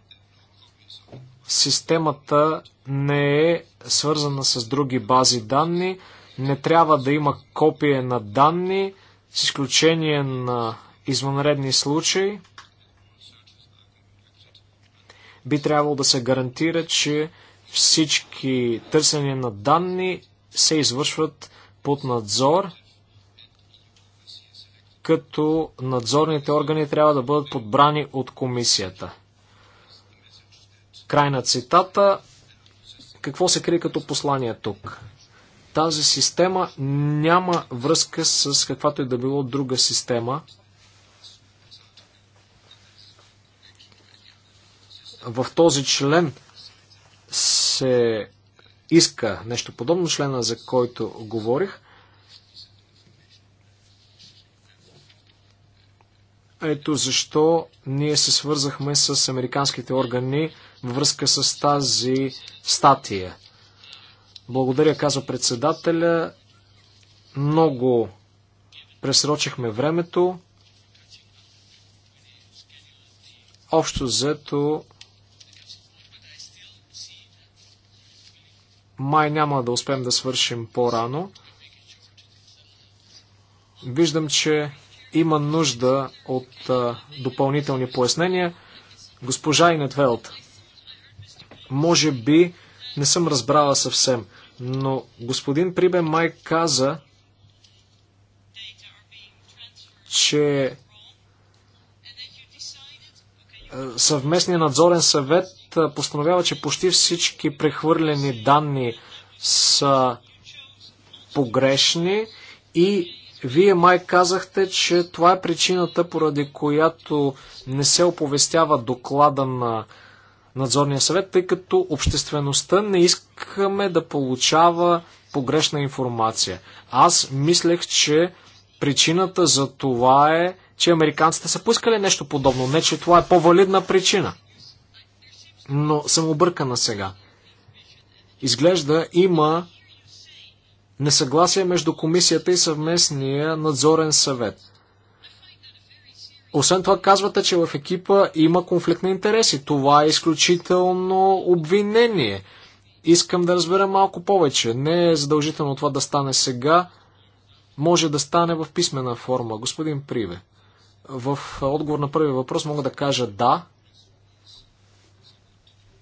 Speaker 1: Системата не е свързана с други бази данни. Не трябва да има копие на данни, с изключение на извънредни случаи. Би трябвало да се гарантира, че всички търсения на данни се извършват под надзор – като надзорните органи трябва да бъдат подбрани от комисията. Край на цитата. Какво се крие като послание тук? Тази система няма връзка с каквато и да било друга система. В този член се иска нещо подобно члена, за който говорих. Ето защо ние се свързахме с американските органи във връзка с тази статия. Благодаря, казва председателя. Много пресрочихме времето. Общо взето май няма да успеем да свършим по-рано. Виждам, че има нужда от а, допълнителни пояснения. Госпожа Инетвелт, може би не съм разбрала съвсем, но господин Прибе май каза, че съвместния надзорен съвет постановява, че почти всички прехвърлени данни са погрешни и вие май казахте, че това е причината, поради която не се оповестява доклада на надзорния съвет, тъй като обществеността не искаме да получава погрешна информация. Аз мислех, че причината за това е, че американците са поискали нещо подобно, не че това е по-валидна причина. Но съм объркана сега. Изглежда има несъгласие между комисията и съвместния надзорен съвет. Освен това казвате, че в екипа има конфликт на интереси. Това е изключително обвинение. Искам да разбера малко повече. Не е задължително това да стане сега. Може да стане в писмена форма. Господин Приве, в отговор на първи въпрос мога да кажа да.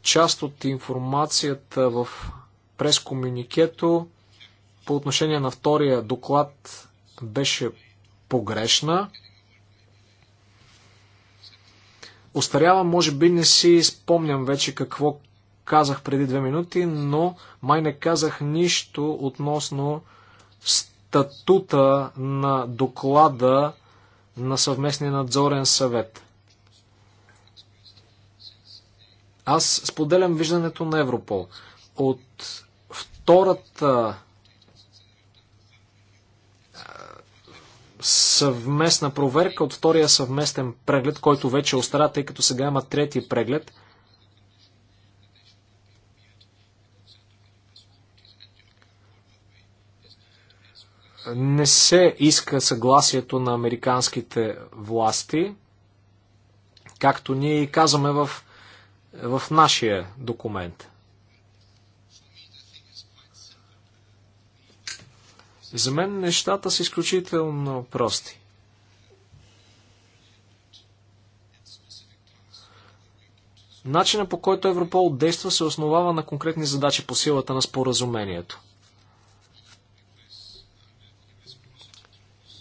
Speaker 1: Част от информацията в прескомуникето комуникето по отношение на втория доклад беше погрешна. Остарявам, може би не си спомням вече какво казах преди две минути, но май не казах нищо относно статута на доклада на съвместния надзорен съвет. Аз споделям виждането на Европол. От втората съвместна проверка от втория съвместен преглед, който вече е остара, тъй като сега има трети преглед. Не се иска съгласието на американските власти, както ние и казваме в, в нашия документ. За мен нещата са изключително прости. Начина по който Европол действа се основава на конкретни задачи по силата на споразумението.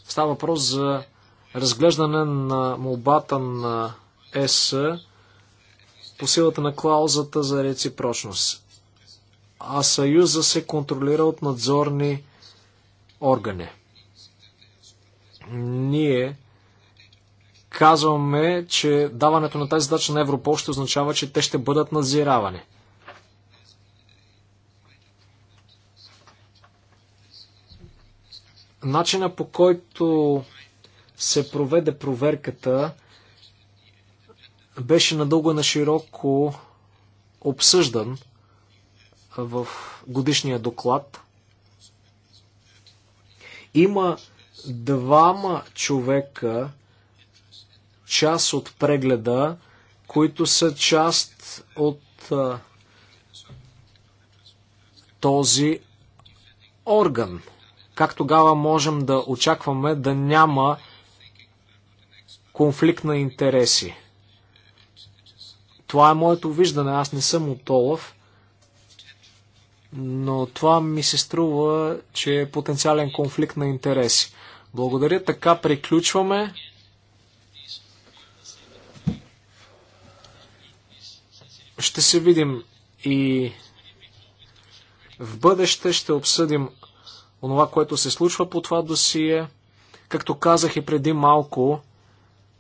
Speaker 1: Става въпрос за разглеждане на молбата на ЕС по силата на клаузата за реципрочност. А Съюза се контролира от надзорни органе. Ние казваме, че даването на тази задача на Европол ще означава, че те ще бъдат надзиравани. Начина по който се проведе проверката беше надълго на широко обсъждан в годишния доклад. Има двама човека, част от прегледа, които са част от а, този орган. Как тогава можем да очакваме да няма конфликт на интереси? Това е моето виждане. Аз не съм от Олаф но това ми се струва, че е потенциален конфликт на интереси. Благодаря, така приключваме. Ще се видим и в бъдеще ще обсъдим онова, което се случва по това досие. Както казах и преди малко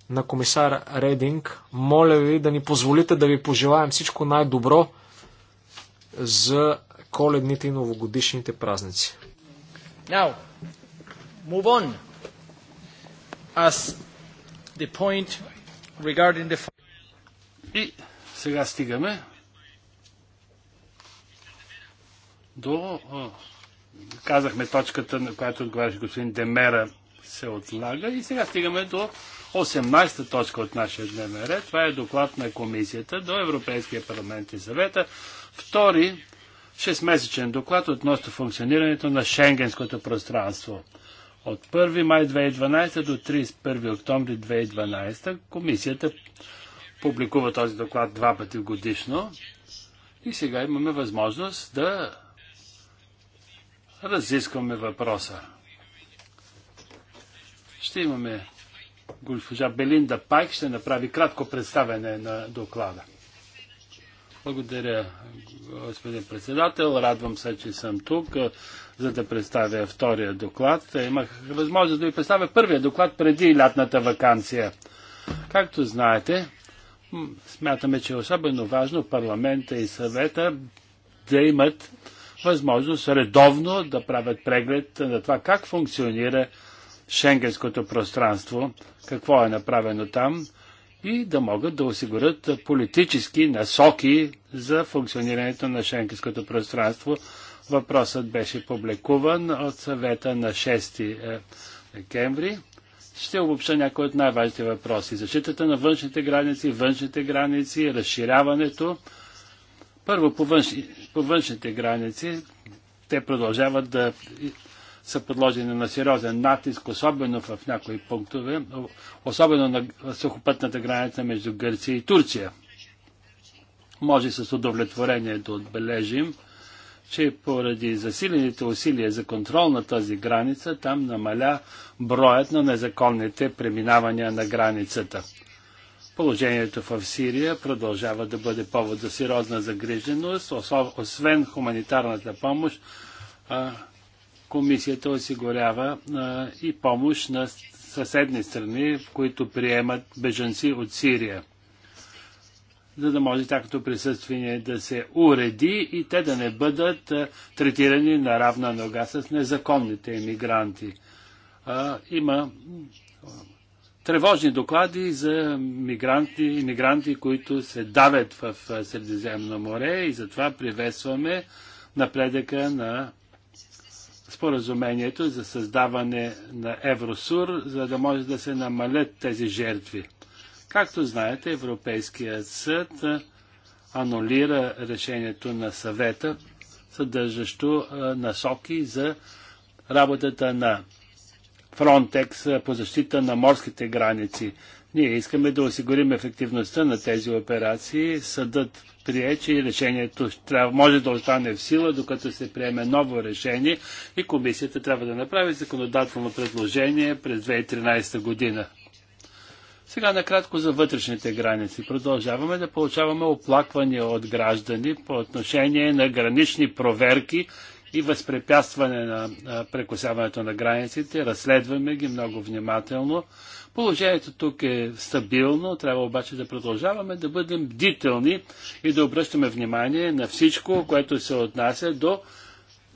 Speaker 1: на комисар Рединг, моля ви да ни позволите да ви пожелаем всичко най-добро за коледните и новогодишните празници. Now,
Speaker 3: move on. As the point regarding the... И сега стигаме до... Казахме точката, на която отговаряше господин Демера, се отлага. И сега стигаме до 18-та точка от нашия дневен ред. Това е доклад на комисията до Европейския парламент и съвета. Втори 6-месечен доклад относно функционирането на Шенгенското пространство. От 1 май 2012 до 31 октомври 2012 комисията публикува този доклад два пъти годишно и сега имаме възможност да разискваме въпроса. Ще имаме госпожа Белинда Пайк, ще направи кратко представяне на доклада. Благодаря, господин председател. Радвам се, че съм тук, за да представя втория доклад. Имах възможност да ви представя първия доклад преди лятната вакансия. Както знаете, смятаме, че е особено важно парламента и съвета да имат възможност редовно да правят преглед на това как функционира шенгенското пространство, какво е направено там, и да могат да осигурят политически насоки за функционирането на шенгенското пространство. Въпросът беше публикуван от съвета на 6 е, декември. Ще обобща някои от най-важните въпроси. Защитата на външните граници, външните граници, разширяването. Първо по външните граници те продължават да са подложени на сериозен натиск, особено в някои пунктове, особено на сухопътната граница между Гърция и Турция. Може с удовлетворение да отбележим, че поради засилените усилия за контрол на тази граница, там намаля броят на незаконните преминавания на границата. Положението в Сирия продължава да бъде повод за сериозна загриженост, освен хуманитарната помощ, комисията осигурява а, и помощ на съседни страни, които приемат бежанци от Сирия, за да може тяхното присъствие да се уреди и те да не бъдат а, третирани на равна нога с незаконните емигранти. А, има тревожни доклади за мигранти, мигранти, които се давят в Средиземно море и затова приветстваме напредъка на споразумението за създаване на Евросур, за да може да се намалят тези жертви. Както знаете, Европейският съд анулира решението на съвета, съдържащо насоки за работата на Фронтекс по защита на морските граници. Ние искаме да осигурим ефективността на тези операции. Съдът прие, че решението трябва, може да остане в сила, докато се приеме ново решение и комисията трябва да направи законодателно предложение през 2013 година. Сега накратко за вътрешните граници. Продължаваме да получаваме оплаквания от граждани по отношение на гранични проверки и възпрепятстване на прекусяването на границите. Разследваме ги много внимателно. Положението тук е стабилно, трябва обаче да продължаваме да бъдем бдителни и да обръщаме внимание на всичко, което се отнася до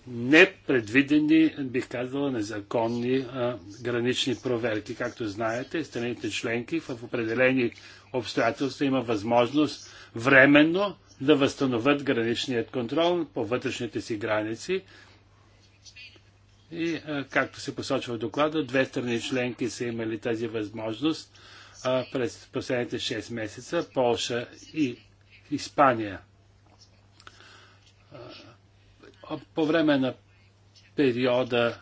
Speaker 3: непредвидени, бих казала, незаконни а, гранични проверки. Както знаете, страните членки в определени обстоятелства има възможност временно да възстановят граничният контрол по вътрешните си граници и, е, както се посочва в доклада, две страни членки са имали тази възможност през последните 6 месеца Полша и Испания. По време на периода,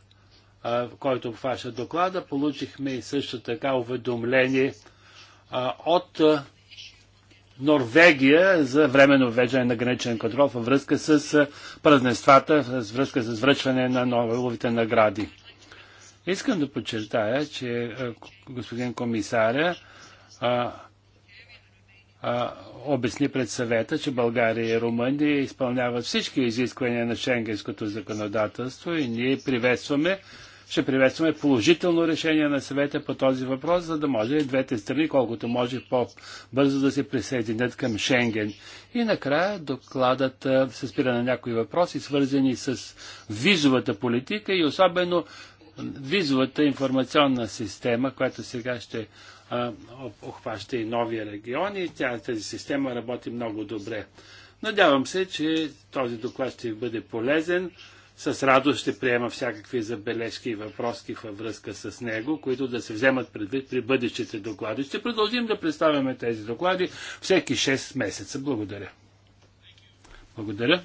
Speaker 3: който обхваща доклада, получихме и също така уведомление от Норвегия за временно ввеждане на граничен контрол във връзка с празненствата, във връзка с връчване на новите награди. Искам да подчертая, че господин комисаря а, а, обясни пред съвета, че България и Румъния изпълняват всички изисквания на шенгенското законодателство и ние приветстваме ще приветстваме положително решение на съвета по този въпрос, за да може и двете страни, колкото може по-бързо да се присъединят към Шенген. И накрая докладът се спира на някои въпроси, свързани с визовата политика и особено визовата информационна система, която сега ще обхваща и нови региони. Тя, тази система работи много добре. Надявам се, че този доклад ще бъде полезен с радост ще приема всякакви забележки и въпроски във връзка с него, които да се вземат предвид при бъдещите доклади. Ще продължим да представяме тези доклади всеки 6 месеца. Благодаря. Благодаря.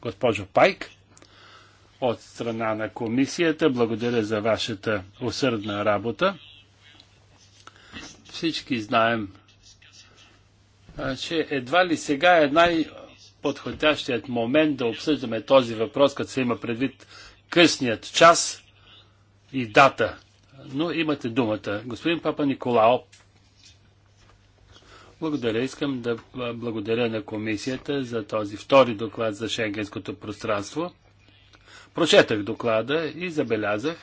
Speaker 3: Госпожо Пайк, от страна на комисията, благодаря за вашата усърдна работа. Всички знаем, че едва ли сега е най- подходящият момент да обсъждаме този въпрос, като се има предвид късният час и дата. Но имате думата. Господин Папа Николао, благодаря. Искам да благодаря на комисията за този втори доклад за шенгенското пространство. Прочетах доклада и забелязах,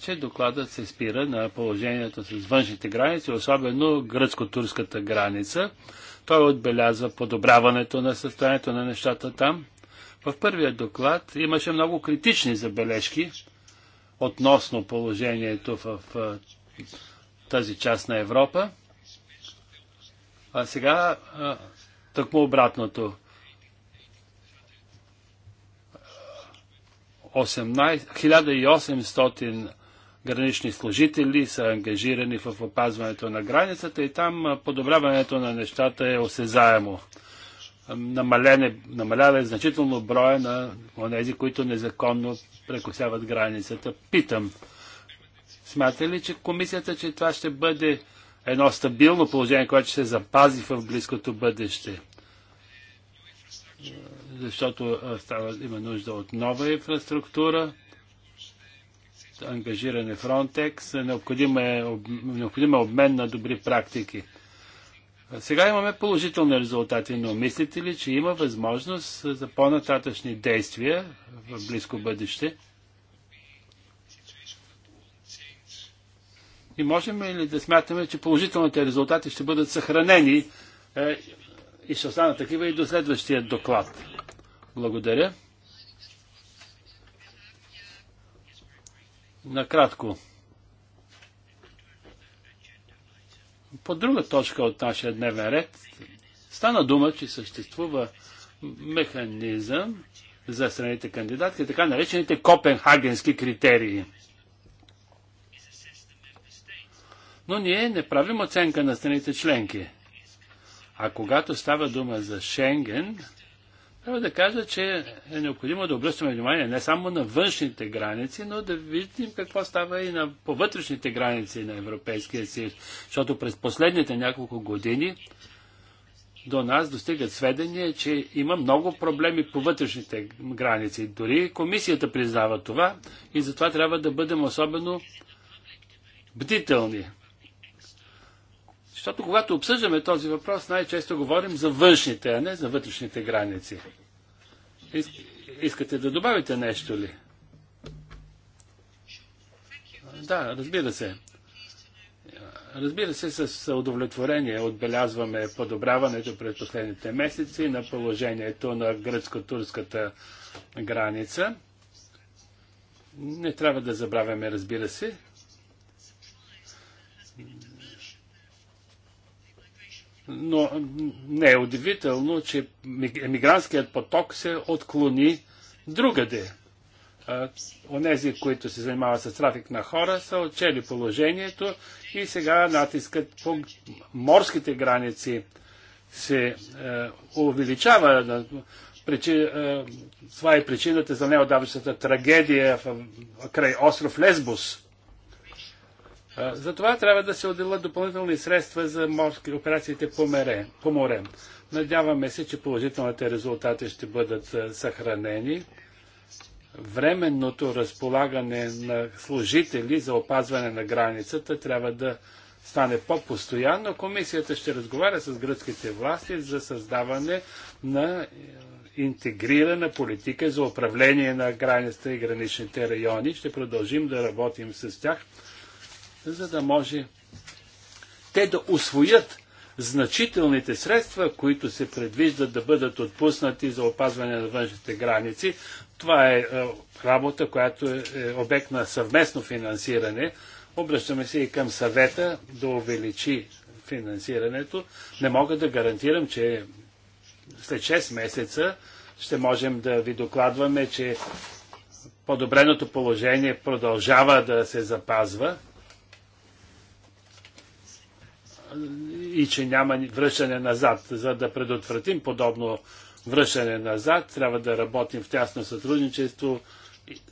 Speaker 3: че докладът се спира на положението с външните граници, особено гръцко-турската граница. Той отбелязва подобряването на състоянието на нещата там. В първия доклад имаше много критични забележки относно положението в тази част на Европа. А сега тъкмо обратното. 18, 1800 гранични служители са ангажирани в опазването на границата и там подобряването на нещата е осезаемо. Намаляне, намалява е значително броя на тези, които незаконно прекусяват границата. Питам, смята ли, че комисията, че това ще бъде едно стабилно положение, което ще се запази в близкото бъдеще? защото става, има нужда от нова инфраструктура, ангажиране Frontex, необходим е, необходим е обмен на добри практики. Сега имаме положителни резултати, но мислите ли, че има възможност за по-нататъчни действия в близко бъдеще? И можем ли да смятаме, че положителните резултати ще бъдат съхранени е, и ще останат такива и до следващия доклад? Благодаря. Накратко. По друга точка от нашия дневен ред стана дума, че съществува механизъм за страните кандидатки, така наречените копенхагенски критерии. Но ние не правим оценка на страните членки. А когато става дума за Шенген, трябва да кажа, че е необходимо да обръщаме внимание не само на външните граници, но да видим какво става и на повътрешните граници на Европейския съюз. Защото през последните няколко години до нас достигат сведения, че има много проблеми по вътрешните граници. Дори комисията признава това и затова трябва да бъдем особено бдителни. Защото когато обсъждаме този въпрос, най-често говорим за външните, а не за вътрешните граници. Искате да добавите нещо ли? Да, разбира се. Разбира се, с удовлетворение отбелязваме подобряването през последните месеци на положението на гръцко-турската граница. Не трябва да забравяме, разбира се, Но не е удивително, че емигрантският поток се отклони другаде. Онези, които се занимават с трафик на хора, са отчели положението и сега натискът по морските граници се е, увеличава. Причи, е, това е причината за неодавнашната трагедия в, край остров Лесбус. Затова трябва да се отделят допълнителни средства за морски операциите по, мере, по море. Надяваме се, че положителните резултати ще бъдат съхранени. Временното разполагане на служители за опазване на границата трябва да стане по-постоянно. Комисията ще разговаря с гръцките власти за създаване на е, интегрирана политика за управление на границата и граничните райони. Ще продължим да работим с тях за да може те да освоят значителните средства, които се предвиждат да бъдат отпуснати за опазване на външните граници. Това е, е работа, която е, е обект на съвместно финансиране. Обръщаме се и към съвета да увеличи финансирането. Не мога да гарантирам, че след 6 месеца ще можем да ви докладваме, че подобреното положение продължава да се запазва и че няма връщане назад. За да предотвратим подобно връщане назад, трябва да работим в тясно сътрудничество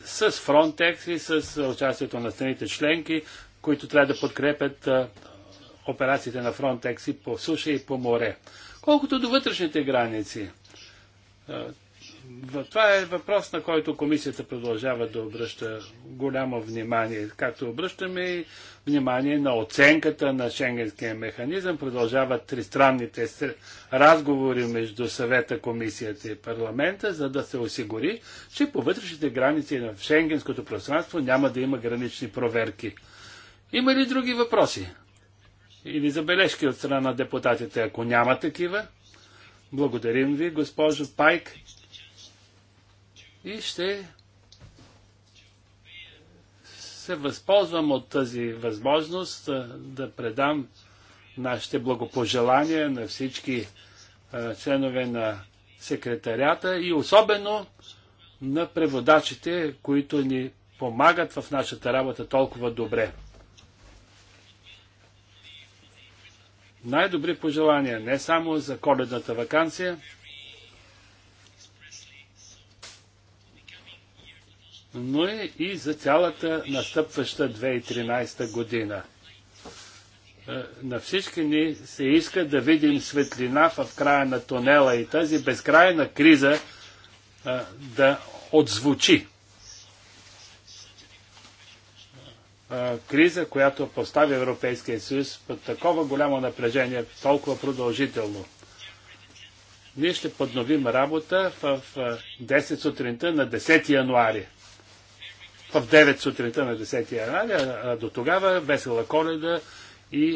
Speaker 3: с Frontex и с участието на страните членки, които трябва да подкрепят операциите на Frontex и по суша и по море. Колкото до вътрешните граници, това е въпрос, на който комисията продължава да обръща голямо внимание. Както обръщаме и внимание на оценката на шенгенския механизъм, продължават тристранните разговори между съвета, комисията и парламента, за да се осигури, че по вътрешните граници на шенгенското пространство няма да има гранични проверки. Има ли други въпроси? Или забележки от страна на депутатите, ако няма такива? Благодарим ви, госпожо Пайк и ще се възползвам от тази възможност да предам нашите благопожелания на всички членове на секретарята и особено на преводачите, които ни помагат в нашата работа толкова добре. Най-добри пожелания не само за коледната вакансия, но е и за цялата настъпваща 2013 година. Е, на всички ни се иска да видим светлина в края на тунела и тази безкрайна криза е, да отзвучи. криза, която постави Европейския съюз под такова голямо напрежение, толкова продължително. Ние ще подновим работа в 10 сутринта на 10 януари в 9 сутринта на 10 януаря. а До тогава весела коледа и